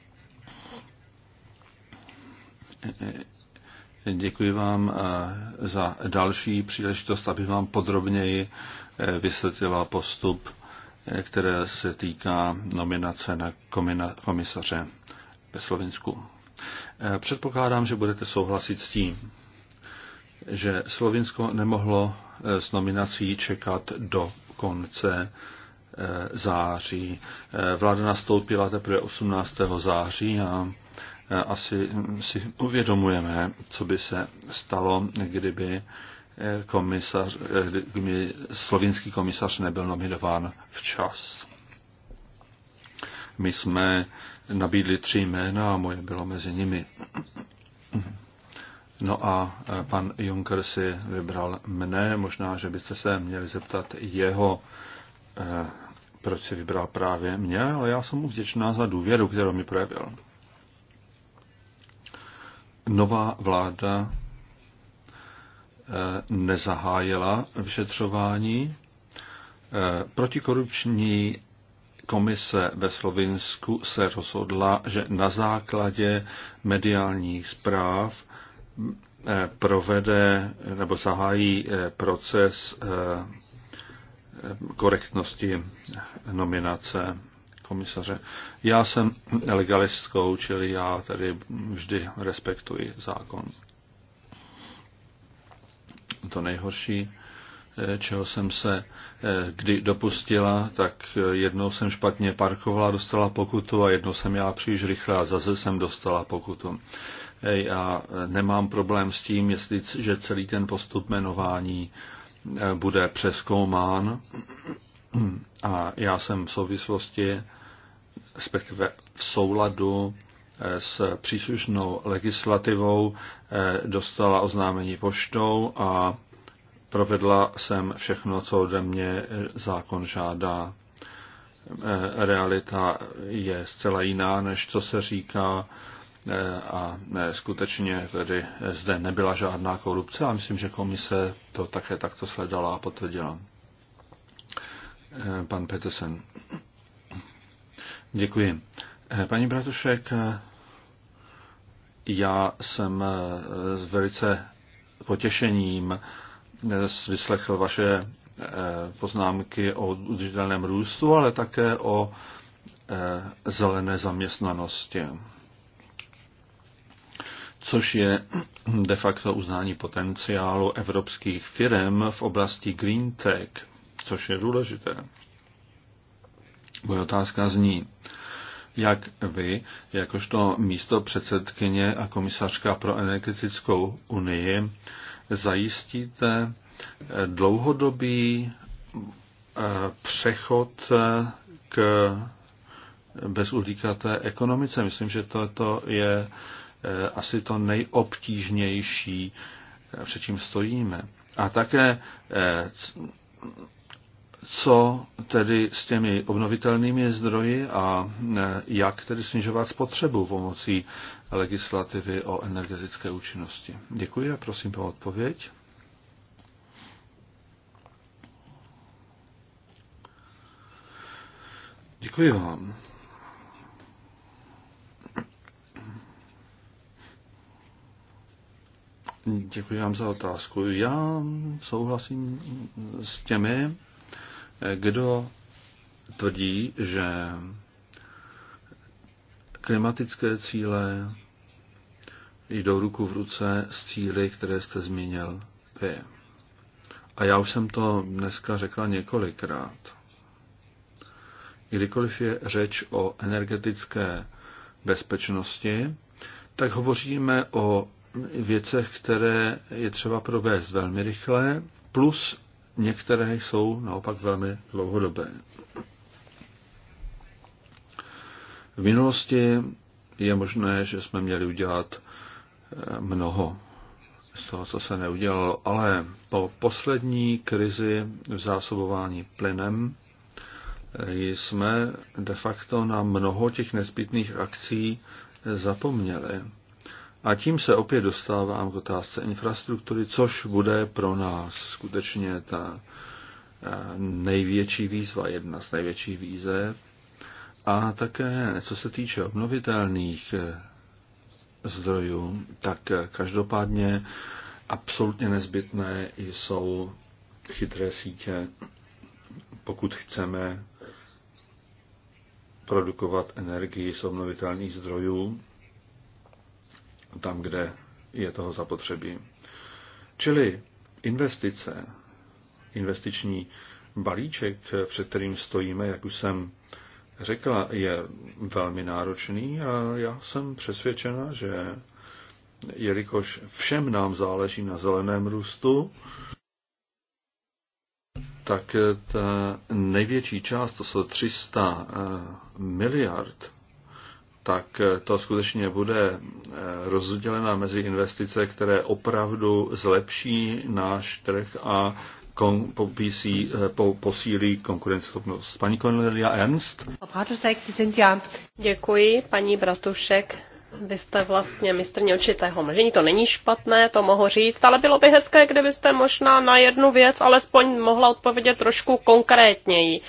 Eh, děkuji vám za další příležitost, abych vám podrobněji vysvětlila postup které se týká nominace na komisaře ve Slovensku. Eh, předpokládám, že budete souhlasit s tím, že Slovinsko nemohlo eh, s nominací čekat do konce eh, září. Vláda nastoupila teprve 18. září a asi si uvědomujeme, co by se stalo, kdyby komisař, eh, slovinský komisař nebyl nominován včas. My jsme nabídli tři jména a moje bylo mezi nimi. No a eh, pan Juncker si vybral mne, možná, že byste se měli zeptat jeho, eh, proč si vybral právě mě, ale já jsem mu vděčná za důvěru, kterou mi projevil. Nová vláda nezahájila vyšetřování. E, protikorupční komise ve Slovinsku se rozhodla, že na základě mediálních zpráv e, provede nebo zahájí e, proces korektnosti nominace komisaře. Já jsem legalistkou, čili já tady vždy respektuji zákon to nejhorší, eh, čeho jsem se eh, kdy dopustila, tak eh, jednou jsem špatně parkovala, dostala pokutu a jednou jsem jela příliš rychle a zase jsem dostala pokutu. A nemám problém s tím, jestli, že celý ten postup jmenování bude přeskoumán a já jsem v souvislosti, respektive v souladu s příslušnou legislativou eh, dostala oznámení poštou a provedla jsem všechno, co ode mě zákon žádá. Eh, realita je zcela jiná, než co se říká eh, a skutečně tedy zde nebyla žádná korupce a myslím, že komise to také takto sledala a potvrdila. Pan Petersen. Děkuji. Eh, paní Bratušek, eh, já jsem eh, s velice potěšením vyslechl vaše poznámky o udržitelném růstu, ale také o zelené zaměstnanosti, což je de facto uznání potenciálu evropských firm v oblasti green tech, což je důležité. Moje otázka zní, jak vy, jakožto místo předsedkyně a komisařka pro energetickou unii, zajistíte eh, dlouhodobý eh, přechod eh, k bezuhlíkaté ekonomice. Myslím, že toto je asi to nejobtížnější, před čím stojíme. A také co tedy s těmi obnovitelnými zdroji a e, jak tedy snižovat spotřebu pomocí legislativy o energetické účinnosti. Děkuji a prosím o odpověď. Děkuji vám. Děkuji vám za otázku. Já souhlasím s těmi, kdo tvrdí, že klimatické cíle jdou ruku v ruce s cíly, které jste zmínil vy. A já už jsem to dneska řekla několikrát. Kdykoliv je řeč o energetické bezpečnosti, tak hovoříme o věcech, které je třeba provést velmi rychle, plus některé jsou naopak velmi dlouhodobé. V minulosti je možné, že jsme měli udělat eh, mnoho z toho, co se neudělalo, ale po poslední krizi v zásobování plynem eh, jsme de facto na mnoho těch nezbytných akcí zapomněli. A tím se opět dostávám k otázce infrastruktury, což bude pro nás skutečně ta eh, největší výzva, jedna z největších výzev. A také, co se týče obnovitelných eh, zdrojů, tak eh, každopádně absolutně nezbytné jsou chytré sítě, pokud chceme produkovat energii z obnovitelných zdrojů tam, kde je toho zapotřebí. Čili investice, investiční balíček, před kterým stojíme, jak už jsem řekla, je velmi náročný a já jsem přesvědčena, že jelikož všem nám záleží na zeleném růstu, tak ta největší část, to jsou 300 eh, miliard, tak eh, to skutečně bude eh, rozdělena mezi investice, které opravdu zlepší náš trh a kon, eh, po, posílí konkurenceschopnost. Paní Cornelia Ernst. Děkuji, paní Bratušek. Vy jste vlastně mistrně určitého mlžení, to není špatné, to mohu říct, ale bylo by hezké, kdybyste možná na jednu věc alespoň mohla odpovědět trošku konkrétněji. Uh,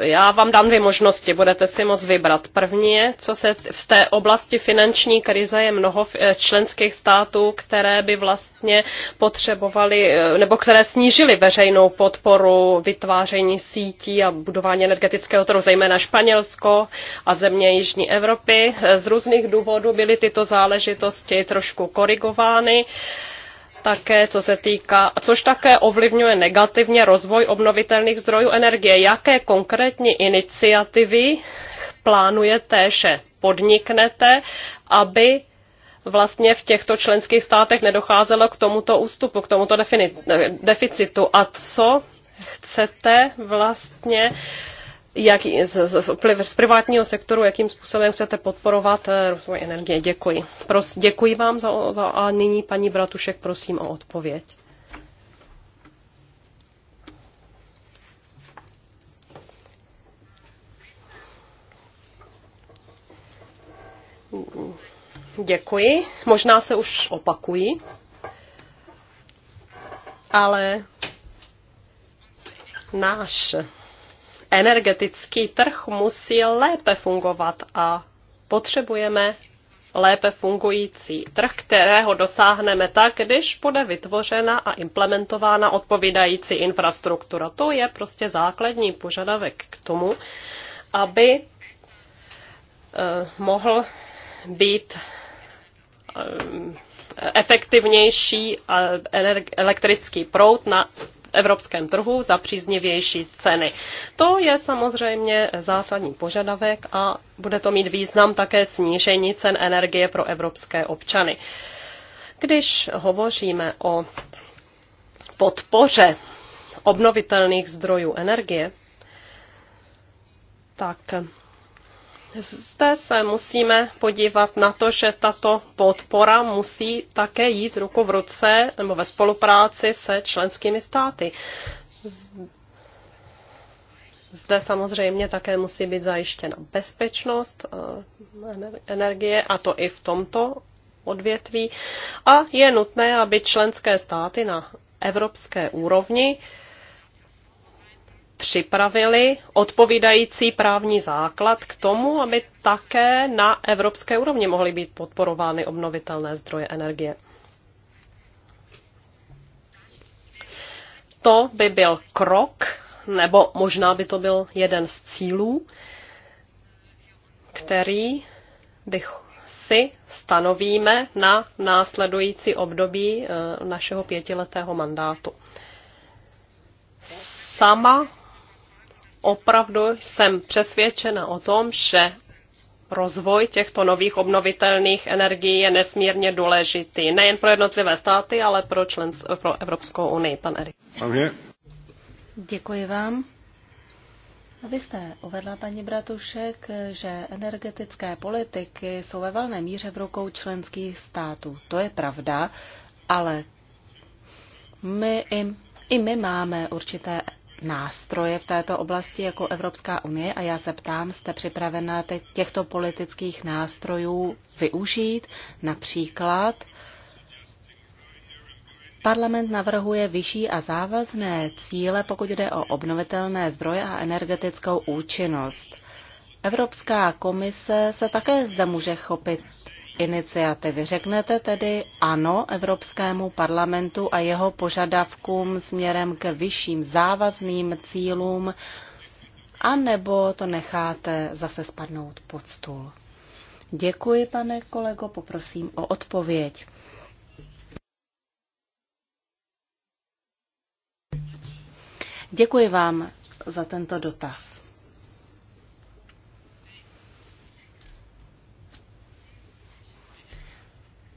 já vám dám dvě možnosti, budete si moc vybrat. První je, co se v té oblasti finanční krize je mnoho eh, členských států, které by vlastně potřebovali, eh, nebo které snížily veřejnou podporu vytváření sítí a budování energetického trhu, zejména Španělsko a země Jižní Evropy. Eh, z různých důvodů byly tyto záležitosti trošku korigovány. Uh, také, co se týká, což také ovlivňuje negativně rozvoj obnovitelných zdrojů energie. Jaké konkrétní iniciativy plánujete, že podniknete, aby vlastně v těchto členských státech nedocházelo k tomuto ústupu, k tomuto deficitu. A co chcete vlastně jak, z, z, z privátního sektoru, jakým způsobem chcete podporovat eh, rozvoj energie. Děkuji. Pros, děkuji vám za, za, a nyní paní Bratušek, prosím o odpověď. Děkuji. Možná se už opakuji, ale náš energetický trh musí lépe fungovat a potřebujeme lépe fungující trh, kterého dosáhneme tak, když bude vytvořena a implementována odpovídající infrastruktura. To je prostě základní požadavek k tomu, aby eh, mohl být eh, efektivnější elektrický proud na evropském trhu za příznivější ceny. To je samozřejmě zásadní požadavek a bude to mít význam také snížení cen energie pro evropské občany. Když hovoříme o podpoře obnovitelných zdrojů energie, tak zde se musíme podívat na to, že tato podpora musí také jít ruku v ruce nebo ve spolupráci se členskými státy. Zde samozřejmě také musí být zajištěna bezpečnost eh, energie, a to i v tomto odvětví. A je nutné, aby členské státy na evropské úrovni připravili odpovídající právní základ k tomu, aby také na evropské úrovni mohly být podporovány obnovitelné zdroje energie. To by byl krok, nebo možná by to byl jeden z cílů, který bych si stanovíme na následující období eh, našeho pětiletého mandátu. Sama opravdu jsem přesvědčena o tom, že rozvoj těchto nových obnovitelných energií je nesmírně důležitý. Nejen pro jednotlivé státy, ale pro, člen, pro Evropskou unii. Pan Erik. Děkuji vám. Vy jste uvedla, paní Bratušek, že energetické politiky jsou ve velné míře v rukou členských států. To je pravda, ale my i, i my máme určité nástroje v této oblasti jako Evropská unie a já se ptám, jste připravena těchto politických nástrojů využít? Například Parlament navrhuje vyšší a závazné cíle, pokud jde o obnovitelné zdroje a energetickou účinnost. Evropská komise se také zde může chopit iniciativy. Řeknete tedy ano Evropskému parlamentu a jeho požadavkům směrem k vyšším závazným cílům, anebo to necháte zase spadnout pod stůl? Děkuji, pane kolego, poprosím o odpověď. Děkuji vám za tento dotaz.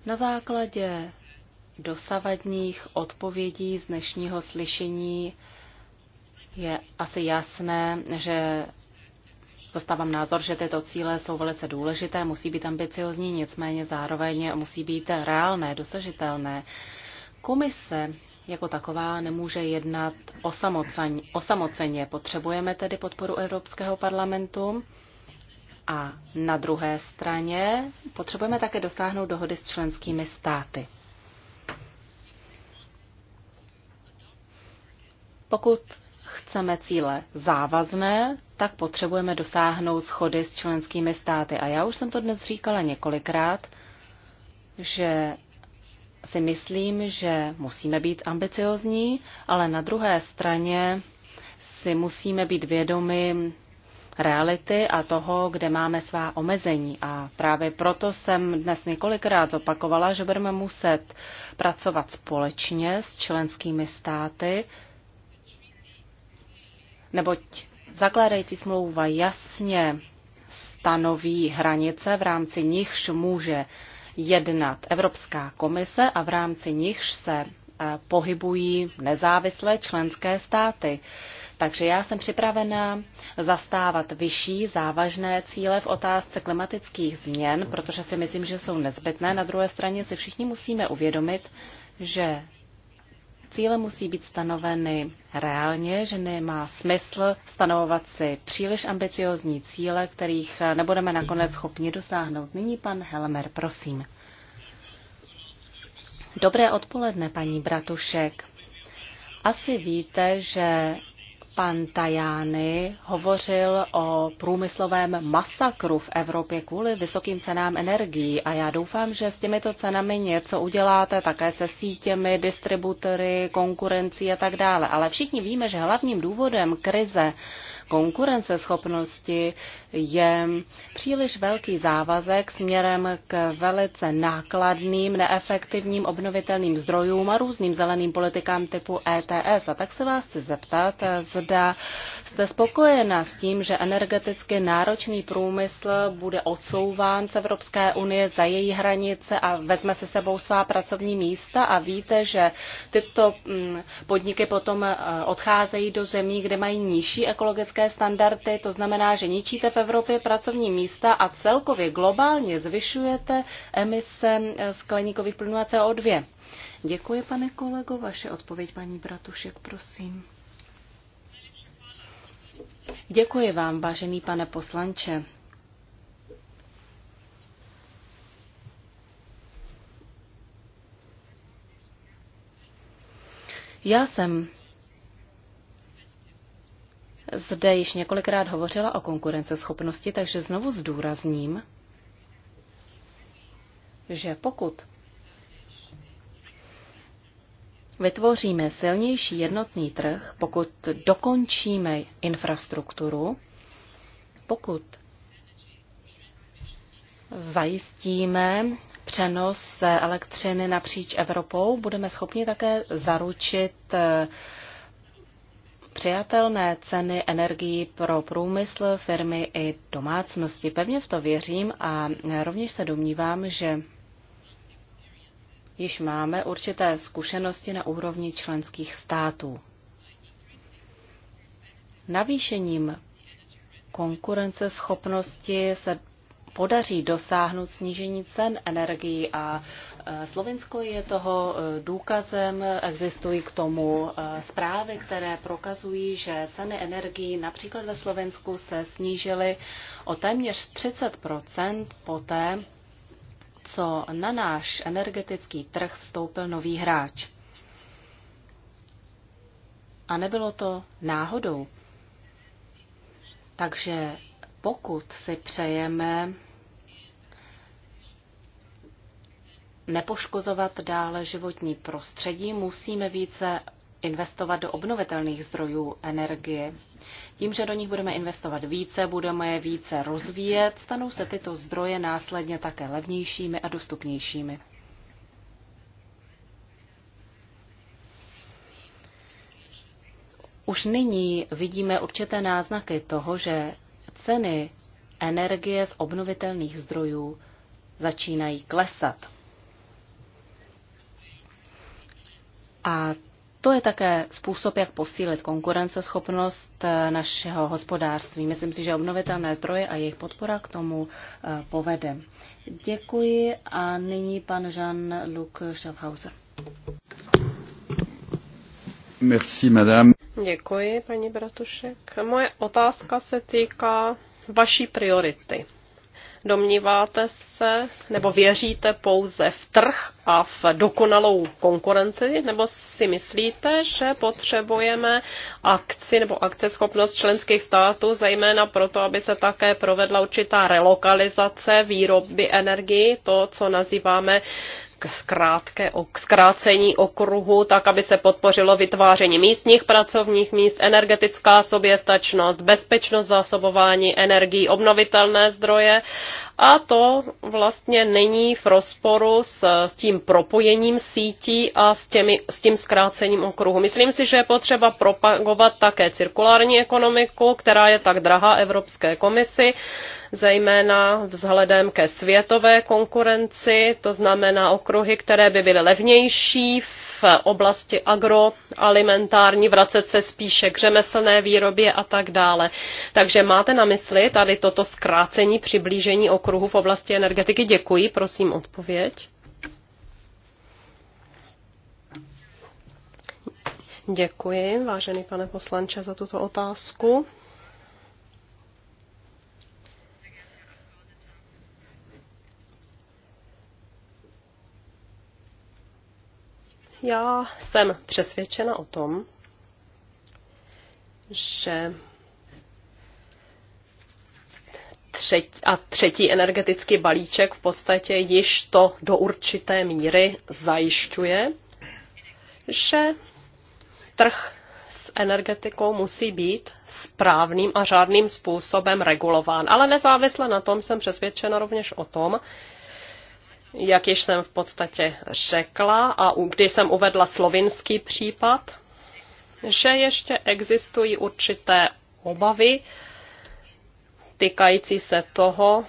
Na základě dosavadních odpovědí z dnešního slyšení je asi jasné, že zastávám názor, že tyto cíle jsou velice důležité, musí být ambiciozní, nicméně zároveň musí být reálné, dosažitelné. Komise jako taková nemůže jednat osamoceně. Potřebujeme tedy podporu Evropského parlamentu a na druhé straně potřebujeme také dosáhnout dohody s členskými státy. Pokud chceme cíle závazné, tak potřebujeme dosáhnout schody s členskými státy. A já už jsem to dnes říkala několikrát, že si myslím, že musíme být ambiciozní, ale na druhé straně si musíme být vědomi reality a toho, kde máme svá omezení. A právě proto jsem dnes několikrát zopakovala, že budeme muset pracovat společně s členskými státy, neboť zakládající smlouva jasně stanoví hranice, v rámci nichž může jednat Evropská komise a v rámci nichž se eh, pohybují nezávislé členské státy. Takže já jsem připravena zastávat vyšší závažné cíle v otázce klimatických změn, protože si myslím, že jsou nezbytné. Na druhé straně si všichni musíme uvědomit, že cíle musí být stanoveny reálně, že nemá smysl stanovovat si příliš ambiciozní cíle, kterých nebudeme nakonec schopni dosáhnout. Nyní pan Helmer, prosím. Dobré odpoledne, paní Bratušek. Asi víte, že pan Tajány hovořil o průmyslovém masakru v Evropě kvůli vysokým cenám energií a já doufám, že s těmito cenami něco uděláte také se sítěmi, distributory, konkurencí a tak dále. Ale všichni víme, že hlavním důvodem krize konkurenceschopnosti je příliš velký závazek směrem k velice nákladným, neefektivním obnovitelným zdrojům a různým zeleným politikám typu ETS. A tak se vás chci zeptat, zda jste spokojena s tím, že energeticky náročný průmysl bude odsouván z Evropské unie za její hranice a vezme si sebou svá pracovní místa a víte, že tyto mm, podniky potom eh, odcházejí do zemí, kde mají nižší ekologické standardy, to znamená, že ničíte v Evropě pracovní místa a celkově globálně zvyšujete emise skleníkových plynů a CO2. Děkuji, pane kolego. Vaše odpověď, paní Bratušek, prosím. Děkuji vám, vážený pane poslanče. Já jsem zde již několikrát hovořila o konkurenceschopnosti, takže znovu zdůrazním, že pokud vytvoříme silnější jednotný trh, pokud dokončíme infrastrukturu, pokud zajistíme přenos elektřiny napříč Evropou, budeme schopni také zaručit eh, přijatelné ceny energií pro průmysl, firmy i domácnosti. Pevně v to věřím a rovněž se domnívám, že již máme určité zkušenosti na úrovni členských států. Navýšením konkurenceschopnosti se podaří dosáhnout snížení cen energií a e, Slovinsko je toho e, důkazem. Existují k tomu e, zprávy, které prokazují, že ceny energií například ve Slovensku se snížily o téměř 30 poté, co na náš energetický trh vstoupil nový hráč. A nebylo to náhodou. Takže pokud si přejeme nepoškozovat dále životní prostředí, musíme více investovat do obnovitelných zdrojů energie. Tím, že do nich budeme investovat více, budeme je více rozvíjet, stanou se tyto zdroje následně také levnějšími a dostupnějšími. Už nyní vidíme určité náznaky toho, že ceny energie z obnovitelných zdrojů začínají klesat. A to je také způsob, jak posílit konkurenceschopnost eh, našeho hospodářství. Myslím si, že obnovitelné zdroje a jejich podpora k tomu eh, povede. Děkuji a nyní pan Jean-Luc Schaffhauser. Merci, madame. Děkuji, paní Bratušek. Moje otázka se týká vaší priority. Domníváte se nebo věříte pouze v trh a v dokonalou konkurenci, nebo si myslíte, že potřebujeme akci nebo akceschopnost členských států, zejména proto, aby se také provedla určitá relokalizace výroby energii, to, co nazýváme k zkrátké, k zkrácení okruhu, tak aby se podpořilo vytváření místních pracovních míst, energetická soběstačnost, bezpečnost zásobování energií, obnovitelné zdroje a to vlastně není v rozporu s, s tím propojením sítí a s, těmi, s tím zkrácením okruhu. Myslím si, že je potřeba propagovat také cirkulární ekonomiku, která je tak drahá Evropské komisi, zejména vzhledem ke světové konkurenci, to znamená okruhy, které by byly levnější v v oblasti agroalimentární, vracet se spíše k řemeslné výrobě a tak dále. Takže máte na mysli tady toto zkrácení přiblížení okruhu v oblasti energetiky? Děkuji, prosím odpověď. Děkuji, vážený pane poslanče, za tuto otázku. Já jsem přesvědčena o tom, že třetí, a třetí energetický balíček v podstatě již to do určité míry zajišťuje, že trh s energetikou musí být správným a řádným způsobem regulován. Ale nezávisle na tom jsem přesvědčena rovněž o tom, jak již jsem v podstatě řekla a kdy jsem uvedla slovinský případ, že ještě existují určité obavy týkající se toho,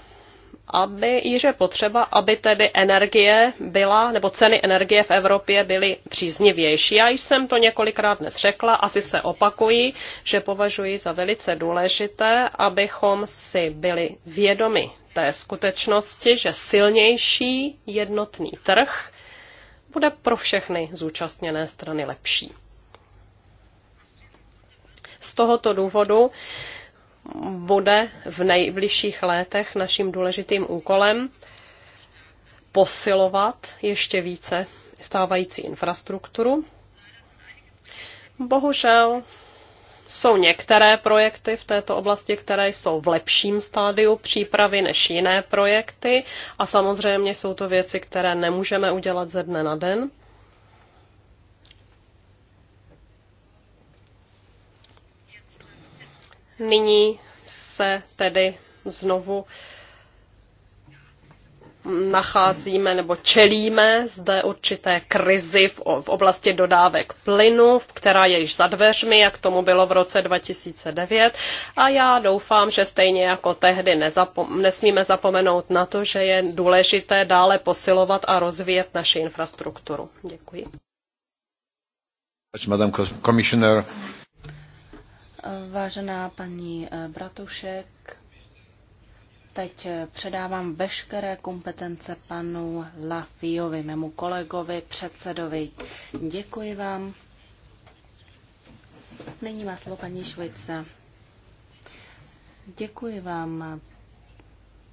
aby již je potřeba, aby tedy energie byla, nebo ceny energie v Evropě byly příznivější. Já jsem to několikrát dnes řekla, asi se opakuji, že považuji za velice důležité, abychom si byli vědomi té skutečnosti, že silnější jednotný trh bude pro všechny zúčastněné strany lepší. Z tohoto důvodu bude v nejbližších letech naším důležitým úkolem posilovat ještě více stávající infrastrukturu. Bohužel jsou některé projekty v této oblasti, které jsou v lepším stádiu přípravy než jiné projekty a samozřejmě jsou to věci, které nemůžeme udělat ze dne na den. Nyní se tedy znovu nacházíme nebo čelíme zde určité krizi v, oblasti dodávek plynu, která je již za dveřmi, jak tomu bylo v roce 2009. A já doufám, že stejně jako tehdy nezapom- nesmíme zapomenout na to, že je důležité dále posilovat a rozvíjet naši infrastrukturu. Děkuji. Madam Commissioner, Vážená paní eh, Bratušek, teď eh, předávám veškeré kompetence panu Lafiovi, mému kolegovi, předsedovi. Děkuji vám. Nyní má slovo paní Švice. Děkuji vám.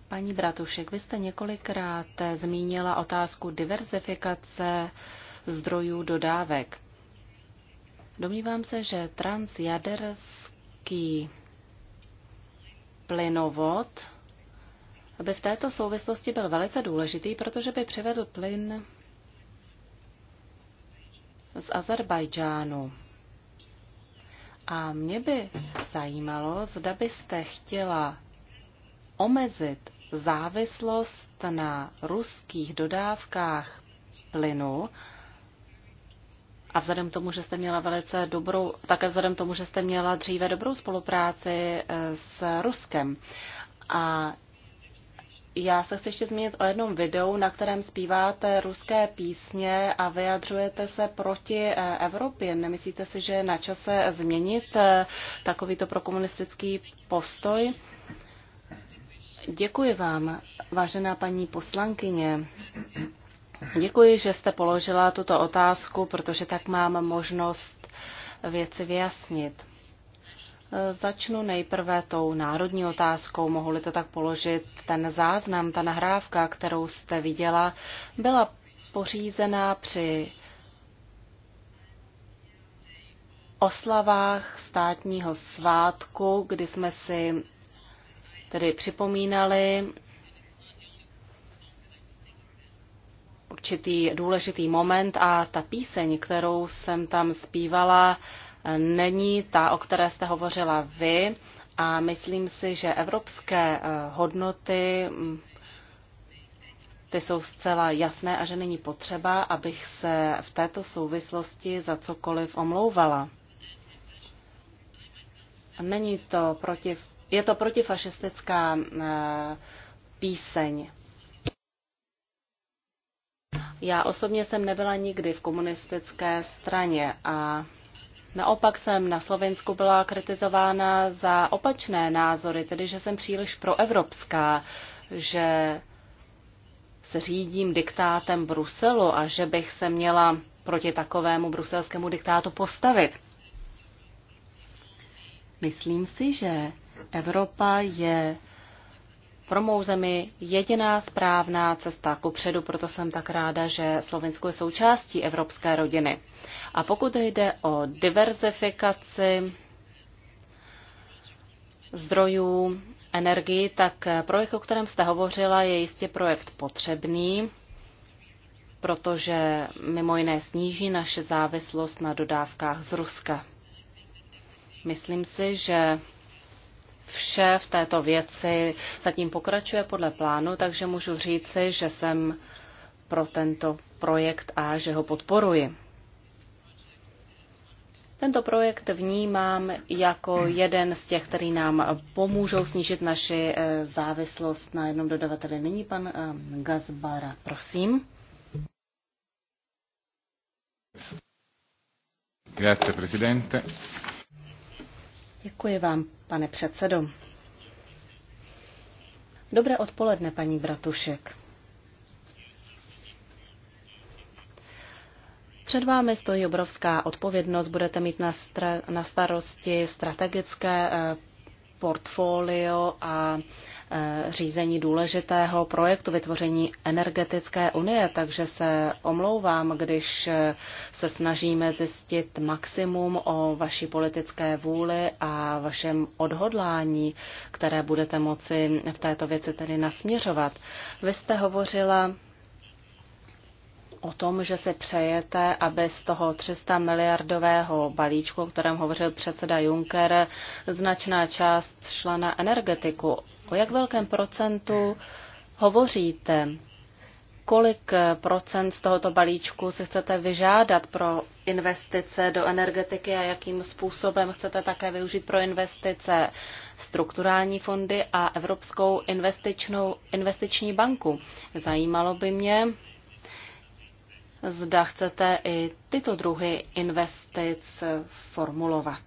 Paní Bratušek, vy jste několikrát eh, zmínila otázku diverzifikace zdrojů dodávek. Domnívám se, že transjader Nabucký plynovod by v této souvislosti byl velice důležitý, protože by přivedl plyn z Azerbajdžánu. A mě by zajímalo, zda byste chtěla omezit závislost na ruských dodávkách plynu a vzhledem tomu, že jste měla velice dobrou, také vzhledem tomu, že jste měla dříve dobrou spolupráci eh, s Ruskem. A já se chci ještě zmínit o jednom videu, na kterém zpíváte ruské písně a vyjadřujete se proti eh, Evropě. Nemyslíte si, že je na čase změnit eh, takovýto prokomunistický postoj? Děkuji vám, vážená paní poslankyně. Děkuji, že jste položila tuto otázku, protože tak mám možnost věci vyjasnit. Začnu nejprve tou národní otázkou, Mohli li to tak položit. Ten záznam, ta nahrávka, kterou jste viděla, byla pořízená při oslavách státního svátku, kdy jsme si tedy připomínali určitý důležitý moment a ta píseň, kterou jsem tam zpívala, není ta, o které jste hovořila vy. A myslím si, že evropské eh, hodnoty mm, ty jsou zcela jasné a že není potřeba, abych se v této souvislosti za cokoliv omlouvala. Není to proti, je to protifašistická eh, píseň. Já osobně jsem nebyla nikdy v komunistické straně a naopak jsem na Slovensku byla kritizována za opačné názory, tedy že jsem příliš proevropská, že se řídím diktátem Bruselu a že bych se měla proti takovému bruselskému diktátu postavit. Myslím si, že Evropa je pro mou zemi jediná správná cesta ku předu, proto jsem tak ráda, že Slovinsko je součástí evropské rodiny. A pokud jde o diverzifikaci zdrojů energii, tak projekt, o kterém jste hovořila, je jistě projekt potřebný, protože mimo jiné sníží naše závislost na dodávkách z Ruska. Myslím si, že vše v této věci zatím pokračuje podle plánu, takže můžu říci, že jsem pro tento projekt a že ho podporuji. Tento projekt vnímám jako jeden z těch, který nám pomůžou snížit naši eh, závislost na jednom dodavateli. Nyní pan eh, Gazbara, prosím. Grazie, presidente. Děkuji vám, pane předsedo. Dobré odpoledne, paní Bratušek. Před vámi stojí obrovská odpovědnost. Budete mít na, stra- na starosti strategické eh, portfolio a Eh, řízení důležitého projektu vytvoření energetické unie, takže se omlouvám, když eh, se snažíme zjistit maximum o vaší politické vůli a vašem odhodlání, které budete moci v této věci tedy nasměřovat. Vy jste hovořila o tom, že si přejete, aby z toho 300 miliardového balíčku, o kterém hovořil předseda Juncker, značná část šla na energetiku. O jak velkém procentu hovoříte? Kolik eh, procent z tohoto balíčku si chcete vyžádat pro investice do energetiky a jakým způsobem chcete také využít pro investice strukturální fondy a Evropskou investičnou, investiční banku? Zajímalo by mě, zda chcete i tyto druhy investic formulovat.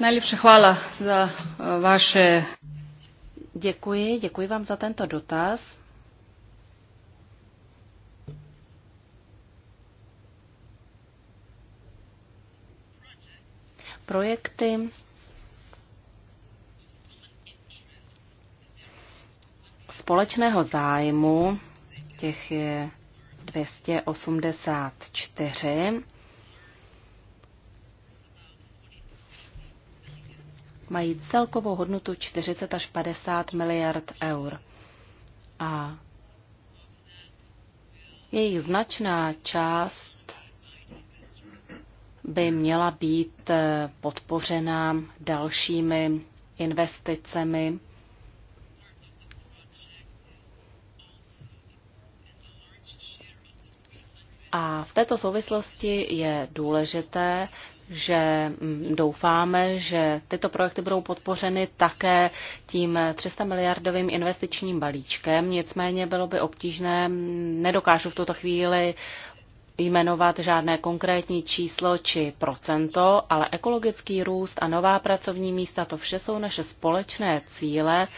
Najlepší chvála za e, vaše... Děkuji, děkuji vám za tento dotaz. Projekty společného zájmu, těch je 284 mají celkovou hodnotu 40 až 50 miliard eur. A jejich značná část by měla být eh, podpořena dalšími investicemi. A v této souvislosti je důležité, že mm, doufáme, že tyto projekty budou podpořeny také tím 300 miliardovým investičním balíčkem. Nicméně bylo by obtížné, mm, nedokážu v tuto chvíli jmenovat žádné konkrétní číslo či procento, ale ekologický růst a nová pracovní místa, to vše jsou naše společné cíle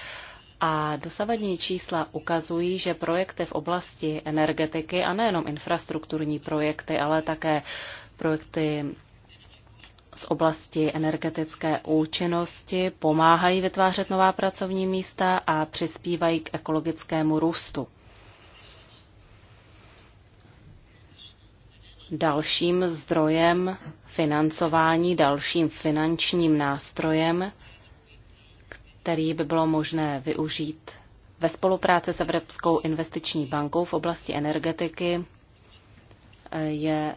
a dosavadní čísla ukazují, že projekty v oblasti energetiky a nejenom infrastrukturní projekty, ale také projekty z oblasti energetické účinnosti pomáhají vytvářet nová pracovní místa a přispívají k ekologickému růstu. Dalším zdrojem financování, dalším finančním nástrojem, který by bylo možné využít ve spolupráci s Evropskou investiční bankou v oblasti energetiky, je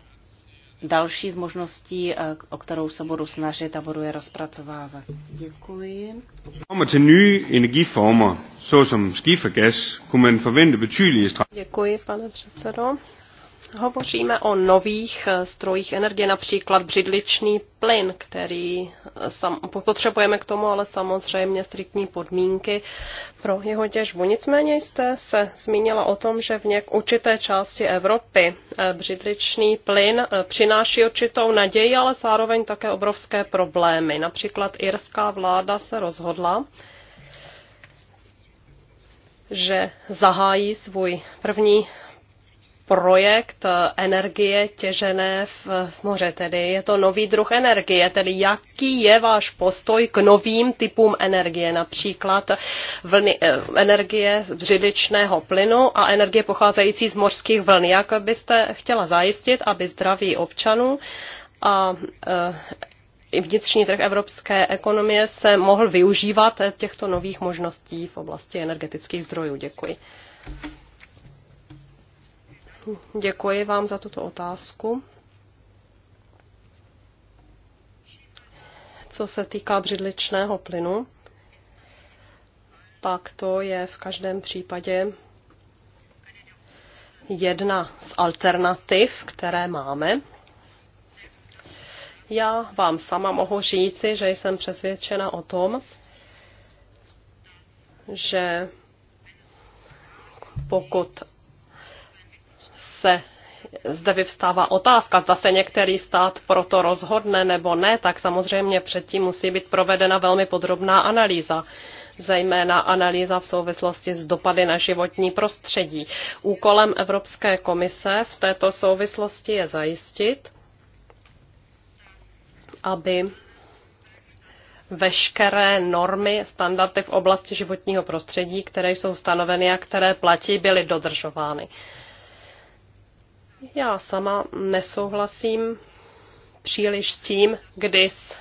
další z možností, eh, o kterou se budu snažit a budu je rozpracovávat. Děkuji. Kommer til nye energiformer, såsom skifergas, kunne man forvente betydelige Děkuji, pane předsedo. Hovoříme o nových eh, strojích energie, například břidličný plyn, který eh, sam, potřebujeme k tomu, ale samozřejmě striktní podmínky pro jeho těžbu. Nicméně jste se zmínila o tom, že v něk určité části Evropy eh, břidličný plyn přináší určitou naději, ale zároveň také obrovské problémy. Například irská vláda se rozhodla, že zahájí svůj první projekt eh, energie těžené v, z moře, tedy je to nový druh energie, tedy jaký je váš postoj k novým typům energie, například vlny, eh, energie z břidličného plynu a energie pocházející z mořských vln. Jak byste chtěla zajistit, aby zdraví občanů a eh, i vnitřní trh evropské ekonomie se mohl využívat těchto nových možností v oblasti energetických zdrojů. Děkuji. Děkuji vám za tuto otázku. Co se týká břidličného plynu, tak to je v každém případě jedna z alternativ, které máme. Já vám sama mohu říci, že jsem přesvědčena o tom, že pokud se zde vyvstává otázka, zda se některý stát proto rozhodne nebo ne, tak samozřejmě předtím musí být provedena velmi podrobná analýza zejména analýza v souvislosti s dopady na životní prostředí. Úkolem Evropské komise v této souvislosti je zajistit, aby veškeré normy, standardy v oblasti životního prostředí, které jsou stanoveny a které platí, byly dodržovány. Já sama nesouhlasím příliš s tím, když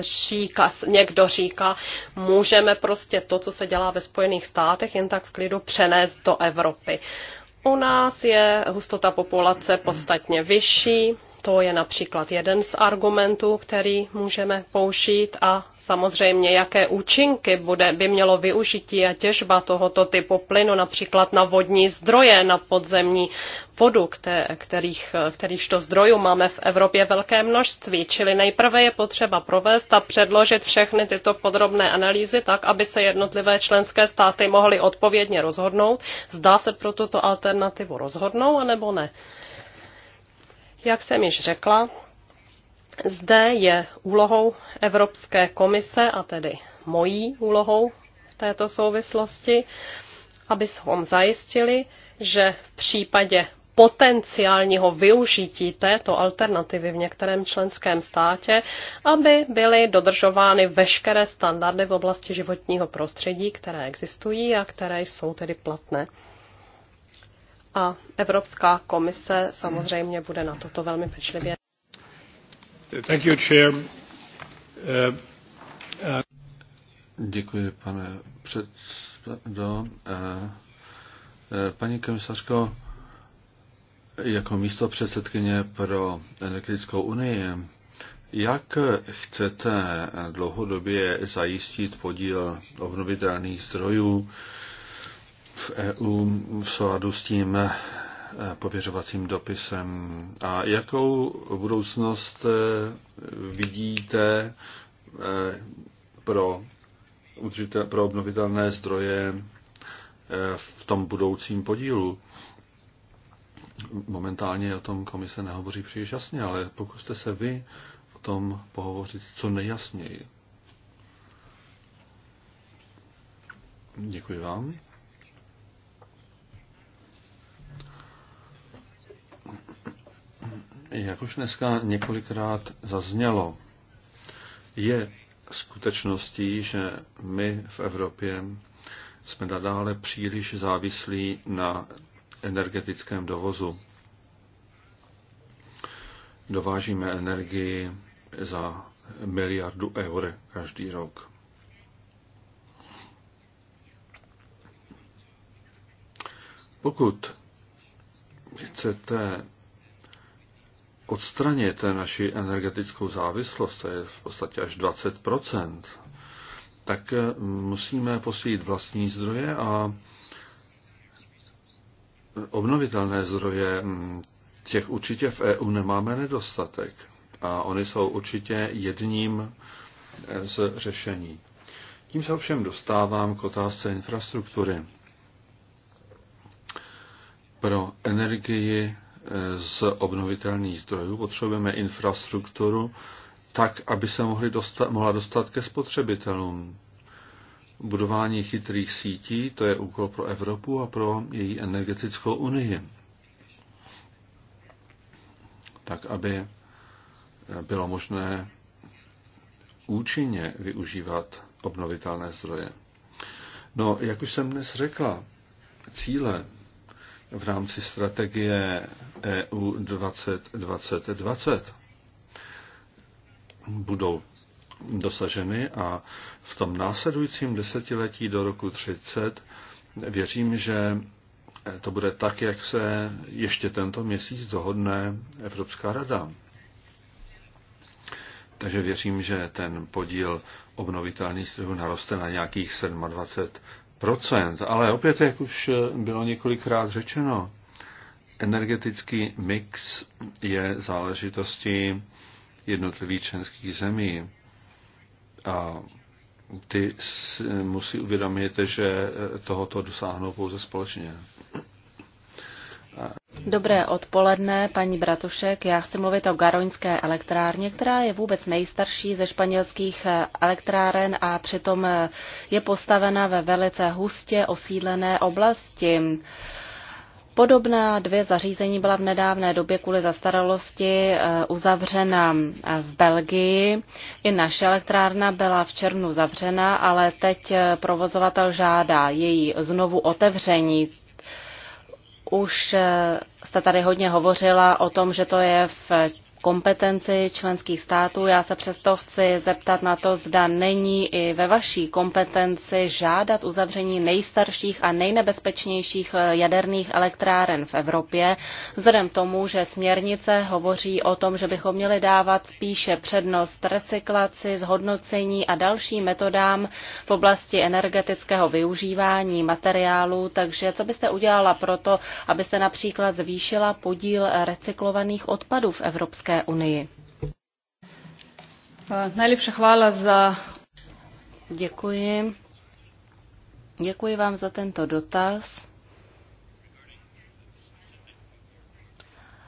říká, někdo říká, můžeme prostě to, co se dělá ve Spojených státech, jen tak v klidu přenést do Evropy. U nás je hustota populace podstatně vyšší, to je například jeden z argumentů, který můžeme použít a samozřejmě jaké účinky bude, by mělo využití a těžba tohoto typu plynu například na vodní zdroje, na podzemní vodu, kterých, kterýchto zdrojů máme v Evropě velké množství. Čili nejprve je potřeba provést a předložit všechny tyto podrobné analýzy tak, aby se jednotlivé členské státy mohly odpovědně rozhodnout. Zdá se pro tuto alternativu rozhodnou, anebo ne? Jak jsem již řekla, zde je úlohou Evropské komise, a tedy mojí úlohou v této souvislosti, abychom zajistili, že v případě potenciálního využití této alternativy v některém členském státě, aby byly dodržovány veškeré standardy v oblasti životního prostředí, které existují a které jsou tedy platné. A Evropská komise samozřejmě bude na toto velmi pečlivě. Thank you, chair. Uh, uh... Děkuji, pane předsedo. Eh, paní komisařko, jako místo předsedkyně pro energetickou unii, jak chcete dlouhodobě zajistit podíl obnovitelných zdrojů v EU v souladu s tím e, pověřovacím dopisem. A jakou budoucnost e, vidíte e, pro, pro obnovitelné zdroje v tom budoucím podílu? Momentálně o tom komise nehovoří příliš jasně, ale pokuste se vy o tom pohovořit co nejjasněji. Děkuji vám. Jak už dneska několikrát zaznělo, je skutečností, že my v Evropě jsme nadále příliš závislí na energetickém dovozu. Dovážíme energii za miliardu eur každý rok. Pokud chcete odstranit naši energetickou závislost, to je v podstatě až 20 tak eh, musíme posílit vlastní zdroje a obnovitelné zdroje hm, těch určitě v EU nemáme nedostatek. A oni jsou určitě jedním eh, z řešení. Tím se ovšem dostávám k otázce infrastruktury. Pro energii z obnovitelných zdrojů, potřebujeme infrastrukturu tak, aby se mohly dostat, mohla dostat ke spotřebitelům. Budování chytrých sítí, to je úkol pro Evropu a pro její energetickou unii. Tak, aby bylo možné účinně využívat obnovitelné zdroje. No, jak už jsem dnes řekla, cíle v rámci strategie EU 2020 budou dosaženy a v tom následujícím desetiletí do roku 30 věřím, že to bude tak, jak se ještě tento měsíc dohodne Evropská rada. Takže věřím, že ten podíl obnovitelných zdrojů naroste na nějakých 27 Procent, ale opět, jak už bylo několikrát řečeno, energetický mix je záležitostí jednotlivých členských zemí. A ty musí uvědomit, že tohoto dosáhnou pouze společně. Dobré odpoledne, paní Bratušek. Já chci mluvit o Garoňské elektrárně, která je vůbec nejstarší ze španělských eh, elektráren a přitom eh, je postavena ve velice hustě osídlené oblasti. Podobná dvě zařízení byla v nedávné době kvůli zastaralosti eh, uzavřena v Belgii. I naše elektrárna byla v červnu zavřena, ale teď provozovatel žádá její znovu otevření. Už eh, jste tady hodně hovořila o tom, že to je v kompetenci členských států. Já se přesto chci zeptat na to, zda není i ve vaší kompetenci žádat uzavření nejstarších a nejnebezpečnějších eh, jaderných elektráren v Evropě, vzhledem tomu, že směrnice hovoří o tom, že bychom měli dávat spíše přednost recyklaci, zhodnocení a dalším metodám v oblasti energetického využívání materiálů. Takže co byste udělala proto, abyste například zvýšila podíl recyklovaných odpadů v Evropské Evropské unii. Eh, Nejlepší chvála za... Děkuji. Děkuji vám za tento dotaz.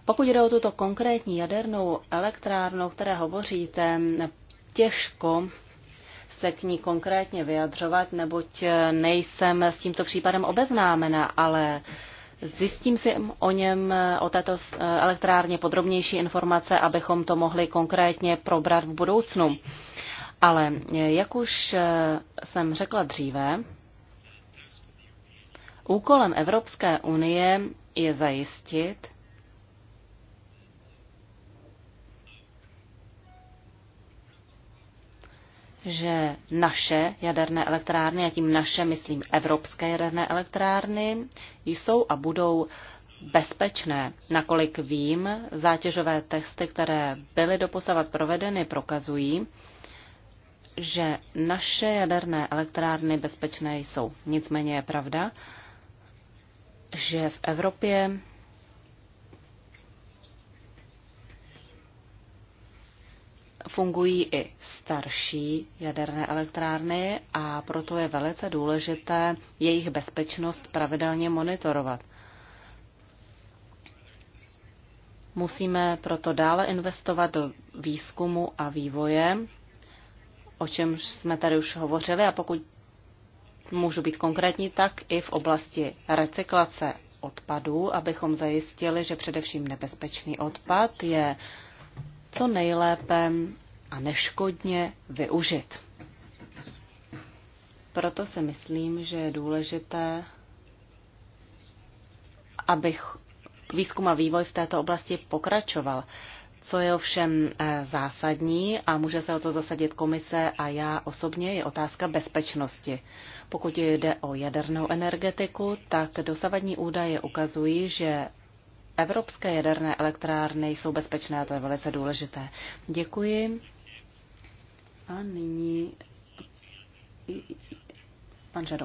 Pokud jde o tuto konkrétní jadernou elektrárnu, o které hovoříte, těžko se k ní konkrétně vyjadřovat, neboť nejsem s tímto případem obeznámena, ale uh, Zjistím si o něm, o této elektrárně podrobnější informace, abychom to mohli konkrétně probrat v budoucnu. Ale e, jak už e, jsem řekla dříve, úkolem Evropské unie je zajistit, že naše jaderné elektrárny, a tím naše myslím evropské jaderné elektrárny, jsou a budou bezpečné. Nakolik vím, zátěžové testy, které byly doposavat provedeny, prokazují, že naše jaderné elektrárny bezpečné jsou. Nicméně je pravda, že v Evropě fungují i starší jaderné elektrárny a proto je velice důležité jejich bezpečnost pravidelně monitorovat. Musíme proto dále investovat do výzkumu a vývoje, o čem jsme tady už hovořili a pokud můžu být konkrétní, tak i v oblasti recyklace odpadů, abychom zajistili, že především nebezpečný odpad je co nejlépe a neškodně využit. Proto si myslím, že je důležité, abych výzkum a vývoj v této oblasti pokračoval. Co je ovšem eh, zásadní a může se o to zasadit komise a já osobně, je otázka bezpečnosti. Pokud jde o jadernou energetiku, tak dosavadní údaje ukazují, že evropské jaderné elektrárny jsou bezpečné a to je velice důležité. Děkuji. A nyní pan Žado.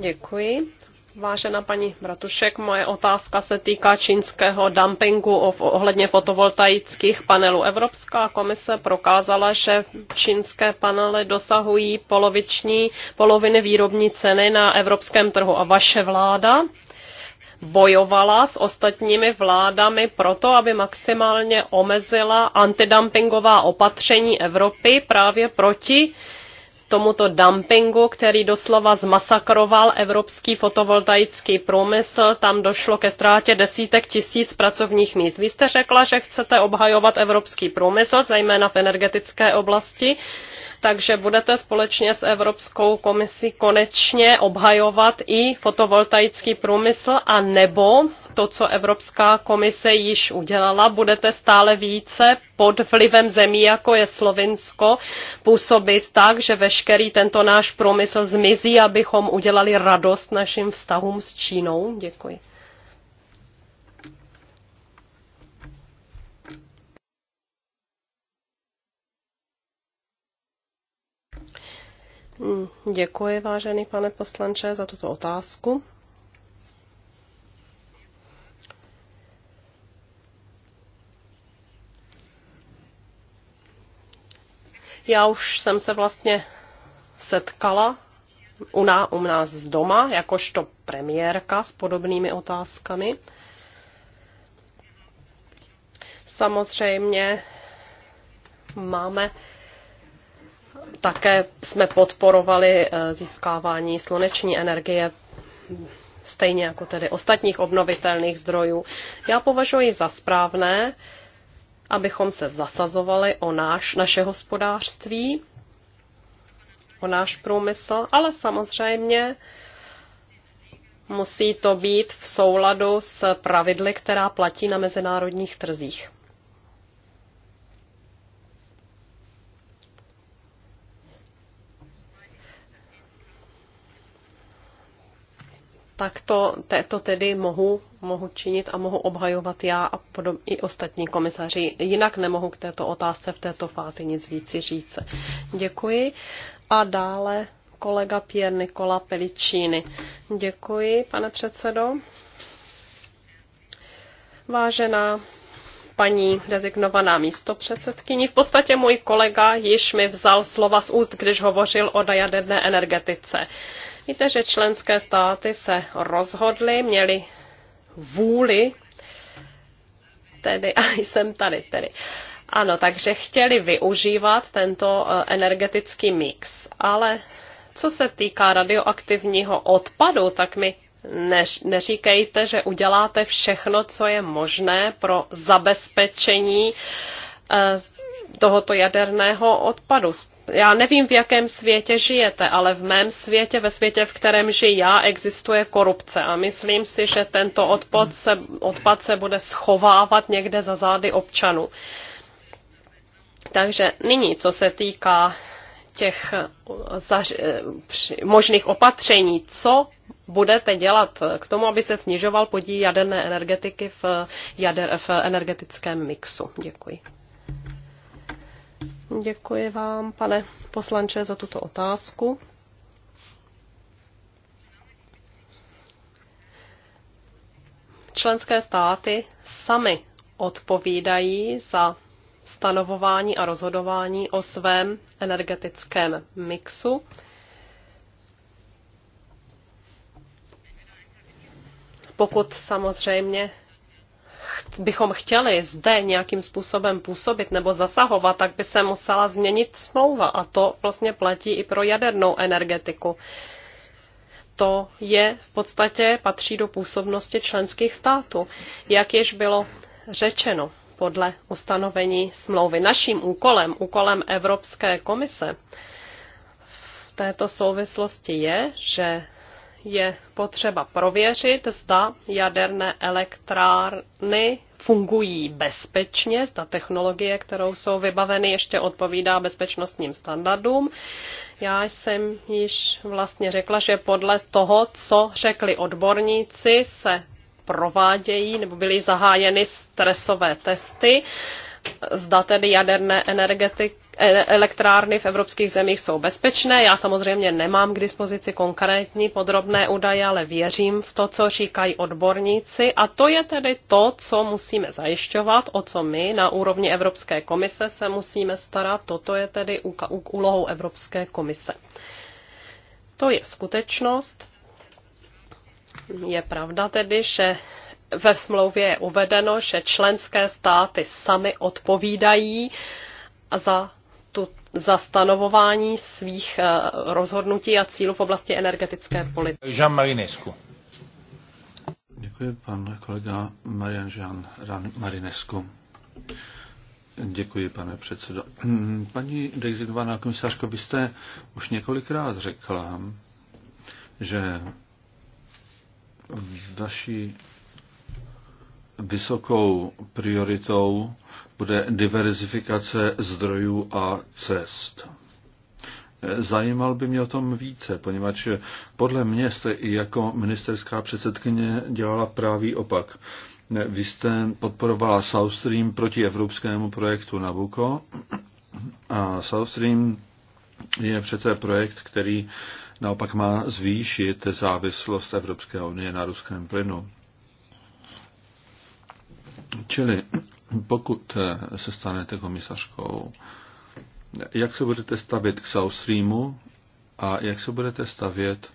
Děkuji. Vážená paní Bratušek, moje otázka se týká čínského dumpingu ohledně fotovoltaických panelů. Evropská komise prokázala, že čínské panely dosahují poloviční, poloviny výrobní ceny na evropském trhu. A vaše vláda bojovala s ostatními vládami proto, aby maximálně omezila antidumpingová opatření Evropy právě proti tomuto dumpingu, který doslova zmasakroval evropský fotovoltaický průmysl. Tam došlo ke ztrátě desítek tisíc pracovních míst. Vy jste řekla, že chcete obhajovat evropský průmysl, zejména v energetické oblasti takže budete společně s Evropskou komisí konečně obhajovat i fotovoltaický průmysl a nebo to, co Evropská komise již udělala, budete stále více pod vlivem zemí, jako je Slovinsko, působit tak, že veškerý tento náš průmysl zmizí, abychom udělali radost našim vztahům s Čínou? Děkuji. Mm, děkuji, vážený pane poslanče, za tuto otázku. Já už jsem se vlastně setkala u, nás, u nás z doma, jakožto premiérka s podobnými otázkami. Samozřejmě máme také jsme podporovali eh, získávání sluneční energie stejně jako tedy ostatních obnovitelných zdrojů. Já považuji za správné, abychom se zasazovali o náš, naše hospodářství, o náš průmysl, ale samozřejmě musí to být v souladu s pravidly, která platí na mezinárodních trzích. tak to, to tedy mohu, mohu činit a mohu obhajovat já a podob, i ostatní komisaři. Jinak nemohu k této otázce v této fázi nic víc říct. Děkuji. A dále kolega Pier Nikola Pelicini. Děkuji, pane předsedo. Vážená paní rezignovaná místopředsedkyni. V podstatě můj kolega již mi vzal slova z úst, když hovořil o jaderné energetice. Víte, že členské státy se rozhodly, měly vůli, tedy a jsem tady, tedy. Ano, takže chtěli využívat tento eh, energetický mix, ale co se týká radioaktivního odpadu, tak mi než, neříkejte, že uděláte všechno, co je možné pro zabezpečení eh, tohoto jaderného odpadu já nevím, v jakém světě žijete, ale v mém světě, ve světě, v kterém žiji já, existuje korupce a myslím si, že tento odpad se, odpad se bude schovávat někde za zády občanů. Takže nyní, co se týká těch zaž, možných opatření, co budete dělat k tomu, aby se snižoval podíl jaderné energetiky v, jader, v energetickém mixu? Děkuji. Děkuji vám, pane poslanče, za tuto otázku. Členské státy sami odpovídají za stanovování a rozhodování o svém energetickém mixu. Pokud samozřejmě bychom chtěli zde nějakým způsobem působit nebo zasahovat, tak by se musela změnit smlouva a to vlastně platí i pro jadernou energetiku. To je v podstatě patří do působnosti členských států, jak již bylo řečeno podle ustanovení smlouvy. Naším úkolem, úkolem Evropské komise v této souvislosti je, že je potřeba prověřit, zda jaderné elektrárny fungují bezpečně, zda technologie, kterou jsou vybaveny, ještě odpovídá bezpečnostním standardům. Já jsem již vlastně řekla, že podle toho, co řekli odborníci, se provádějí nebo byly zahájeny stresové testy, zda tedy jaderné energetiky E- elektrárny v evropských zemích jsou bezpečné. Já samozřejmě nemám k dispozici konkrétní podrobné údaje, ale věřím v to, co říkají odborníci. A to je tedy to, co musíme zajišťovat, o co my na úrovni Evropské komise se musíme starat. Toto je tedy úlohou Evropské komise. To je skutečnost. Je pravda tedy, že ve smlouvě je uvedeno, že členské státy sami odpovídají za za stanovování svých eh, rozhodnutí a cílů v oblasti energetické politiky. Jean Marinescu. Děkuji, pan kolega Marian Jean Marinescu. Děkuji, pane předsedo. Paní designovaná komisářko, vy jste už několikrát řekla, že vaší vysokou prioritou bude diverzifikace zdrojů a cest. Zajímal by mě o tom více, poněvadž podle mě jste i jako ministerská předsedkyně dělala právý opak. Vy jste podporovala South Stream proti evropskému projektu Nabucco a South Stream je přece projekt, který naopak má zvýšit závislost Evropské unie na ruském plynu. Čili pokud eh, se stanete komisařkou, jak se budete stavět k South Streamu a jak se budete stavět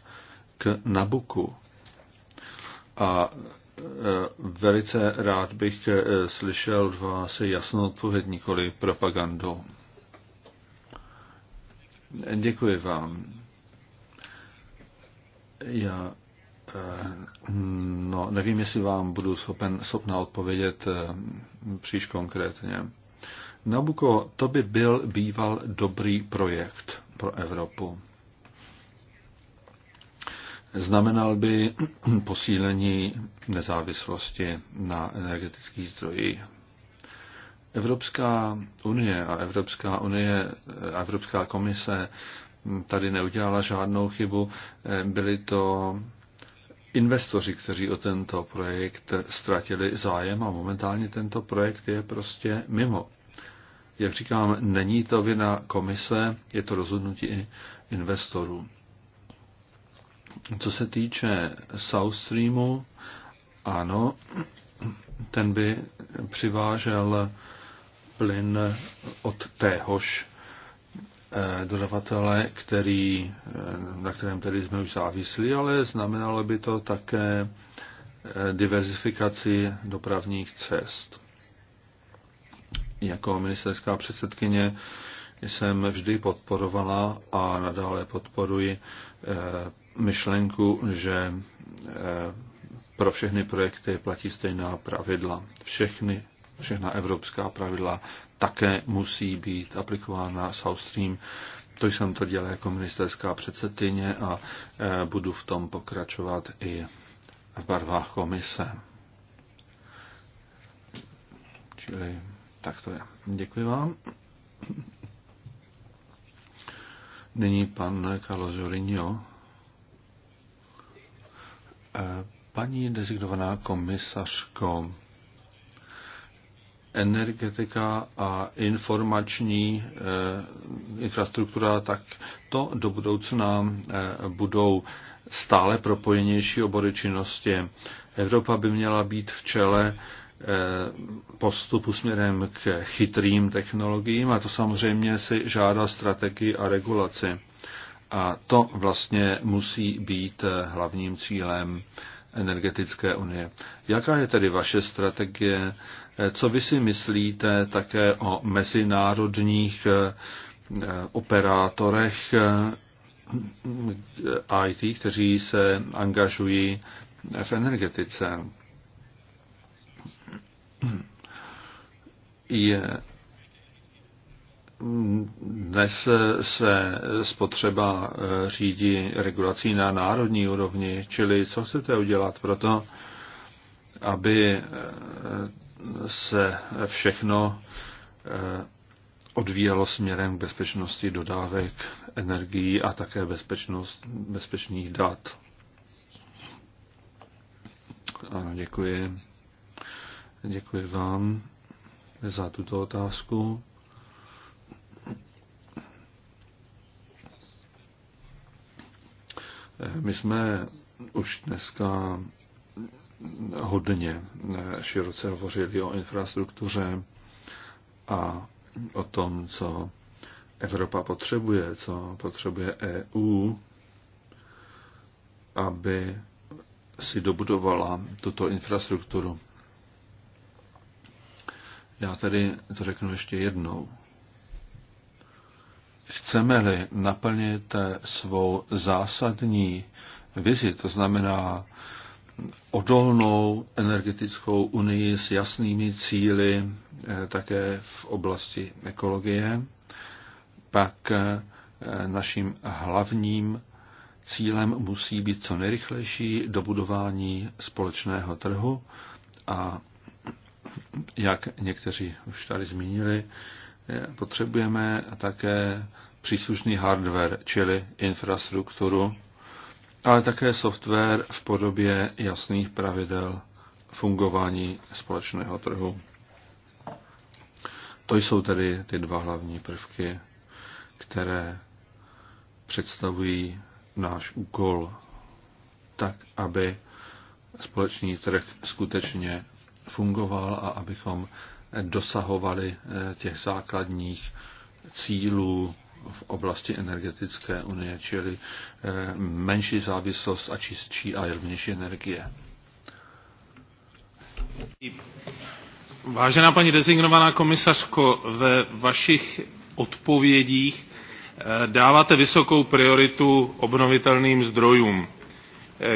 k Nabuku? A eh, velice rád bych eh, slyšel od vás jasnou odpověď, nikoli propagandu. Děkuji vám. Já Eh, no, nevím, jestli vám budu schopen, schopna odpovědět eh, příš konkrétně. Nabuko, to by byl býval dobrý projekt pro Evropu. Znamenal by posílení nezávislosti na energetických zdrojích. Evropská unie a Evropská unie eh, a Evropská komise tady neudělala žádnou chybu. Byly to investoři, kteří o tento projekt ztratili zájem a momentálně tento projekt je prostě mimo. Jak říkám, není to vina komise, je to rozhodnutí investorů. Co se týče South Streamu, ano, ten by přivážel plyn od téhož Eh, dodavatele, který, eh, na kterém tedy jsme už závislí, ale znamenalo by to také eh, diverzifikaci dopravních cest. Jako ministerská předsedkyně jsem vždy podporovala a nadále podporuji myšlenku, že pro všechny projekty platí stejná pravidla. Všechny, všechna evropská pravidla také musí být aplikována South Stream. To jsem to dělal jako ministerská předsedkyně a e, budu v tom pokračovat i v barvách komise. Čili tak to je. Děkuji vám. Nyní pan Carlos Jorinho. E, paní designovaná komisařko, energetika a informační eh, infrastruktura, tak to do budoucna eh, budou stále propojenější obory činnosti. Evropa by měla být v čele eh, postupu směrem k chytrým technologiím a to samozřejmě si žádá strategii a regulaci. A to vlastně musí být hlavním cílem energetické unie. Jaká je tedy vaše strategie? Eh, co vy si myslíte také o mezinárodních eh, eh, operátorech IT, kteří se angažují v energetice? Je dnes se spotřeba eh, řídí regulací na národní úrovni, čili co chcete udělat pro to, aby eh, se všechno eh, odvíjelo směrem k bezpečnosti dodávek energií a také bezpečnost, bezpečných dat. Ano, děkuji. Děkuji vám za tuto otázku. My jsme už dneska hodně široce hovořili o infrastruktuře a o tom, co Evropa potřebuje, co potřebuje EU, aby si dobudovala tuto infrastrukturu. Já tady to řeknu ještě jednou. Chceme-li naplnit svou zásadní vizi, to znamená odolnou energetickou unii s jasnými cíly eh, také v oblasti ekologie, pak eh, naším hlavním cílem musí být co nejrychlejší dobudování společného trhu a jak někteří už tady zmínili, potřebujeme také příslušný hardware, čili infrastrukturu, ale také software v podobě jasných pravidel fungování společného trhu. To jsou tedy ty dva hlavní prvky, které představují náš úkol tak, aby společný trh skutečně fungoval a abychom dosahovali eh, těch základních cílů v oblasti energetické unie, čili eh, menší závislost a čistší a levnější energie. Vážená paní rezignovaná komisařko, ve vašich odpovědích eh, dáváte vysokou prioritu obnovitelným zdrojům,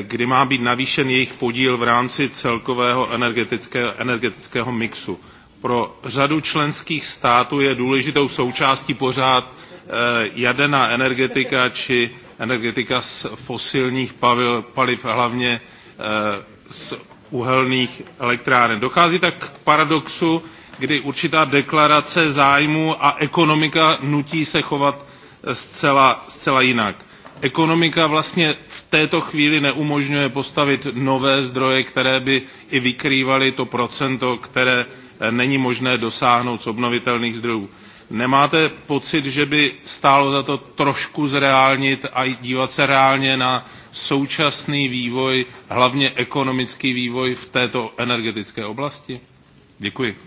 kdy má být navýšen jejich podíl v rámci celkového energetického, energetického mixu pro řadu členských států je důležitou součástí pořád eh, jaderná energetika či energetika z fosilních paliv, hlavně eh, z uhelných elektráren. Dochází tak k paradoxu, kdy určitá deklarace zájmu a ekonomika nutí se chovat eh, zcela, zcela jinak. Ekonomika vlastně v této chvíli neumožňuje postavit nové zdroje, které by i vykrývaly to procento, které není možné dosáhnout z obnovitelných zdrojů. Nemáte pocit, že by stálo za to trošku zreálnit a dívat se reálně na současný vývoj, hlavně ekonomický vývoj v této energetické oblasti? Děkuji.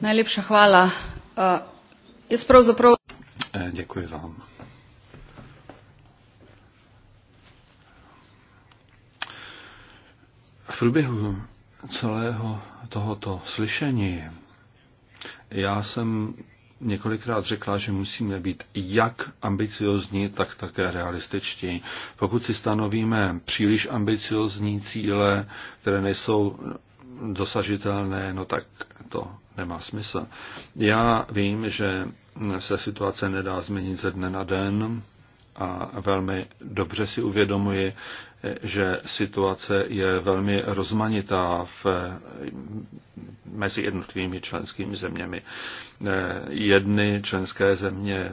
Najlepša hvala. Uh, eh, jaz pravzaprav. Eh, děkuji vám. V průběhu celého tohoto slyšení já jsem několikrát řekla, že musíme být jak ambiciozní, tak také realističtí. Pokud si stanovíme příliš ambiciozní cíle, které nejsou dosažitelné, no tak to nemá smysl. Já vím, že se situace nedá změnit ze dne na den, a velmi dobře si uvědomuji, že situace je velmi rozmanitá v, mezi jednotlivými členskými zeměmi. Jedny členské země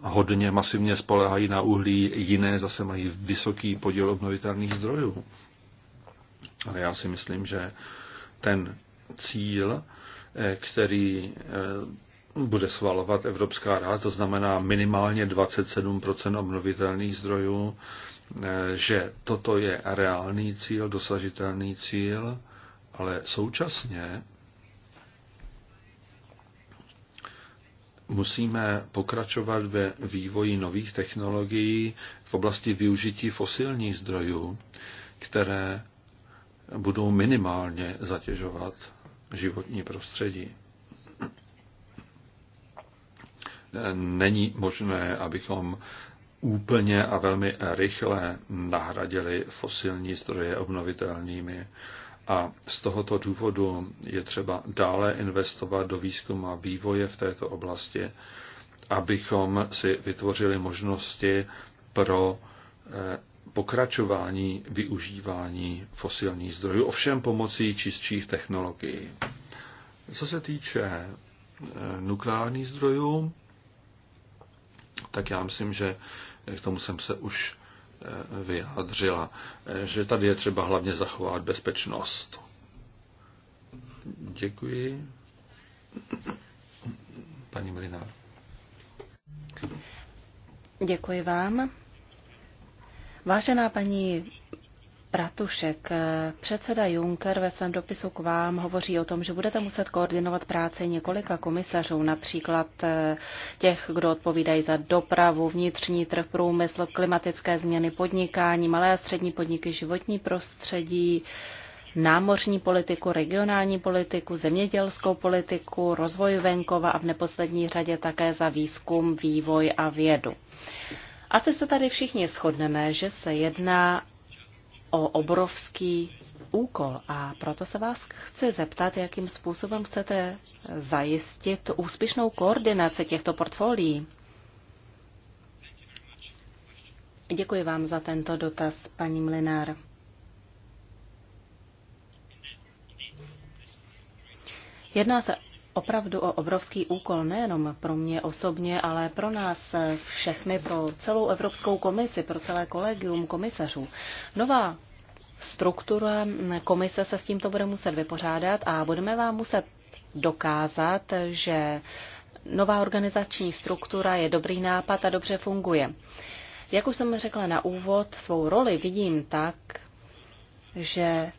hodně masivně spolehají na uhlí, jiné zase mají vysoký podíl obnovitelných zdrojů. Ale já si myslím, že ten cíl, který bude svalovat Evropská rada, to znamená minimálně 27 obnovitelných zdrojů, eh, že toto je reálný cíl, dosažitelný cíl, ale současně musíme pokračovat ve vývoji nových technologií v oblasti využití fosilních zdrojů, které budou minimálně zatěžovat životní prostředí není možné, abychom úplně a velmi rychle nahradili fosilní zdroje obnovitelnými. A z tohoto důvodu je třeba dále investovat do výzkumu a vývoje v této oblasti, abychom si vytvořili možnosti pro eh, pokračování využívání fosilních zdrojů, ovšem pomocí čistších technologií. Co se týče eh, nukleárních zdrojů, tak já myslím, že k tomu jsem se už eh, vyjádřila, eh, že tady je třeba hlavně zachovat bezpečnost. Děkuji. Paní Mlinár. Děkuji vám. Vážená paní Pratušek, předseda Juncker ve svém dopisu k vám hovoří o tom, že budete muset koordinovat práci několika komisařů, například eh, těch, kdo odpovídají za dopravu, vnitřní trh, průmysl, klimatické změny, podnikání, malé a střední podniky, životní prostředí, námořní politiku, regionální politiku, zemědělskou politiku, rozvoj venkova a v neposlední řadě také za výzkum, vývoj a vědu. Asi se tady všichni shodneme, že se jedná o obrovský úkol a proto se vás chci zeptat, jakým způsobem chcete zajistit úspěšnou koordinaci těchto portfolií. Děkuji vám za tento dotaz, paní Mlinár. Jedná se opravdu o obrovský úkol nejenom pro mě osobně, ale pro nás všechny, pro celou Evropskou komisi, pro celé kolegium komisařů. Nová struktura komise se s tímto bude muset vypořádat a budeme vám muset dokázat, že nová organizační struktura je dobrý nápad a dobře funguje. Jak už jsem řekla na úvod, svou roli vidím tak, že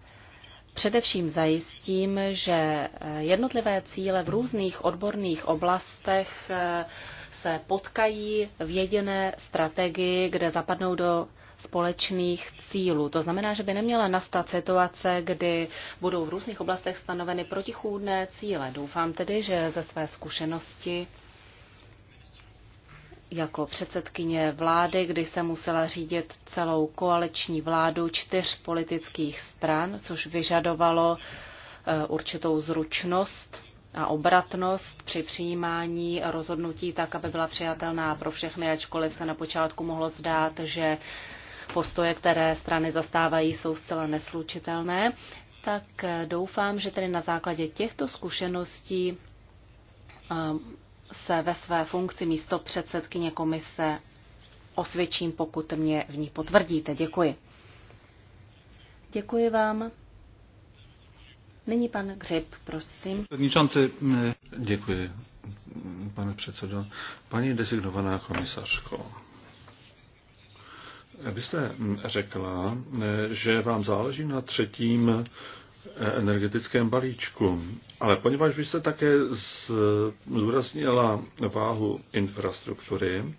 Především zajistím, že jednotlivé cíle v různých odborných oblastech eh, se potkají v jediné strategii, kde zapadnou do společných cílů. To znamená, že by neměla nastat situace, kdy budou v různých oblastech stanoveny protichůdné cíle. Doufám tedy, že ze své zkušenosti jako předsedkyně vlády, kdy se musela řídit celou koaliční vládu čtyř politických stran, což vyžadovalo eh, určitou zručnost a obratnost při přijímání rozhodnutí tak, aby byla přijatelná pro všechny, ačkoliv se na počátku mohlo zdát, že postoje, které strany zastávají, jsou zcela neslučitelné, tak eh, doufám, že tedy na základě těchto zkušeností eh, se ve své funkci místo předsedkyně komise osvědčím, pokud mě v ní potvrdíte. Děkuji. Děkuji vám. Nyní pan Gřib, prosím. Eh, Děkuji, pane předsedo. Paní designovaná komisařko, Byste mm, řekla, eh, že vám záleží na třetím energetickém balíčku. Ale poněvadž vy jste také zúraznila váhu infrastruktury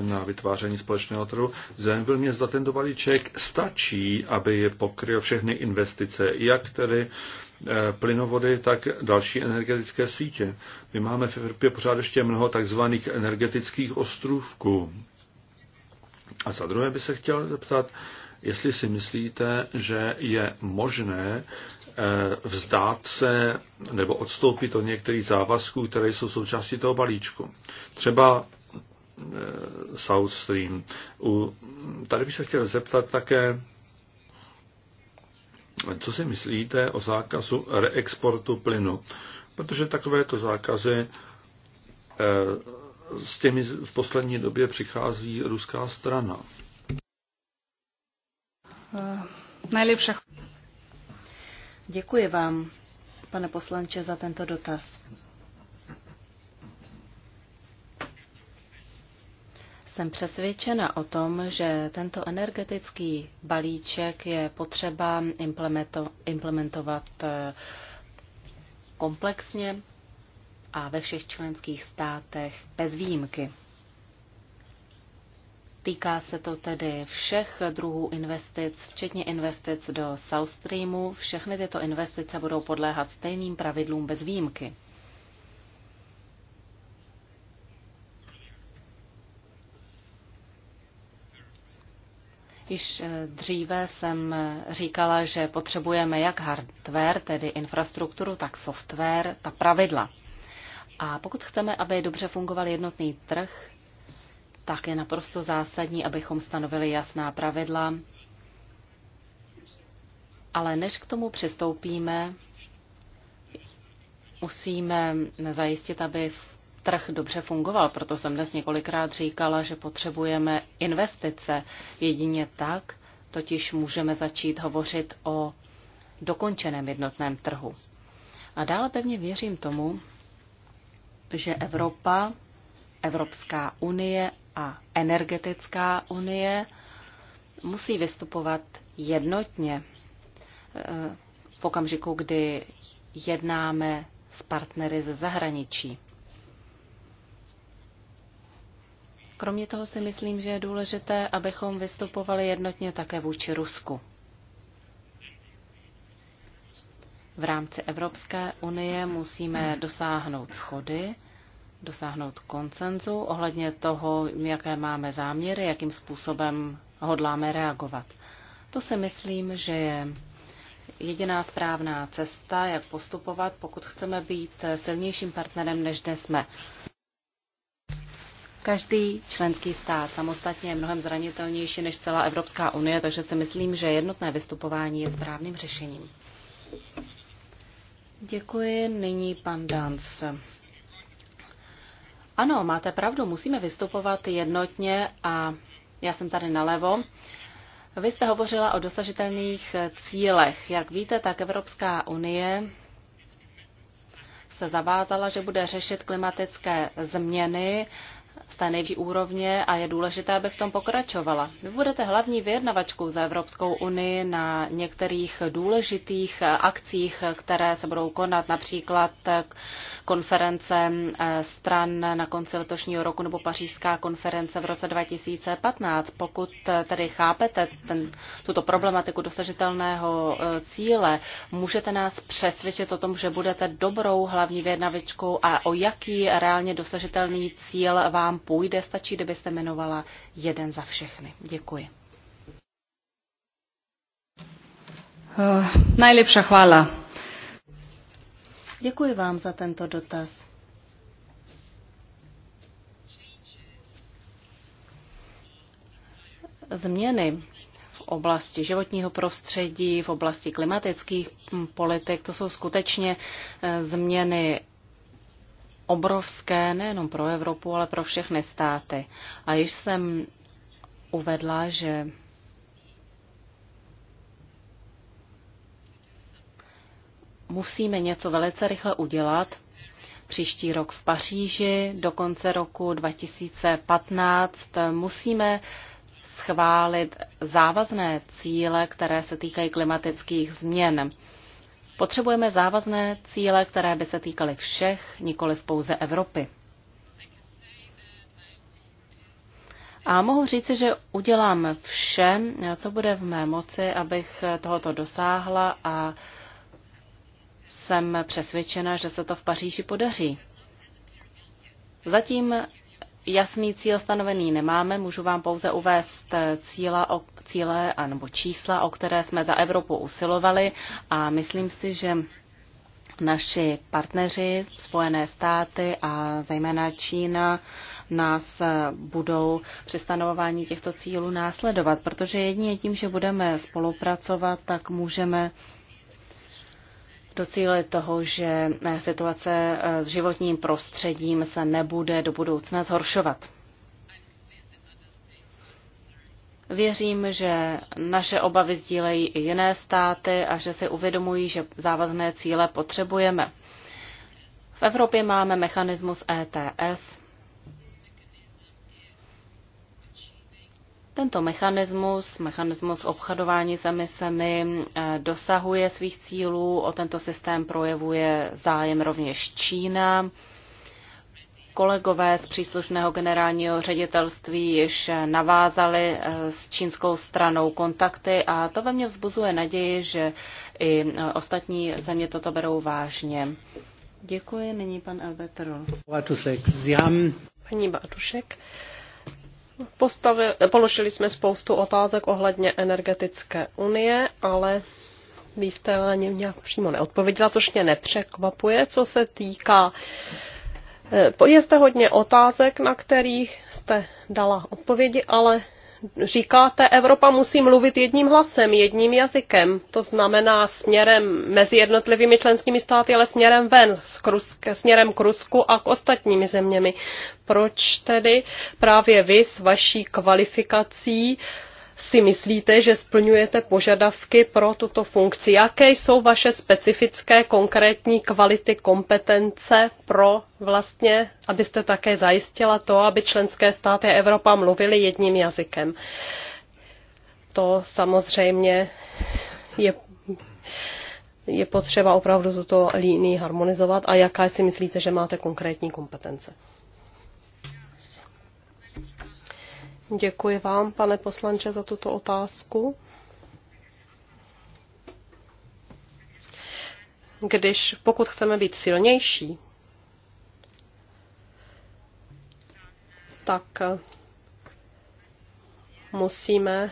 na vytváření společného trhu, zajímal mě, zda tento balíček stačí, aby je pokryl všechny investice, jak tedy eh, plynovody, tak další energetické sítě. My máme v Evropě pořád ještě mnoho takzvaných energetických ostrůvků. A za druhé by se chtěl zeptat, jestli si myslíte, že je možné eh, vzdát se nebo odstoupit od některých závazků, které jsou součástí toho balíčku. Třeba eh, South Stream. U, tady bych se chtěl zeptat také, co si myslíte o zákazu reexportu plynu? Protože takovéto zákazy eh, s těmi v poslední době přichází ruská strana. Najlepša. Děkuji vám, pane poslanče, za tento dotaz. Jsem přesvědčena o tom, že tento energetický balíček je potřeba implementovat eh, komplexně a ve všech členských státech bez výjimky. Týká se to tedy všech druhů investic, včetně investic do South Streamu. Všechny tyto investice budou podléhat stejným pravidlům bez výjimky. Již eh, dříve jsem eh, říkala, že potřebujeme jak hardware, tedy infrastrukturu, tak software, ta pravidla. A pokud chceme, aby dobře fungoval jednotný trh, tak je naprosto zásadní, abychom stanovili jasná pravidla. Ale než k tomu přistoupíme, musíme zajistit, aby trh dobře fungoval. Proto jsem dnes několikrát říkala, že potřebujeme investice. Jedině tak totiž můžeme začít hovořit o dokončeném jednotném trhu. A dále pevně věřím tomu, že Evropa, Evropská unie a energetická unie musí vystupovat jednotně e, v okamžiku, kdy jednáme s partnery ze zahraničí. Kromě toho si myslím, že je důležité, abychom vystupovali jednotně také vůči Rusku. V rámci Evropské unie musíme dosáhnout schody dosáhnout koncenzu ohledně toho, jaké máme záměry, jakým způsobem hodláme reagovat. To si myslím, že je jediná správná cesta, jak postupovat, pokud chceme být silnějším partnerem, než dnes jsme. Každý členský stát samostatně je mnohem zranitelnější než celá Evropská unie, takže si myslím, že jednotné vystupování je správným řešením. Děkuji. Nyní pan Dance. Ano, máte pravdu, musíme vystupovat jednotně a já jsem tady nalevo. Vy jste hovořila o dosažitelných cílech. Jak víte, tak Evropská unie se zavázala, že bude řešit klimatické změny z té nejvyšší úrovně a je důležité, aby v tom pokračovala. Vy budete hlavní vyjednavačkou za Evropskou unii na některých důležitých akcích, které se budou konat, například konference eh, stran na konci letošního roku nebo pařížská konference v roce 2015. Pokud eh, tedy chápete ten, tuto problematiku dosažitelného eh, cíle, můžete nás přesvědčit o tom, že budete dobrou hlavní vyjednavačkou a o jaký reálně dosažitelný cíl vám vám půjde. Stačí, kdybyste jmenovala jeden za všechny. Děkuji. Uh, eh, Nejlepší chvála. Děkuji vám za tento dotaz. Změny v oblasti životního prostředí, v oblasti klimatických hm, politik, to jsou skutečně eh, změny obrovské nejenom pro Evropu, ale pro všechny státy. A již jsem uvedla, že musíme něco velice rychle udělat. Příští rok v Paříži, do konce roku 2015 musíme schválit závazné cíle, které se týkají klimatických změn. Potřebujeme závazné cíle, které by se týkaly všech, nikoli v pouze Evropy. A mohu říci, že udělám vše, co bude v mé moci, abych tohoto dosáhla a jsem přesvědčena, že se to v Paříži podaří. Zatím Jasný cíl stanovený nemáme, můžu vám pouze uvést cíla o, cíle nebo čísla, o které jsme za Evropu usilovali a myslím si, že naši partneři, Spojené státy a zejména Čína, nás budou při stanovování těchto cílů následovat, protože jedině tím, že budeme spolupracovat, tak můžeme docílit toho, že eh, situace eh, s životním prostředím se nebude do budoucna zhoršovat. Věřím, že naše obavy sdílejí i jiné státy a že si uvědomují, že závazné cíle potřebujeme. V Evropě máme mechanismus ETS, Tento mechanismus, mechanismus obchodování s emisemi, eh, dosahuje svých cílů. O tento systém projevuje zájem rovněž Čína. Kolegové z příslušného generálního ředitelství již navázali eh, s čínskou stranou kontakty a to ve mně vzbuzuje naději, že i eh, ostatní země toto berou vážně. Děkuji, nyní pan Albert Rol. Paní Bartušek, položili jsme spoustu otázek ohledně energetické unie, ale vy jste na ně nějak přímo neodpověděla, což mě nepřekvapuje, co se týká eh, je zde hodně otázek, na kterých jste dala odpovědi, ale říkáte, Evropa musí mluvit jedním hlasem, jedním jazykem. To znamená směrem mezi jednotlivými členskými státy, ale směrem ven, s Krusk, směrem k Rusku a k ostatními zeměmi. Proč tedy právě vy s vaší kvalifikací uh, si myslíte, že splňujete požadavky pro tuto funkci? Jaké jsou vaše specifické konkrétní kvality kompetence pro vlastně, abyste také zajistila to, aby členské státy Evropa mluvili jedním jazykem? To samozřejmě je je potřeba opravdu tuto línii harmonizovat a jaká si myslíte, že máte konkrétní kompetence? Děkuji vám, pane poslanče, za tuto otázku. Když pokud chceme být silnější, tak eh, musíme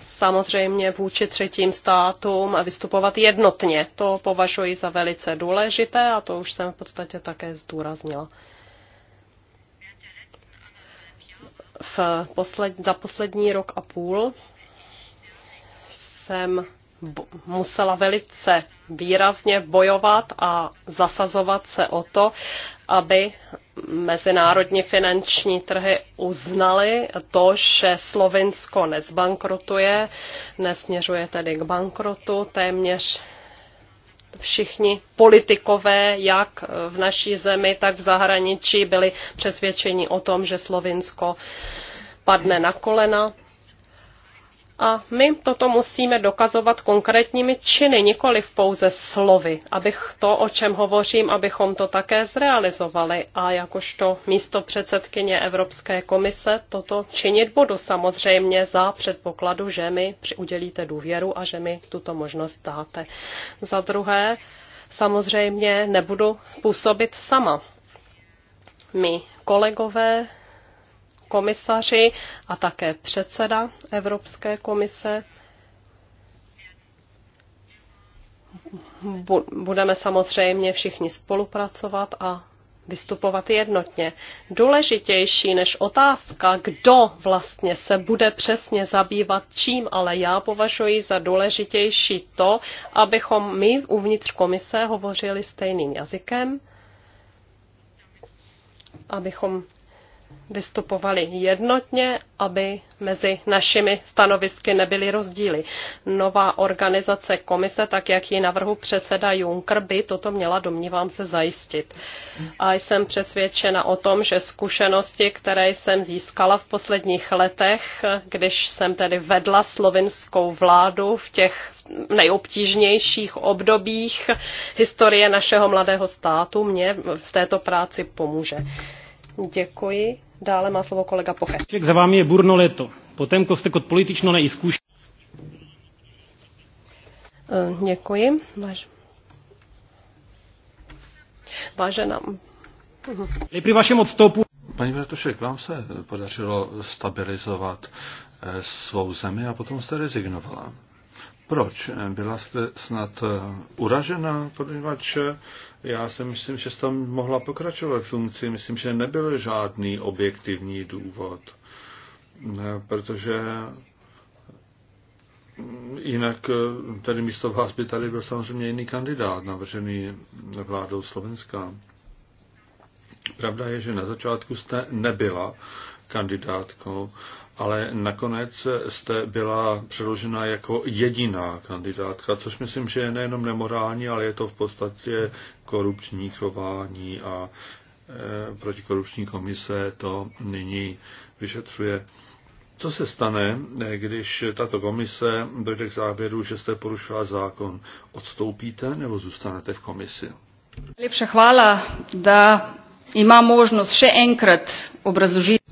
samozřejmě vůči třetím státům vystupovat jednotně. To považuji za velice důležité a to už jsem v podstatě také zdůraznila. v posled, za poslední rok a půl jsem musela velice výrazně bojovat a zasazovat se o to, aby mezinárodní finanční trhy uznaly to, že Slovinsko nezbankrotuje, nesměřuje tedy k bankrotu, téměř všichni politikové, jak eh, v naší zemi, tak v zahraničí, byli přesvědčeni o tom, že Slovinsko padne na kolena a my toto musíme dokazovat konkrétními činy, nikoli pouze slovy, abych to, o čem hovořím, abychom to také zrealizovali. A jakožto místo předsedkyně Evropské komise toto činit budu samozřejmě za předpokladu, že mi udělíte důvěru a že mi tuto možnost dáte. Za druhé, samozřejmě nebudu působit sama. My kolegové komisaři a také předseda Evropské komise. Budeme samozřejmě všichni spolupracovat a vystupovat jednotně. Důležitější než otázka, kdo vlastně se bude přesně zabývat čím, ale já považuji za důležitější to, abychom my uvnitř komise hovořili stejným jazykem, abychom vystupovali jednotně, aby mezi našimi stanovisky nebyly rozdíly. Nová organizace komise, tak jak ji navrhu předseda Juncker, by toto měla, domnívám se, zajistit. A jsem přesvědčena o tom, že zkušenosti, které jsem získala v posledních letech, když jsem tedy vedla slovinskou vládu v těch nejobtížnějších obdobích historie našeho mladého státu, mě v této práci pomůže. Děkuji. Dále má slovo kolega Poche. Za vámi je burno leto. Potem, kostek od politično neizkušený. Eh, děkuji. Váž... Vážená. Při vašem odstupu. Paní Bratušek, vám se podařilo stabilizovat eh, svou zemi a potom jste rezignovala. Proč? Byla jste snad eh, uražena, poněvadž eh, já si myslím, že jste tam mohla pokračovat funkci. Myslím, že nebyl žádný objektivní důvod, protože mm, jinak eh, tady místo vás by tady byl samozřejmě jiný kandidát navržený vládou Slovenska. Pravda je, že na začátku jste nebyla kandidátkou, ale nakonec jste byla předložena jako jediná kandidátka, což myslím, že je nejenom nemorální, ale je to v podstatě korupční chování a e, protikorupční komise to nyní vyšetřuje. Co se stane, e, když tato komise dojde k závěru, že jste porušila zákon? Odstoupíte nebo zůstanete v komisi? Lepša chvála da ima možnost še enkrat obrazložiti.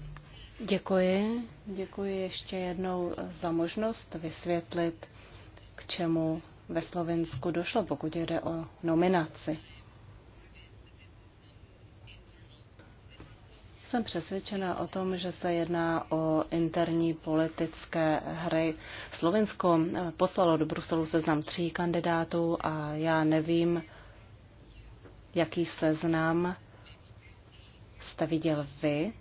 Děkuji. Děkuji ještě jednou za možnost vysvětlit, k čemu ve Slovensku došlo, pokud jde o nominaci. Jsem přesvědčena o tom, že se jedná o interní politické hry. Slovensko poslalo do Bruselu seznam tří kandidátů a já nevím, jaký seznam jste viděl vy,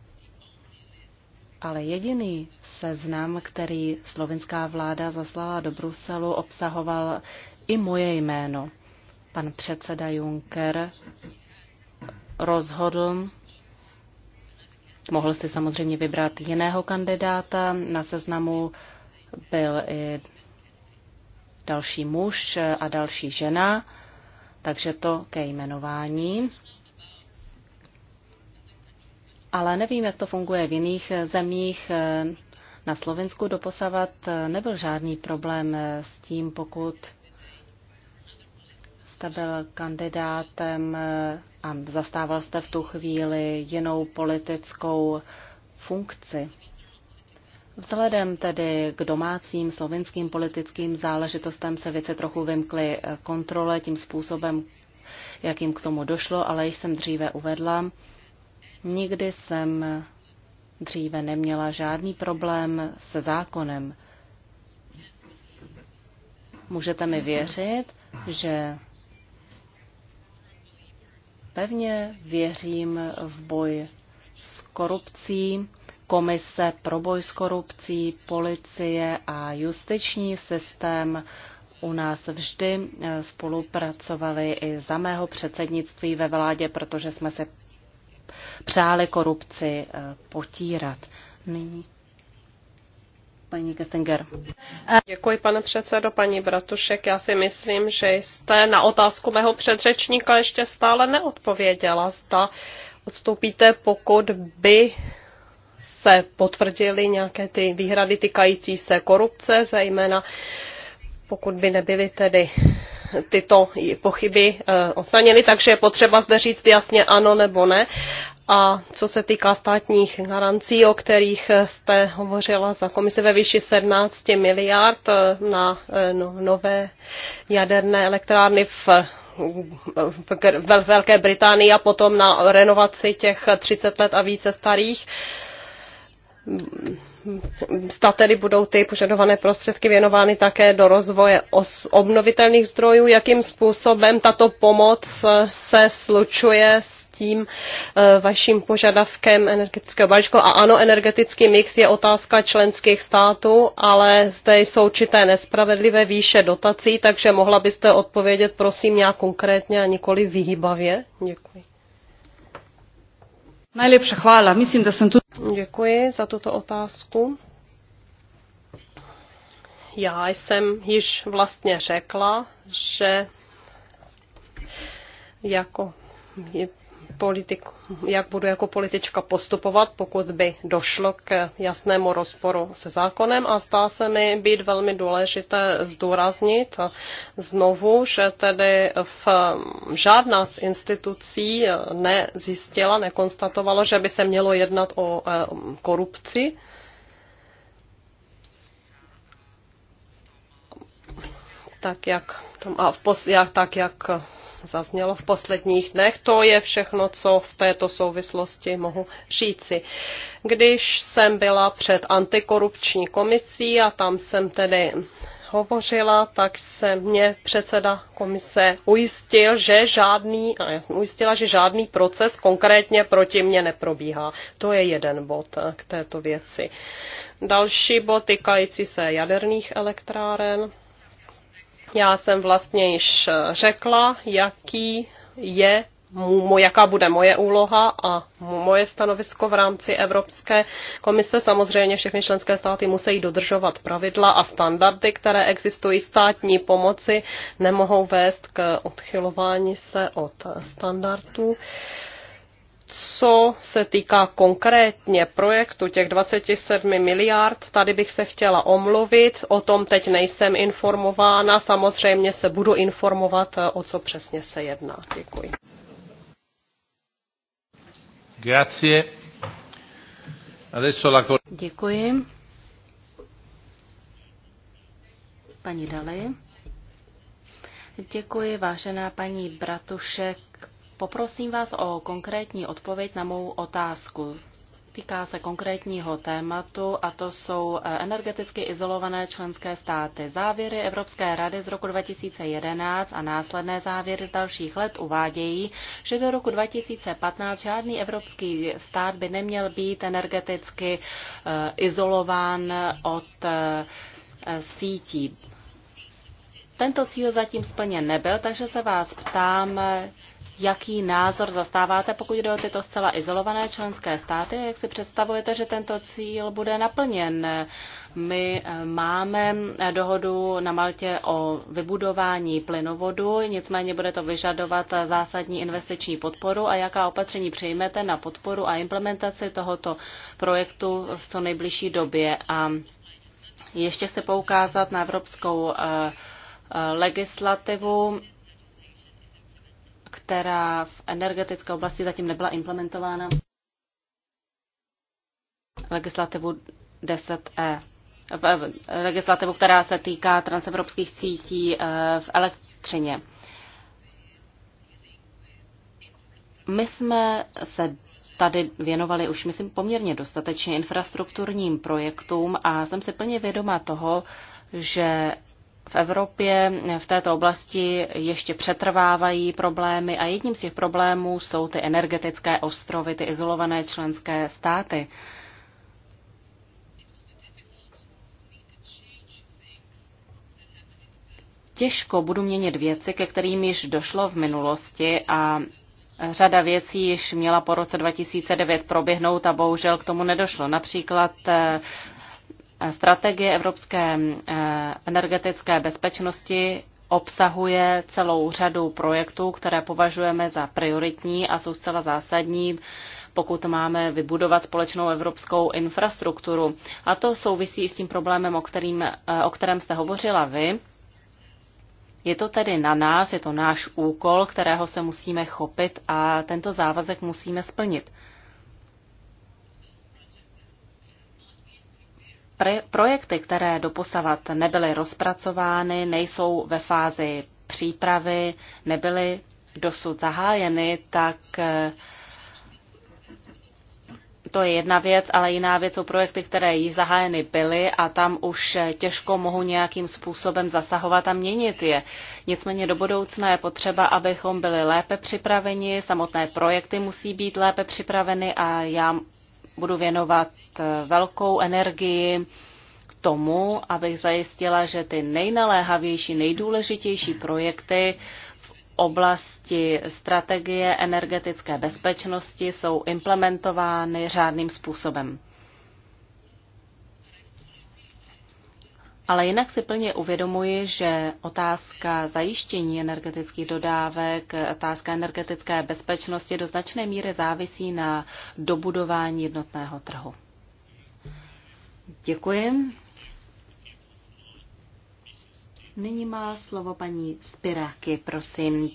ale jediný seznam, který slovinská vláda zaslala do Bruselu, obsahoval i moje jméno. Pan předseda Juncker rozhodl, mohl si samozřejmě vybrat jiného kandidáta. Na seznamu byl i další muž a další žena, takže to ke jmenování ale nevím, jak to funguje v jiných eh, zemích. Eh, na Slovensku doposavat eh, nebyl žádný problém s tím, pokud jste byl kandidátem a zastával jste v tu chvíli jinou politickou funkci. Vzhledem tedy k domácím slovenským politickým záležitostem se věci trochu vymkly kontrole tím způsobem, jakým k tomu došlo, ale již jsem dříve uvedla, Nikdy jsem dříve neměla žádný problém se zákonem. Můžete mi věřit, že pevně věřím v boj s korupcí, komise pro boj s korupcí, policie a justiční systém u nás vždy eh, spolupracovali i za mého předsednictví ve vládě, protože jsme se přáli korupci eh, potírat. Nyní paní Kestinger. Děkuji, pane předsedo, paní Bratušek. Já si myslím, že jste na otázku mého předřečníka ještě stále neodpověděla. Zda odstoupíte, pokud by se potvrdily nějaké ty výhrady týkající se korupce, zejména pokud by nebyly tedy tyto pochyby eh, odstraněny, takže je potřeba zde říct jasně ano nebo ne. A co se týká státních garancí, o kterých jste hovořila za komise ve výši 17 miliard na eh, no, nové jaderné elektrárny v v Velké Británii a potom na renovaci těch 30 let a více starých, zda tedy budou ty požadované prostředky věnovány také do rozvoje obnovitelných zdrojů, jakým způsobem tato pomoc eh, se slučuje s tím eh, vaším požadavkem energetického balíčku. A ano, energetický mix je otázka členských států, ale zde jsou určité nespravedlivé výše dotací, takže mohla byste odpovědět prosím nějak konkrétně a nikoli vyhýbavě? Děkuji. Najlepša hvala. Mislim, da jsem tu. Děkuji za tuto otázku. Já jsem již vlastně řekla, že jako politik, jak budu jako politička postupovat, pokud by došlo k jasnému rozporu se zákonem a zdá se mi být velmi důležité zdůraznit znovu, že tedy v žádná z institucí nezjistila, nekonstatovala, že by se mělo jednat o e, korupci. Tak jak, a v pos, jak, tak jak zaznělo v posledních dnech. To je všechno, co v této souvislosti mohu říci. Když jsem byla před antikorupční komisí a tam jsem tedy hovořila, tak se mě předseda komise ujistil, že žádný, a já jsem ujistila, že žádný proces konkrétně proti mně neprobíhá. To je jeden bod eh, k této věci. Další bod týkající se jaderných elektráren. Já jsem vlastně již eh, řekla, jaký je jaká bude moje úloha a moje stanovisko v rámci Evropské komise. Samozřejmě všechny členské státy musí dodržovat pravidla a standardy, které existují státní pomoci, nemohou vést k odchylování se od standardů co se týká konkrétně projektu těch 27 miliard, tady bych se chtěla omluvit, o tom teď nejsem informována, samozřejmě se budu informovat, eh, o co přesně se jedná. Děkuji. Děkuji. Paní Dali. Děkuji, vážená paní Bratušek, Poprosím vás o konkrétní odpověď na mou otázku. Týká se konkrétního tématu a to jsou eh, energeticky izolované členské státy. Závěry Evropské rady z roku 2011 a následné závěry z dalších let uvádějí, že do roku 2015 žádný evropský stát by neměl být energeticky eh, izolován od eh, sítí. Tento cíl zatím splněn nebyl, takže se vás ptám, jaký názor zastáváte, pokud jde o tyto zcela izolované členské státy, jak si představujete, že tento cíl bude naplněn. My eh, máme eh, dohodu na Maltě o vybudování plynovodu, nicméně bude to vyžadovat eh, zásadní investiční podporu a jaká opatření přijmete na podporu a implementaci tohoto projektu v co nejbližší době. A ještě se poukázat na evropskou legislativu která v energetické oblasti zatím nebyla implementována. Legislativu 10e. Legislativu, která se týká transevropských sítí e, v elektřině. My jsme se tady věnovali už, myslím, poměrně dostatečně infrastrukturním projektům a jsem si plně vědoma toho, že v Evropě v této oblasti ještě přetrvávají problémy a jedním z těch problémů jsou ty energetické ostrovy, ty izolované členské státy. Těžko budu měnit věci, ke kterým již došlo v minulosti a Řada věcí již měla po roce 2009 proběhnout a bohužel k tomu nedošlo. Například eh, strategie evropské eh, energetické bezpečnosti obsahuje celou řadu projektů, které považujeme za prioritní a jsou zcela zásadní, pokud máme vybudovat společnou evropskou infrastrukturu. A to souvisí s tím problémem, o, kterým, eh, o kterém jste hovořila vy. Je to tedy na nás, je to náš úkol, kterého se musíme chopit a tento závazek musíme splnit. projekty, které doposavat nebyly rozpracovány, nejsou ve fázi přípravy, nebyly dosud zahájeny, tak eh, to je jedna věc, ale jiná věc jsou projekty, které již zahájeny byly a tam už eh, těžko mohu nějakým způsobem zasahovat a měnit je. Nicméně do budoucna je potřeba, abychom byli lépe připraveni, samotné projekty musí být lépe připraveny a já budu věnovat eh, velkou energii k tomu, abych zajistila, že ty nejnaléhavější, nejdůležitější projekty v oblasti strategie energetické bezpečnosti jsou implementovány řádným způsobem. Ale jinak si plně uvědomuji, že otázka zajištění energetických dodávek, otázka energetické bezpečnosti do značné míry závisí na dobudování jednotného trhu. Děkuji. Nyní má slovo paní Spiráky, prosím.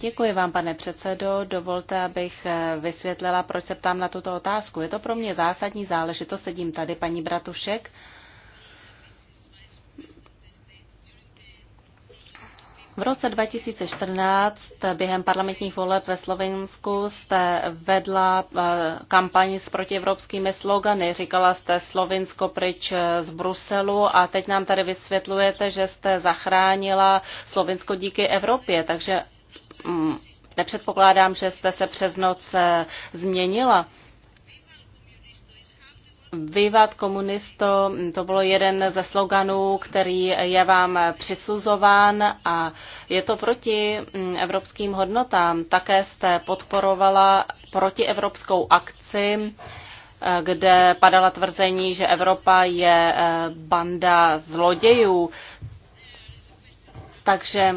Děkuji vám, pane předsedo. Dovolte, abych vysvětlila, proč se ptám na tuto otázku. Je to pro mě zásadní záležitost. Sedím tady, paní Bratušek. V roce 2014 během parlamentních voleb ve Slovensku jste vedla eh, kampaň s protievropskými slogany. Říkala jste Slovinsko pryč eh, z Bruselu a teď nám tady vysvětlujete, že jste zachránila Slovinsko díky Evropě. Takže mm, nepředpokládám, že jste se přes noc eh, změnila. Vývat komunisto, to bylo jeden ze sloganů, který je vám přisuzován a je to proti mm, evropským hodnotám. Také jste podporovala protievropskou akci, eh, kde padala tvrzení, že Evropa je eh, banda zlodějů. Takže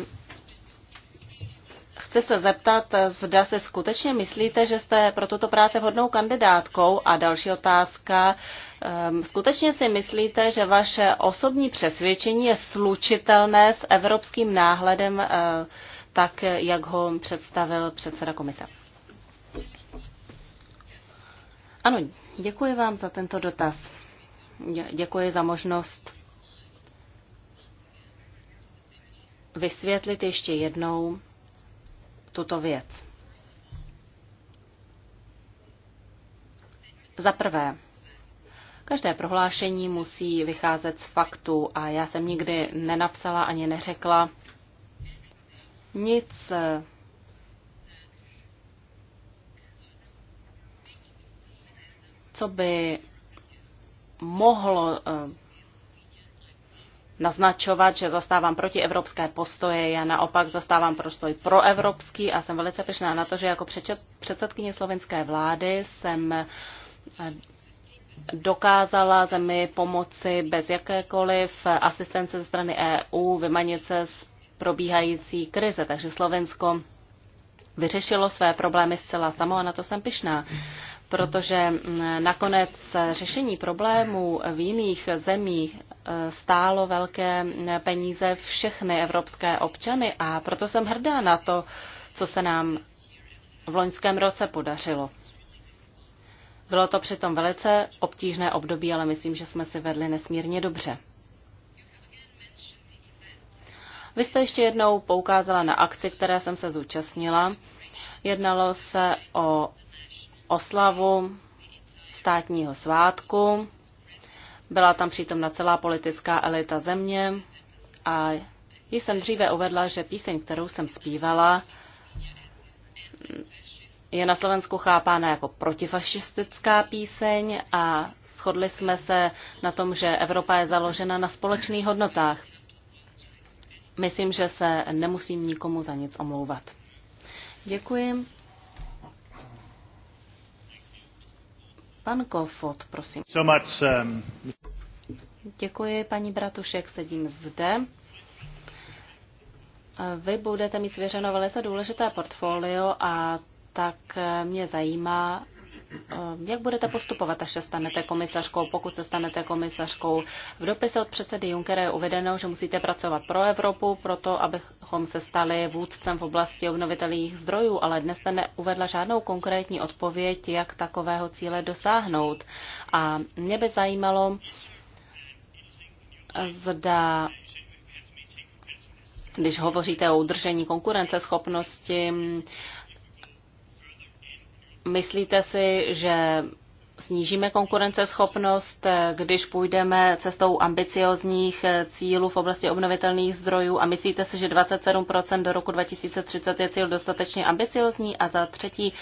chci se zeptat, zda se skutečně myslíte, že jste pro tuto práci vhodnou kandidátkou? A další otázka, ehm, skutečně si myslíte, že vaše osobní přesvědčení je slučitelné s evropským náhledem, eh, tak jak ho představil předseda komise? Ano, děkuji vám za tento dotaz. Děkuji za možnost vysvětlit ještě jednou tuto věc. Za prvé, každé prohlášení musí vycházet z faktu a já jsem nikdy nenapsala ani neřekla nic co by mohlo eh, naznačovat, že zastávám protievropské postoje, já naopak zastávám postoj proevropský a jsem velice pešná na to, že jako předsedkyně slovenské vlády jsem eh, dokázala zemi pomoci bez jakékoliv asistence ze strany EU vymanit se z probíhající krize. Takže Slovensko vyřešilo své problémy zcela samo a na to jsem pyšná protože mm, nakonec řešení problémů v jiných zemích eh, stálo velké mm, peníze všechny evropské občany a proto jsem hrdá na to, co se nám v loňském roce podařilo. Bylo to přitom velice obtížné období, ale myslím, že jsme si vedli nesmírně dobře. Vy jste ještě jednou poukázala na akci, které jsem se zúčastnila. Jednalo se o oslavu státního svátku. Byla tam přítomna celá politická elita země a již jsem dříve uvedla, že píseň, kterou jsem zpívala, je na Slovensku chápána jako protifašistická píseň a shodli jsme se na tom, že Evropa je založena na společných hodnotách. Myslím, že se nemusím nikomu za nic omlouvat. Děkuji. Pan Kofot, prosím. So much, um... Děkuji, paní Bratušek, sedím zde. Vy budete mít svěřeno velice důležité portfolio a tak mě zajímá, Eh, jak budete postupovat, až se stanete komisařkou, pokud se stanete komisařkou? V dopise od předsedy Junckera je uvedeno, že musíte pracovat pro Evropu, proto abychom se stali vůdcem v oblasti obnovitelných zdrojů, ale dnes jste neuvedla žádnou konkrétní odpověď, jak takového cíle dosáhnout. A mě by zajímalo, zda když hovoříte o udržení konkurenceschopnosti, Myslíte si, že snížíme konkurenceschopnost, eh, když půjdeme cestou ambiciozních eh, cílů v oblasti obnovitelných zdrojů a myslíte si, že 27% do roku 2030 je cíl dostatečně ambiciozní? A za třetí,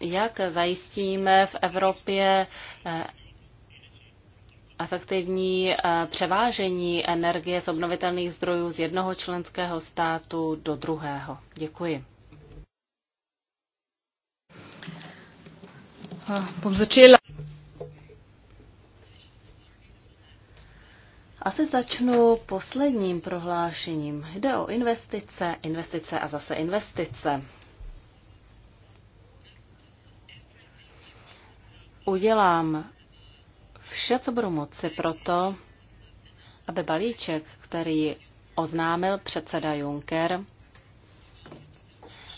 jak zajistíme v Evropě eh, efektivní převážení energie z obnovitelných zdrojů z jednoho členského státu do druhého? Děkuji. bom začela. Asi začnu posledním prohlášením. Jde o investice, investice a zase investice. Udělám vše, co budu moci proto, aby balíček, který oznámil předseda Juncker,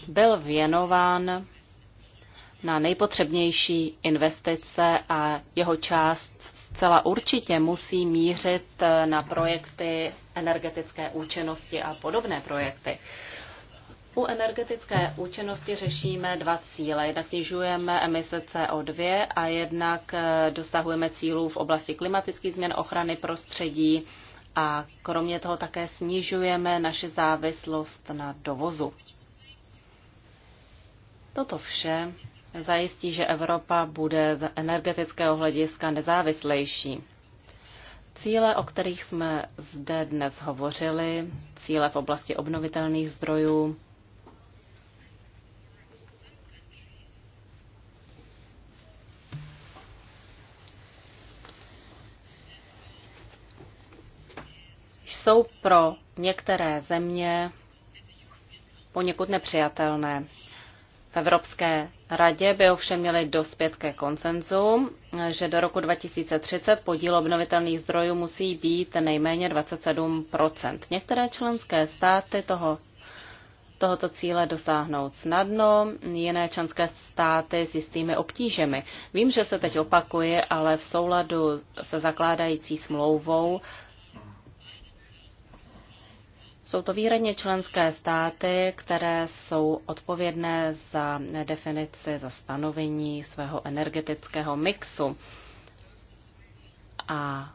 byl věnován na nejpotřebnější investice a jeho část zcela určitě musí mířit eh, na projekty energetické účinnosti a podobné projekty. U energetické účinnosti řešíme dva cíle. Jednak snižujeme emise CO2 a jednak eh, dosahujeme cílů v oblasti klimatických změn, ochrany prostředí a kromě toho také snižujeme naši závislost na dovozu. Toto vše zajistí, že Evropa bude z energetického hlediska nezávislejší. Cíle, o kterých jsme zde dnes hovořili, cíle v oblasti obnovitelných zdrojů, jsou pro některé země poněkud nepřijatelné. V Evropské radě by ovšem měli dospět ke koncenzu, že do roku 2030 podíl obnovitelných zdrojů musí být nejméně 27 Některé členské státy toho tohoto cíle dosáhnout snadno, jiné členské státy s jistými obtížemi. Vím, že se teď opakuje, ale v souladu se zakládající smlouvou jsou to výhradně členské státy, které jsou odpovědné za definici, za stanovení svého energetického mixu. A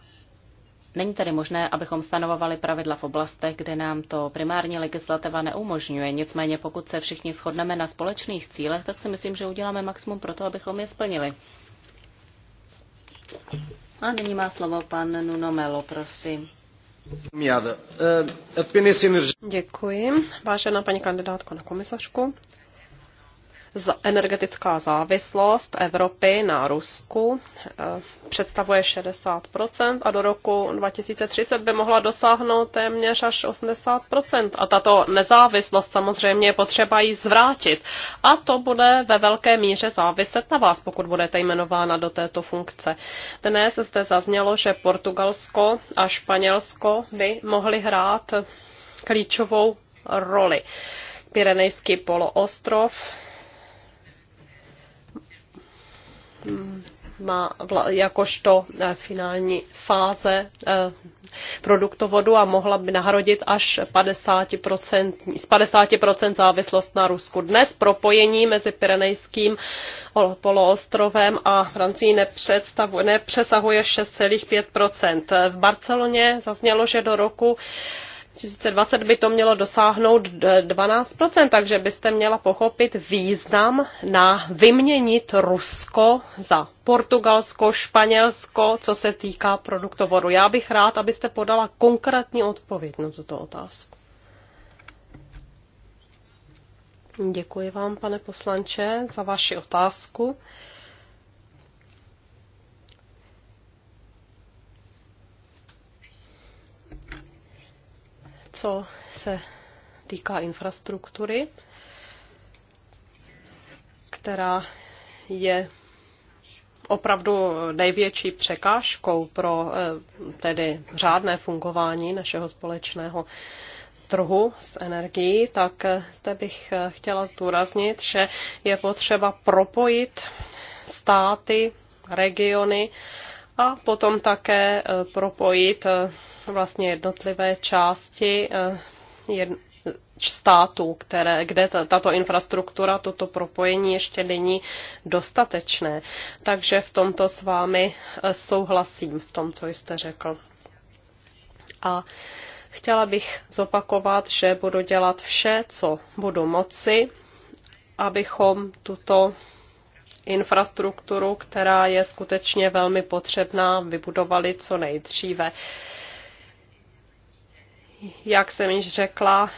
není tedy možné, abychom stanovovali pravidla v oblastech, kde nám to primární legislativa neumožňuje. Nicméně, pokud se všichni shodneme na společných cílech, tak si myslím, že uděláme maximum pro to, abychom je splnili. A nyní má slovo pan Nuno Melo, prosím. Eh, vážená paní kandidátko na komisařku energetická závislost Evropy na Rusku eh, představuje 60% a do roku 2030 by mohla dosáhnout téměř až 80%. A tato nezávislost samozřejmě je potřeba jí zvrátit. A to bude ve velké míře záviset na vás, pokud budete jmenována do této funkce. Dnes zde zaznělo, že Portugalsko a Španělsko by mohly hrát klíčovou roli. Pirenejský poloostrov Mm, má jakožto eh, finální fáze eh, produktovodu a mohla by nahrodit až 50%, z 50% závislost na Rusku. Dnes propojení mezi Pirenejským poloostrovem a Francií nepřesahuje 6,5%. V Barceloně zaznělo, že do roku 2020 by to mělo dosáhnout 12%, takže byste měla pochopit význam na vyměnit Rusko za Portugalsko, Španělsko, co se týká produktovodu. Já bych rád, abyste podala konkrétní odpověď na tuto otázku. Děkuji vám, pane poslanče, za vaši otázku. co se týká infrastruktury, která je opravdu největší překážkou pro eh, tedy řádné fungování našeho společného trhu s energií, tak eh, zde bych eh, chtěla zdůraznit, že je potřeba propojit státy, regiony a potom také propojit vlastně jednotlivé části eh, jedn států, které, kde tato infrastruktura, toto propojení ještě není dostatečné. Takže v tomto s vámi eh, souhlasím, v tom, co jste řekl. A chtěla bych zopakovat, že budu dělat vše, co budu moci, abychom tuto infrastrukturu, která je skutečně velmi potřebná, vybudovali co nejdříve. Jak jsem již řekla,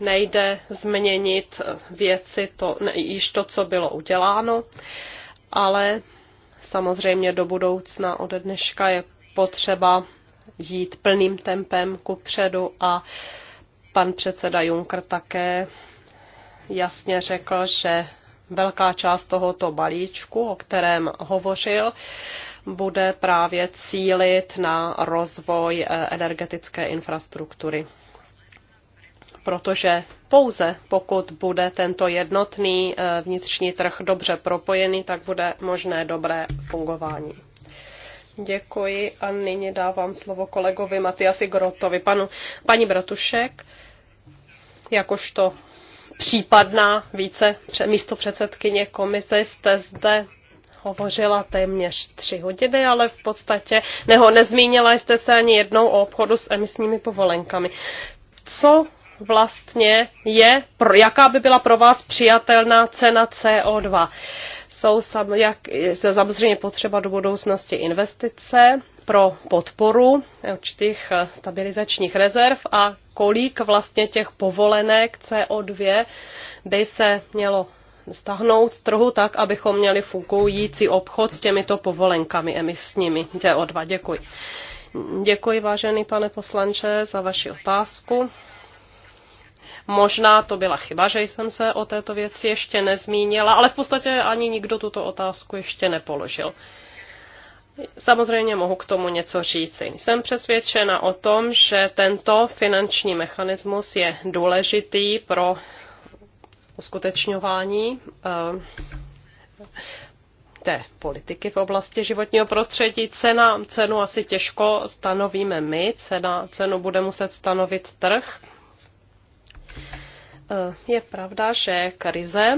nejde změnit věci, to, ne, již to, co bylo uděláno, ale samozřejmě do budoucna ode dneška je potřeba jít plným tempem ku předu a pan předseda Juncker také jasně řekl, že Velká část tohoto balíčku, o kterém hovořil, bude právě cílit na rozvoj eh, energetické infrastruktury protože pouze pokud bude tento jednotný eh, vnitřní trh dobře propojený, tak bude možné dobré fungování. Děkuji a nyní dávám slovo kolegovi Matiasi Grotovi. Panu, paní Bratušek, jakožto případná více místo předsedkyně komise jste zde hovořila téměř tři hodiny, ale v podstatě neho nezmínila jste se ani jednou o obchodu s emisními povolenkami. Co vlastně je, jaká by byla pro vás přijatelná cena CO2? Jsou sam, jak, samozřejmě potřeba do budoucnosti investice, pro podporu určitých eh, stabilizačních rezerv a kolik vlastně těch povolenek CO2 by se mělo stahnout z trhu tak, abychom měli fungující obchod s těmito povolenkami emisními CO2. Děkuji. Děkuji, vážený pane poslanče, za vaši otázku. Možná to byla chyba, že jsem se o této věci ještě nezmínila, ale v podstatě ani nikdo tuto otázku ještě nepoložil. Samozřejmě mohu k tomu něco říci. Jsem přesvědčena o tom, že tento finanční mechanismus je důležitý pro uskutečňování eh, té politiky v oblasti životního prostředí. Cena, cenu asi těžko stanovíme my, cena, cenu bude muset stanovit trh. Eh, je pravda, že krize,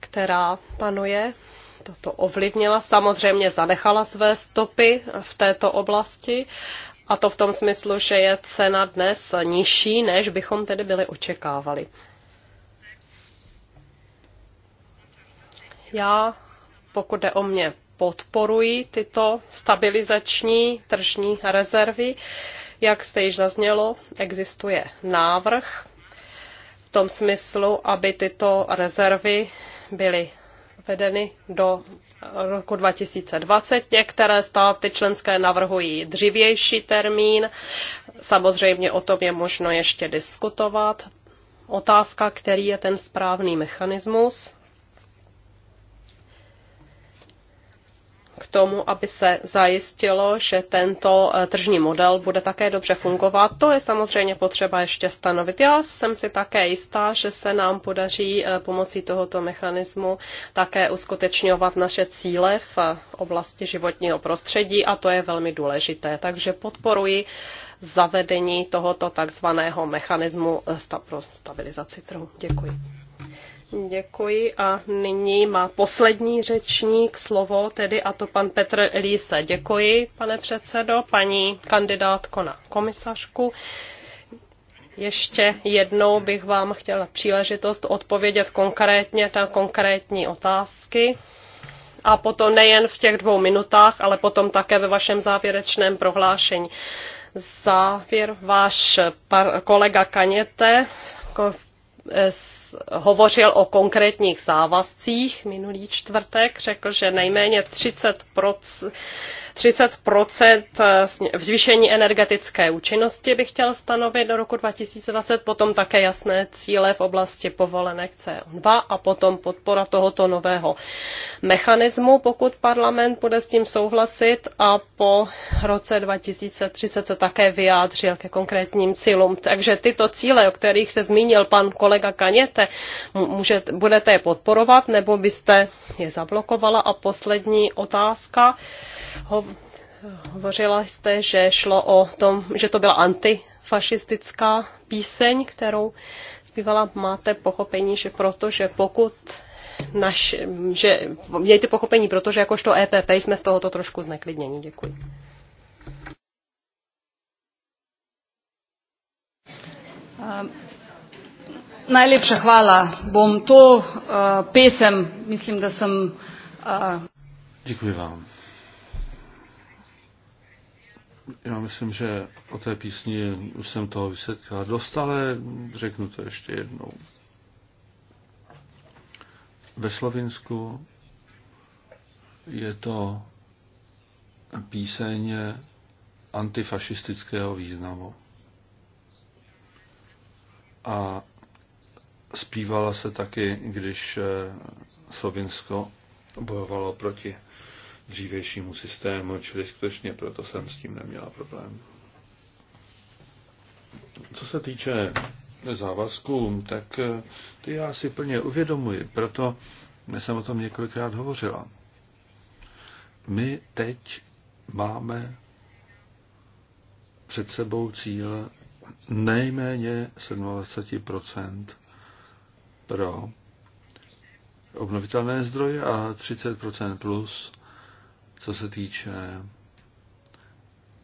která panuje toto ovlivnila. Samozřejmě zanechala své stopy v této oblasti a to v tom smyslu, že je cena dnes nižší, než bychom tedy byli očekávali. Já, pokud jde o mě, podporuji tyto stabilizační tržní rezervy. Jak jste již zaznělo, existuje návrh v tom smyslu, aby tyto rezervy byly vedeny do roku 2020. Některé státy členské navrhují dřívější termín. Samozřejmě o tom je možno ještě diskutovat. Otázka, který je ten správný mechanismus tomu, aby se zajistilo, že tento eh, tržní model bude také dobře fungovat. To je samozřejmě potřeba ještě stanovit. Já jsem si také jistá, že se nám podaří eh, pomocí tohoto mechanismu také uskutečňovat naše cíle v eh, oblasti životního prostředí a to je velmi důležité. Takže podporuji zavedení tohoto takzvaného mechanismu pro stabilizaci trhu. Děkuji. Děkuji a nyní má poslední řečník slovo, tedy a to pan Petr Líse. Děkuji, pane předsedo, paní kandidátko na komisařku. Ještě jednou bych vám chtěla příležitost odpovědět konkrétně na konkrétní otázky. A potom nejen v těch dvou minutách, ale potom také ve vašem závěrečném prohlášení. Závěr váš kolega Kaněte Eh, hovořil o konkrétních závazcích minulý čtvrtek, řekl, že nejméně 30%, 30% eh, zvýšení energetické účinnosti bych chtěl stanovit do roku 2020, potom také jasné cíle v oblasti povolenek CO2 a potom podpora tohoto nového mechanismu, pokud parlament bude s tím souhlasit a po roce 2030 se také vyjádřil ke konkrétním cílům. Takže tyto cíle, o kterých se zmínil pan kolega, kolega Kaněte, můžete, budete je podporovat nebo byste je zablokovala? A poslední otázka. Ho, hovořila jste, že šlo o tom, že to byla antifašistická píseň, kterou zpívala. Máte pochopení, že protože pokud naš, že mějte pochopení, protože jakožto EPP jsme z tohoto trošku zneklidnění. Děkuji. Um, Najlepša hvala. Bom to uh, pesem, myslím, da jsem... Uh... Eh, Děkuji vám. Já myslím, že o té písni už jsem toho vysvětlila dost, ale řeknu to ještě jednou. Ve Slovinsku je to píseň antifašistického významu. A Zpívala se taky, když eh, Slovinsko bojovalo proti dřívějšímu systému, čili skutečně proto jsem s tím neměla problém. Co se týče závazků, tak eh, ty já si plně uvědomuji, proto jsem o tom několikrát hovořila. My teď máme před sebou cíl nejméně 27 pro obnovitelné zdroje a 30% plus, co se týče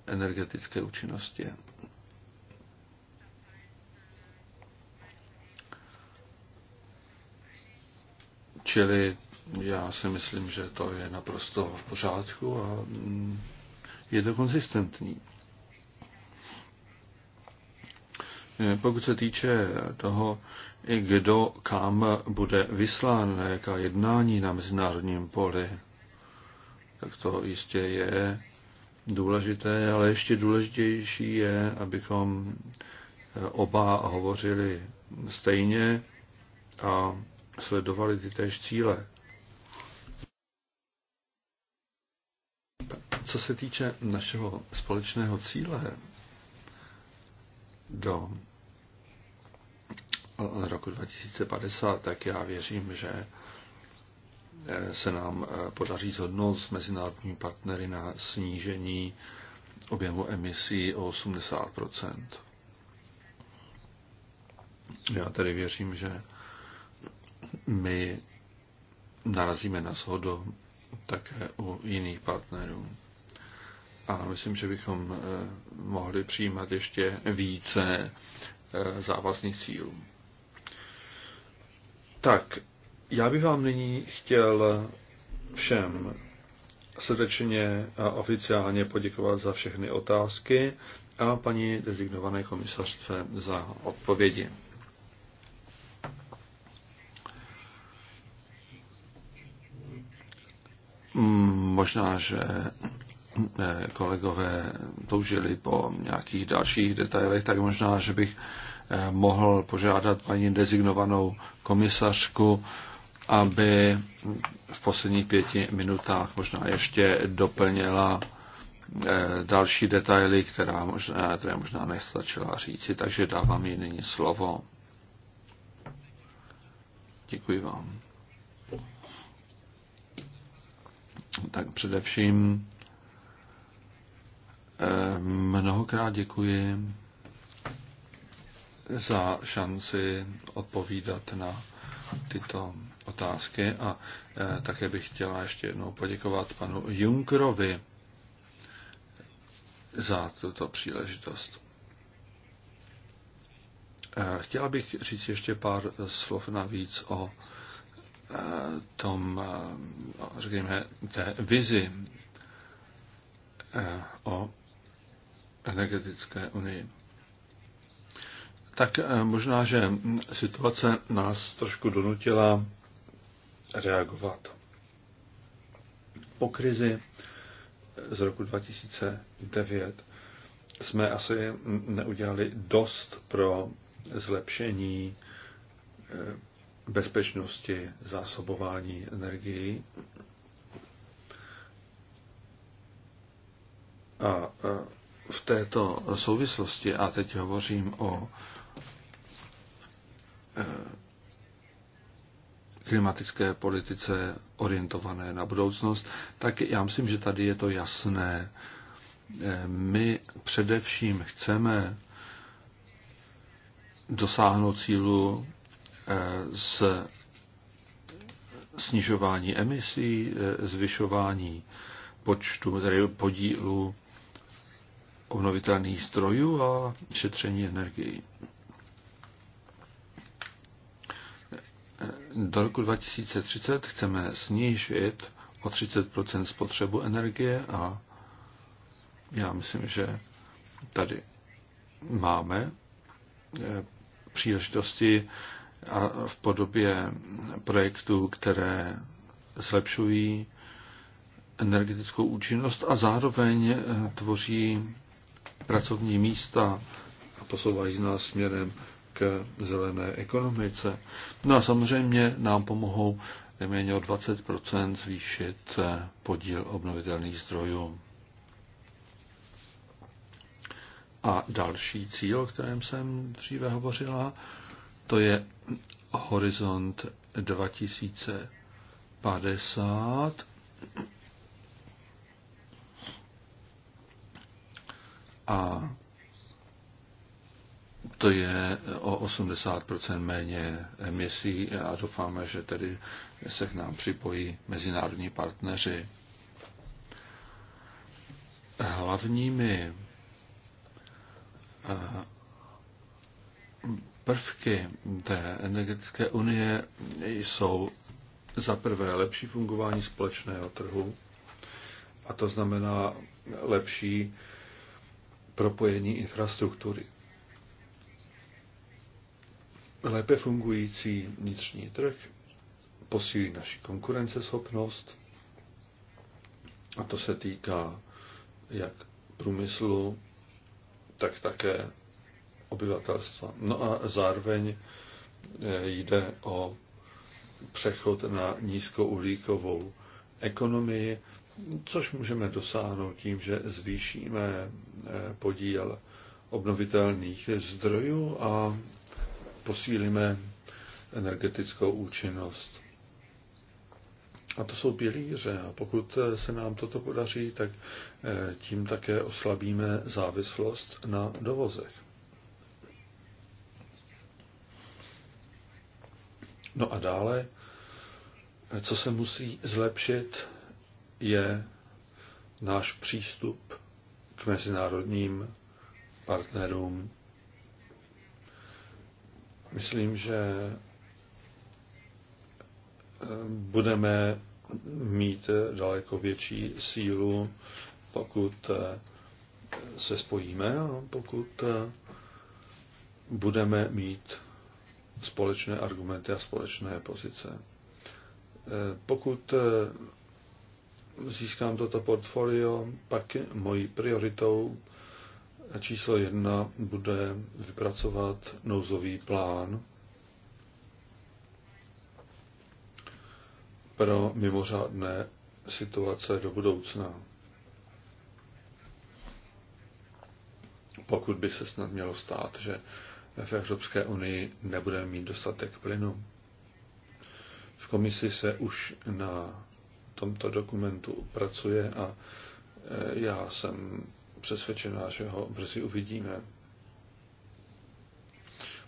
energetické účinnosti. Čili já si myslím, že to je naprosto v pořádku a mm, je to konzistentní. Pokud se týče toho, kdo kam bude vyslán, na jaká jednání na mezinárodním poli. Tak to jistě je důležité, ale ještě důležitější je, abychom oba hovořili stejně a sledovali ty též cíle. Co se týče našeho společného cíle do roku 2050, tak já věřím, že eh, se nám eh, podaří zhodnout s mezinárodními partnery na snížení objemu emisí o 80 Já tedy věřím, že my narazíme na shodu také u jiných partnerů. A myslím, že bychom eh, mohli přijímat ještě více závazných cílů. Tak, já bych vám nyní chtěl všem srdečně a oficiálně poděkovat za všechny otázky a paní dezignované komisařce za odpovědi. Mm, možná, že eh, kolegové toužili po nějakých dalších detailech, tak možná, že bych Eh, mohl požádat paní dezignovanou komisařku, aby v posledních pěti minutách možná ještě doplnila eh, další detaily, která možná, které možná nestačila říci, takže dávám jí nyní slovo. Děkuji vám. Tak především eh, mnohokrát děkuji za šanci odpovídat na tyto otázky a eh, také bych chtěla ještě jednou poděkovat panu Junkrovi za tuto příležitost. Eh, chtěla bych říct ještě pár slov navíc o eh, tom, řekněme, té vizi o energetické unii. Tak eh, možná, že hm, situace nás trošku donutila reagovat. Po krizi eh, z roku 2009 jsme asi hm, neudělali dost pro zlepšení eh, bezpečnosti zásobování energií. A v této souvislosti, a teď hovořím o Eh, klimatické politice orientované na budoucnost, tak já myslím, že tady je to jasné. Eh, my především chceme dosáhnout cílu s eh, snižování emisí, zvyšování počtu, tedy podílu obnovitelných strojů a šetření energií. do roku 2030 chceme snížit o 30 spotřebu energie a já myslím, že tady máme eh, příležitosti a v podobě projektů, které zlepšují energetickou účinnost a zároveň eh, tvoří pracovní místa a posouvají nás směrem k zelené ekonomice. No a samozřejmě nám pomohou nejméně o 20 zvýšit podíl obnovitelných zdrojů. A další cíl, o kterém jsem dříve hovořila, to je horizont 2050. A to je o 80% méně emisí a doufáme, že tedy se k nám připojí mezinárodní partneři. Hlavními eh, prvky té energetické unie jsou za prvé lepší fungování společného trhu, a to znamená lepší propojení infrastruktury lépe fungující vnitřní trh posílí naši konkurenceschopnost a to se týká jak průmyslu, tak také obyvatelstva. No a zároveň eh, jde o přechod na nízkouhlíkovou ekonomii, což můžeme dosáhnout tím, že zvýšíme eh, podíl obnovitelných zdrojů a posílíme energetickou účinnost. A to jsou pilíře. A pokud se nám toto podaří, tak eh, tím také oslabíme závislost na dovozech. No a dále, eh, co se musí zlepšit, je náš přístup k mezinárodním partnerům Myslím, že eh, budeme mít daleko větší sílu, pokud eh, se spojíme a pokud eh, budeme mít společné argumenty a společné pozice. Pokud získám toto portfolio, pak mojí prioritou číslo jedna bude vypracovat nouzový plán pro mimořádné situace do budoucna. Pokud by se snad mělo stát, že v Evropské unii nebudeme mít dostatek plynu. V komisi se už na tomto dokumentu pracuje a e, já jsem přesvědčená, že ho brzy uvidíme.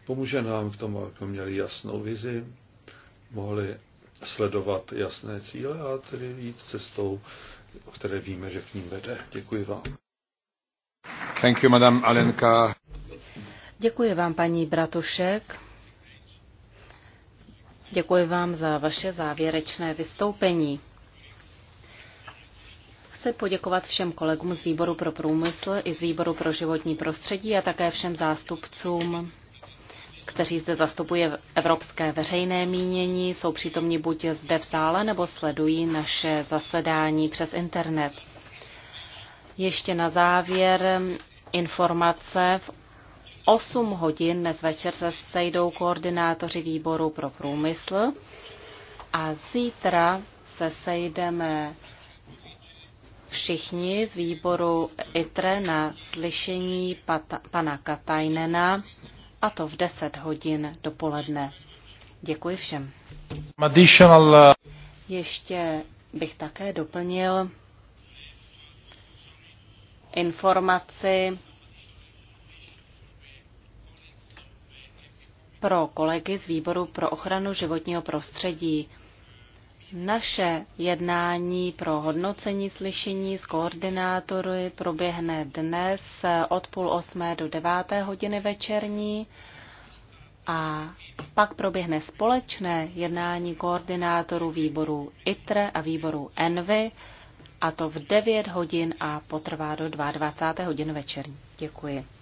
Pomůže nám k tomu, abychom měli jasnou vizi, mohli sledovat jasné cíle a tedy jít cestou, o které víme, že k ním vede. Děkuji vám. Thank you, madam Alenka. Děkuji vám, paní Bratošek. Děkuji vám za vaše závěrečné vystoupení. Chci poděkovat všem kolegům z Výboru pro průmysl i z Výboru pro životní prostředí a také všem zástupcům kteří zde zastupuje evropské veřejné mínění, jsou přítomni buď zde v sále nebo sledují naše zasedání přes internet. Ještě na závěr informace. V 8 hodin dnes večer se sejdou koordinátoři výboru pro průmysl a zítra se sejdeme všichni z výboru ITRE na slyšení pata, pana Katajnena, a to v 10 hodin dopoledne. Děkuji všem. Uh, Ještě bych také doplnil informaci pro kolegy z výboru pro ochranu životního prostředí. Naše jednání pro hodnocení slyšení s koordinátory proběhne dnes od půl osmé do deváté hodiny večerní a pak proběhne společné jednání koordinátorů výboru ITRE a výboru ENVY a to v 9 hodin a potrvá do 22. hodin večerní. Děkuji.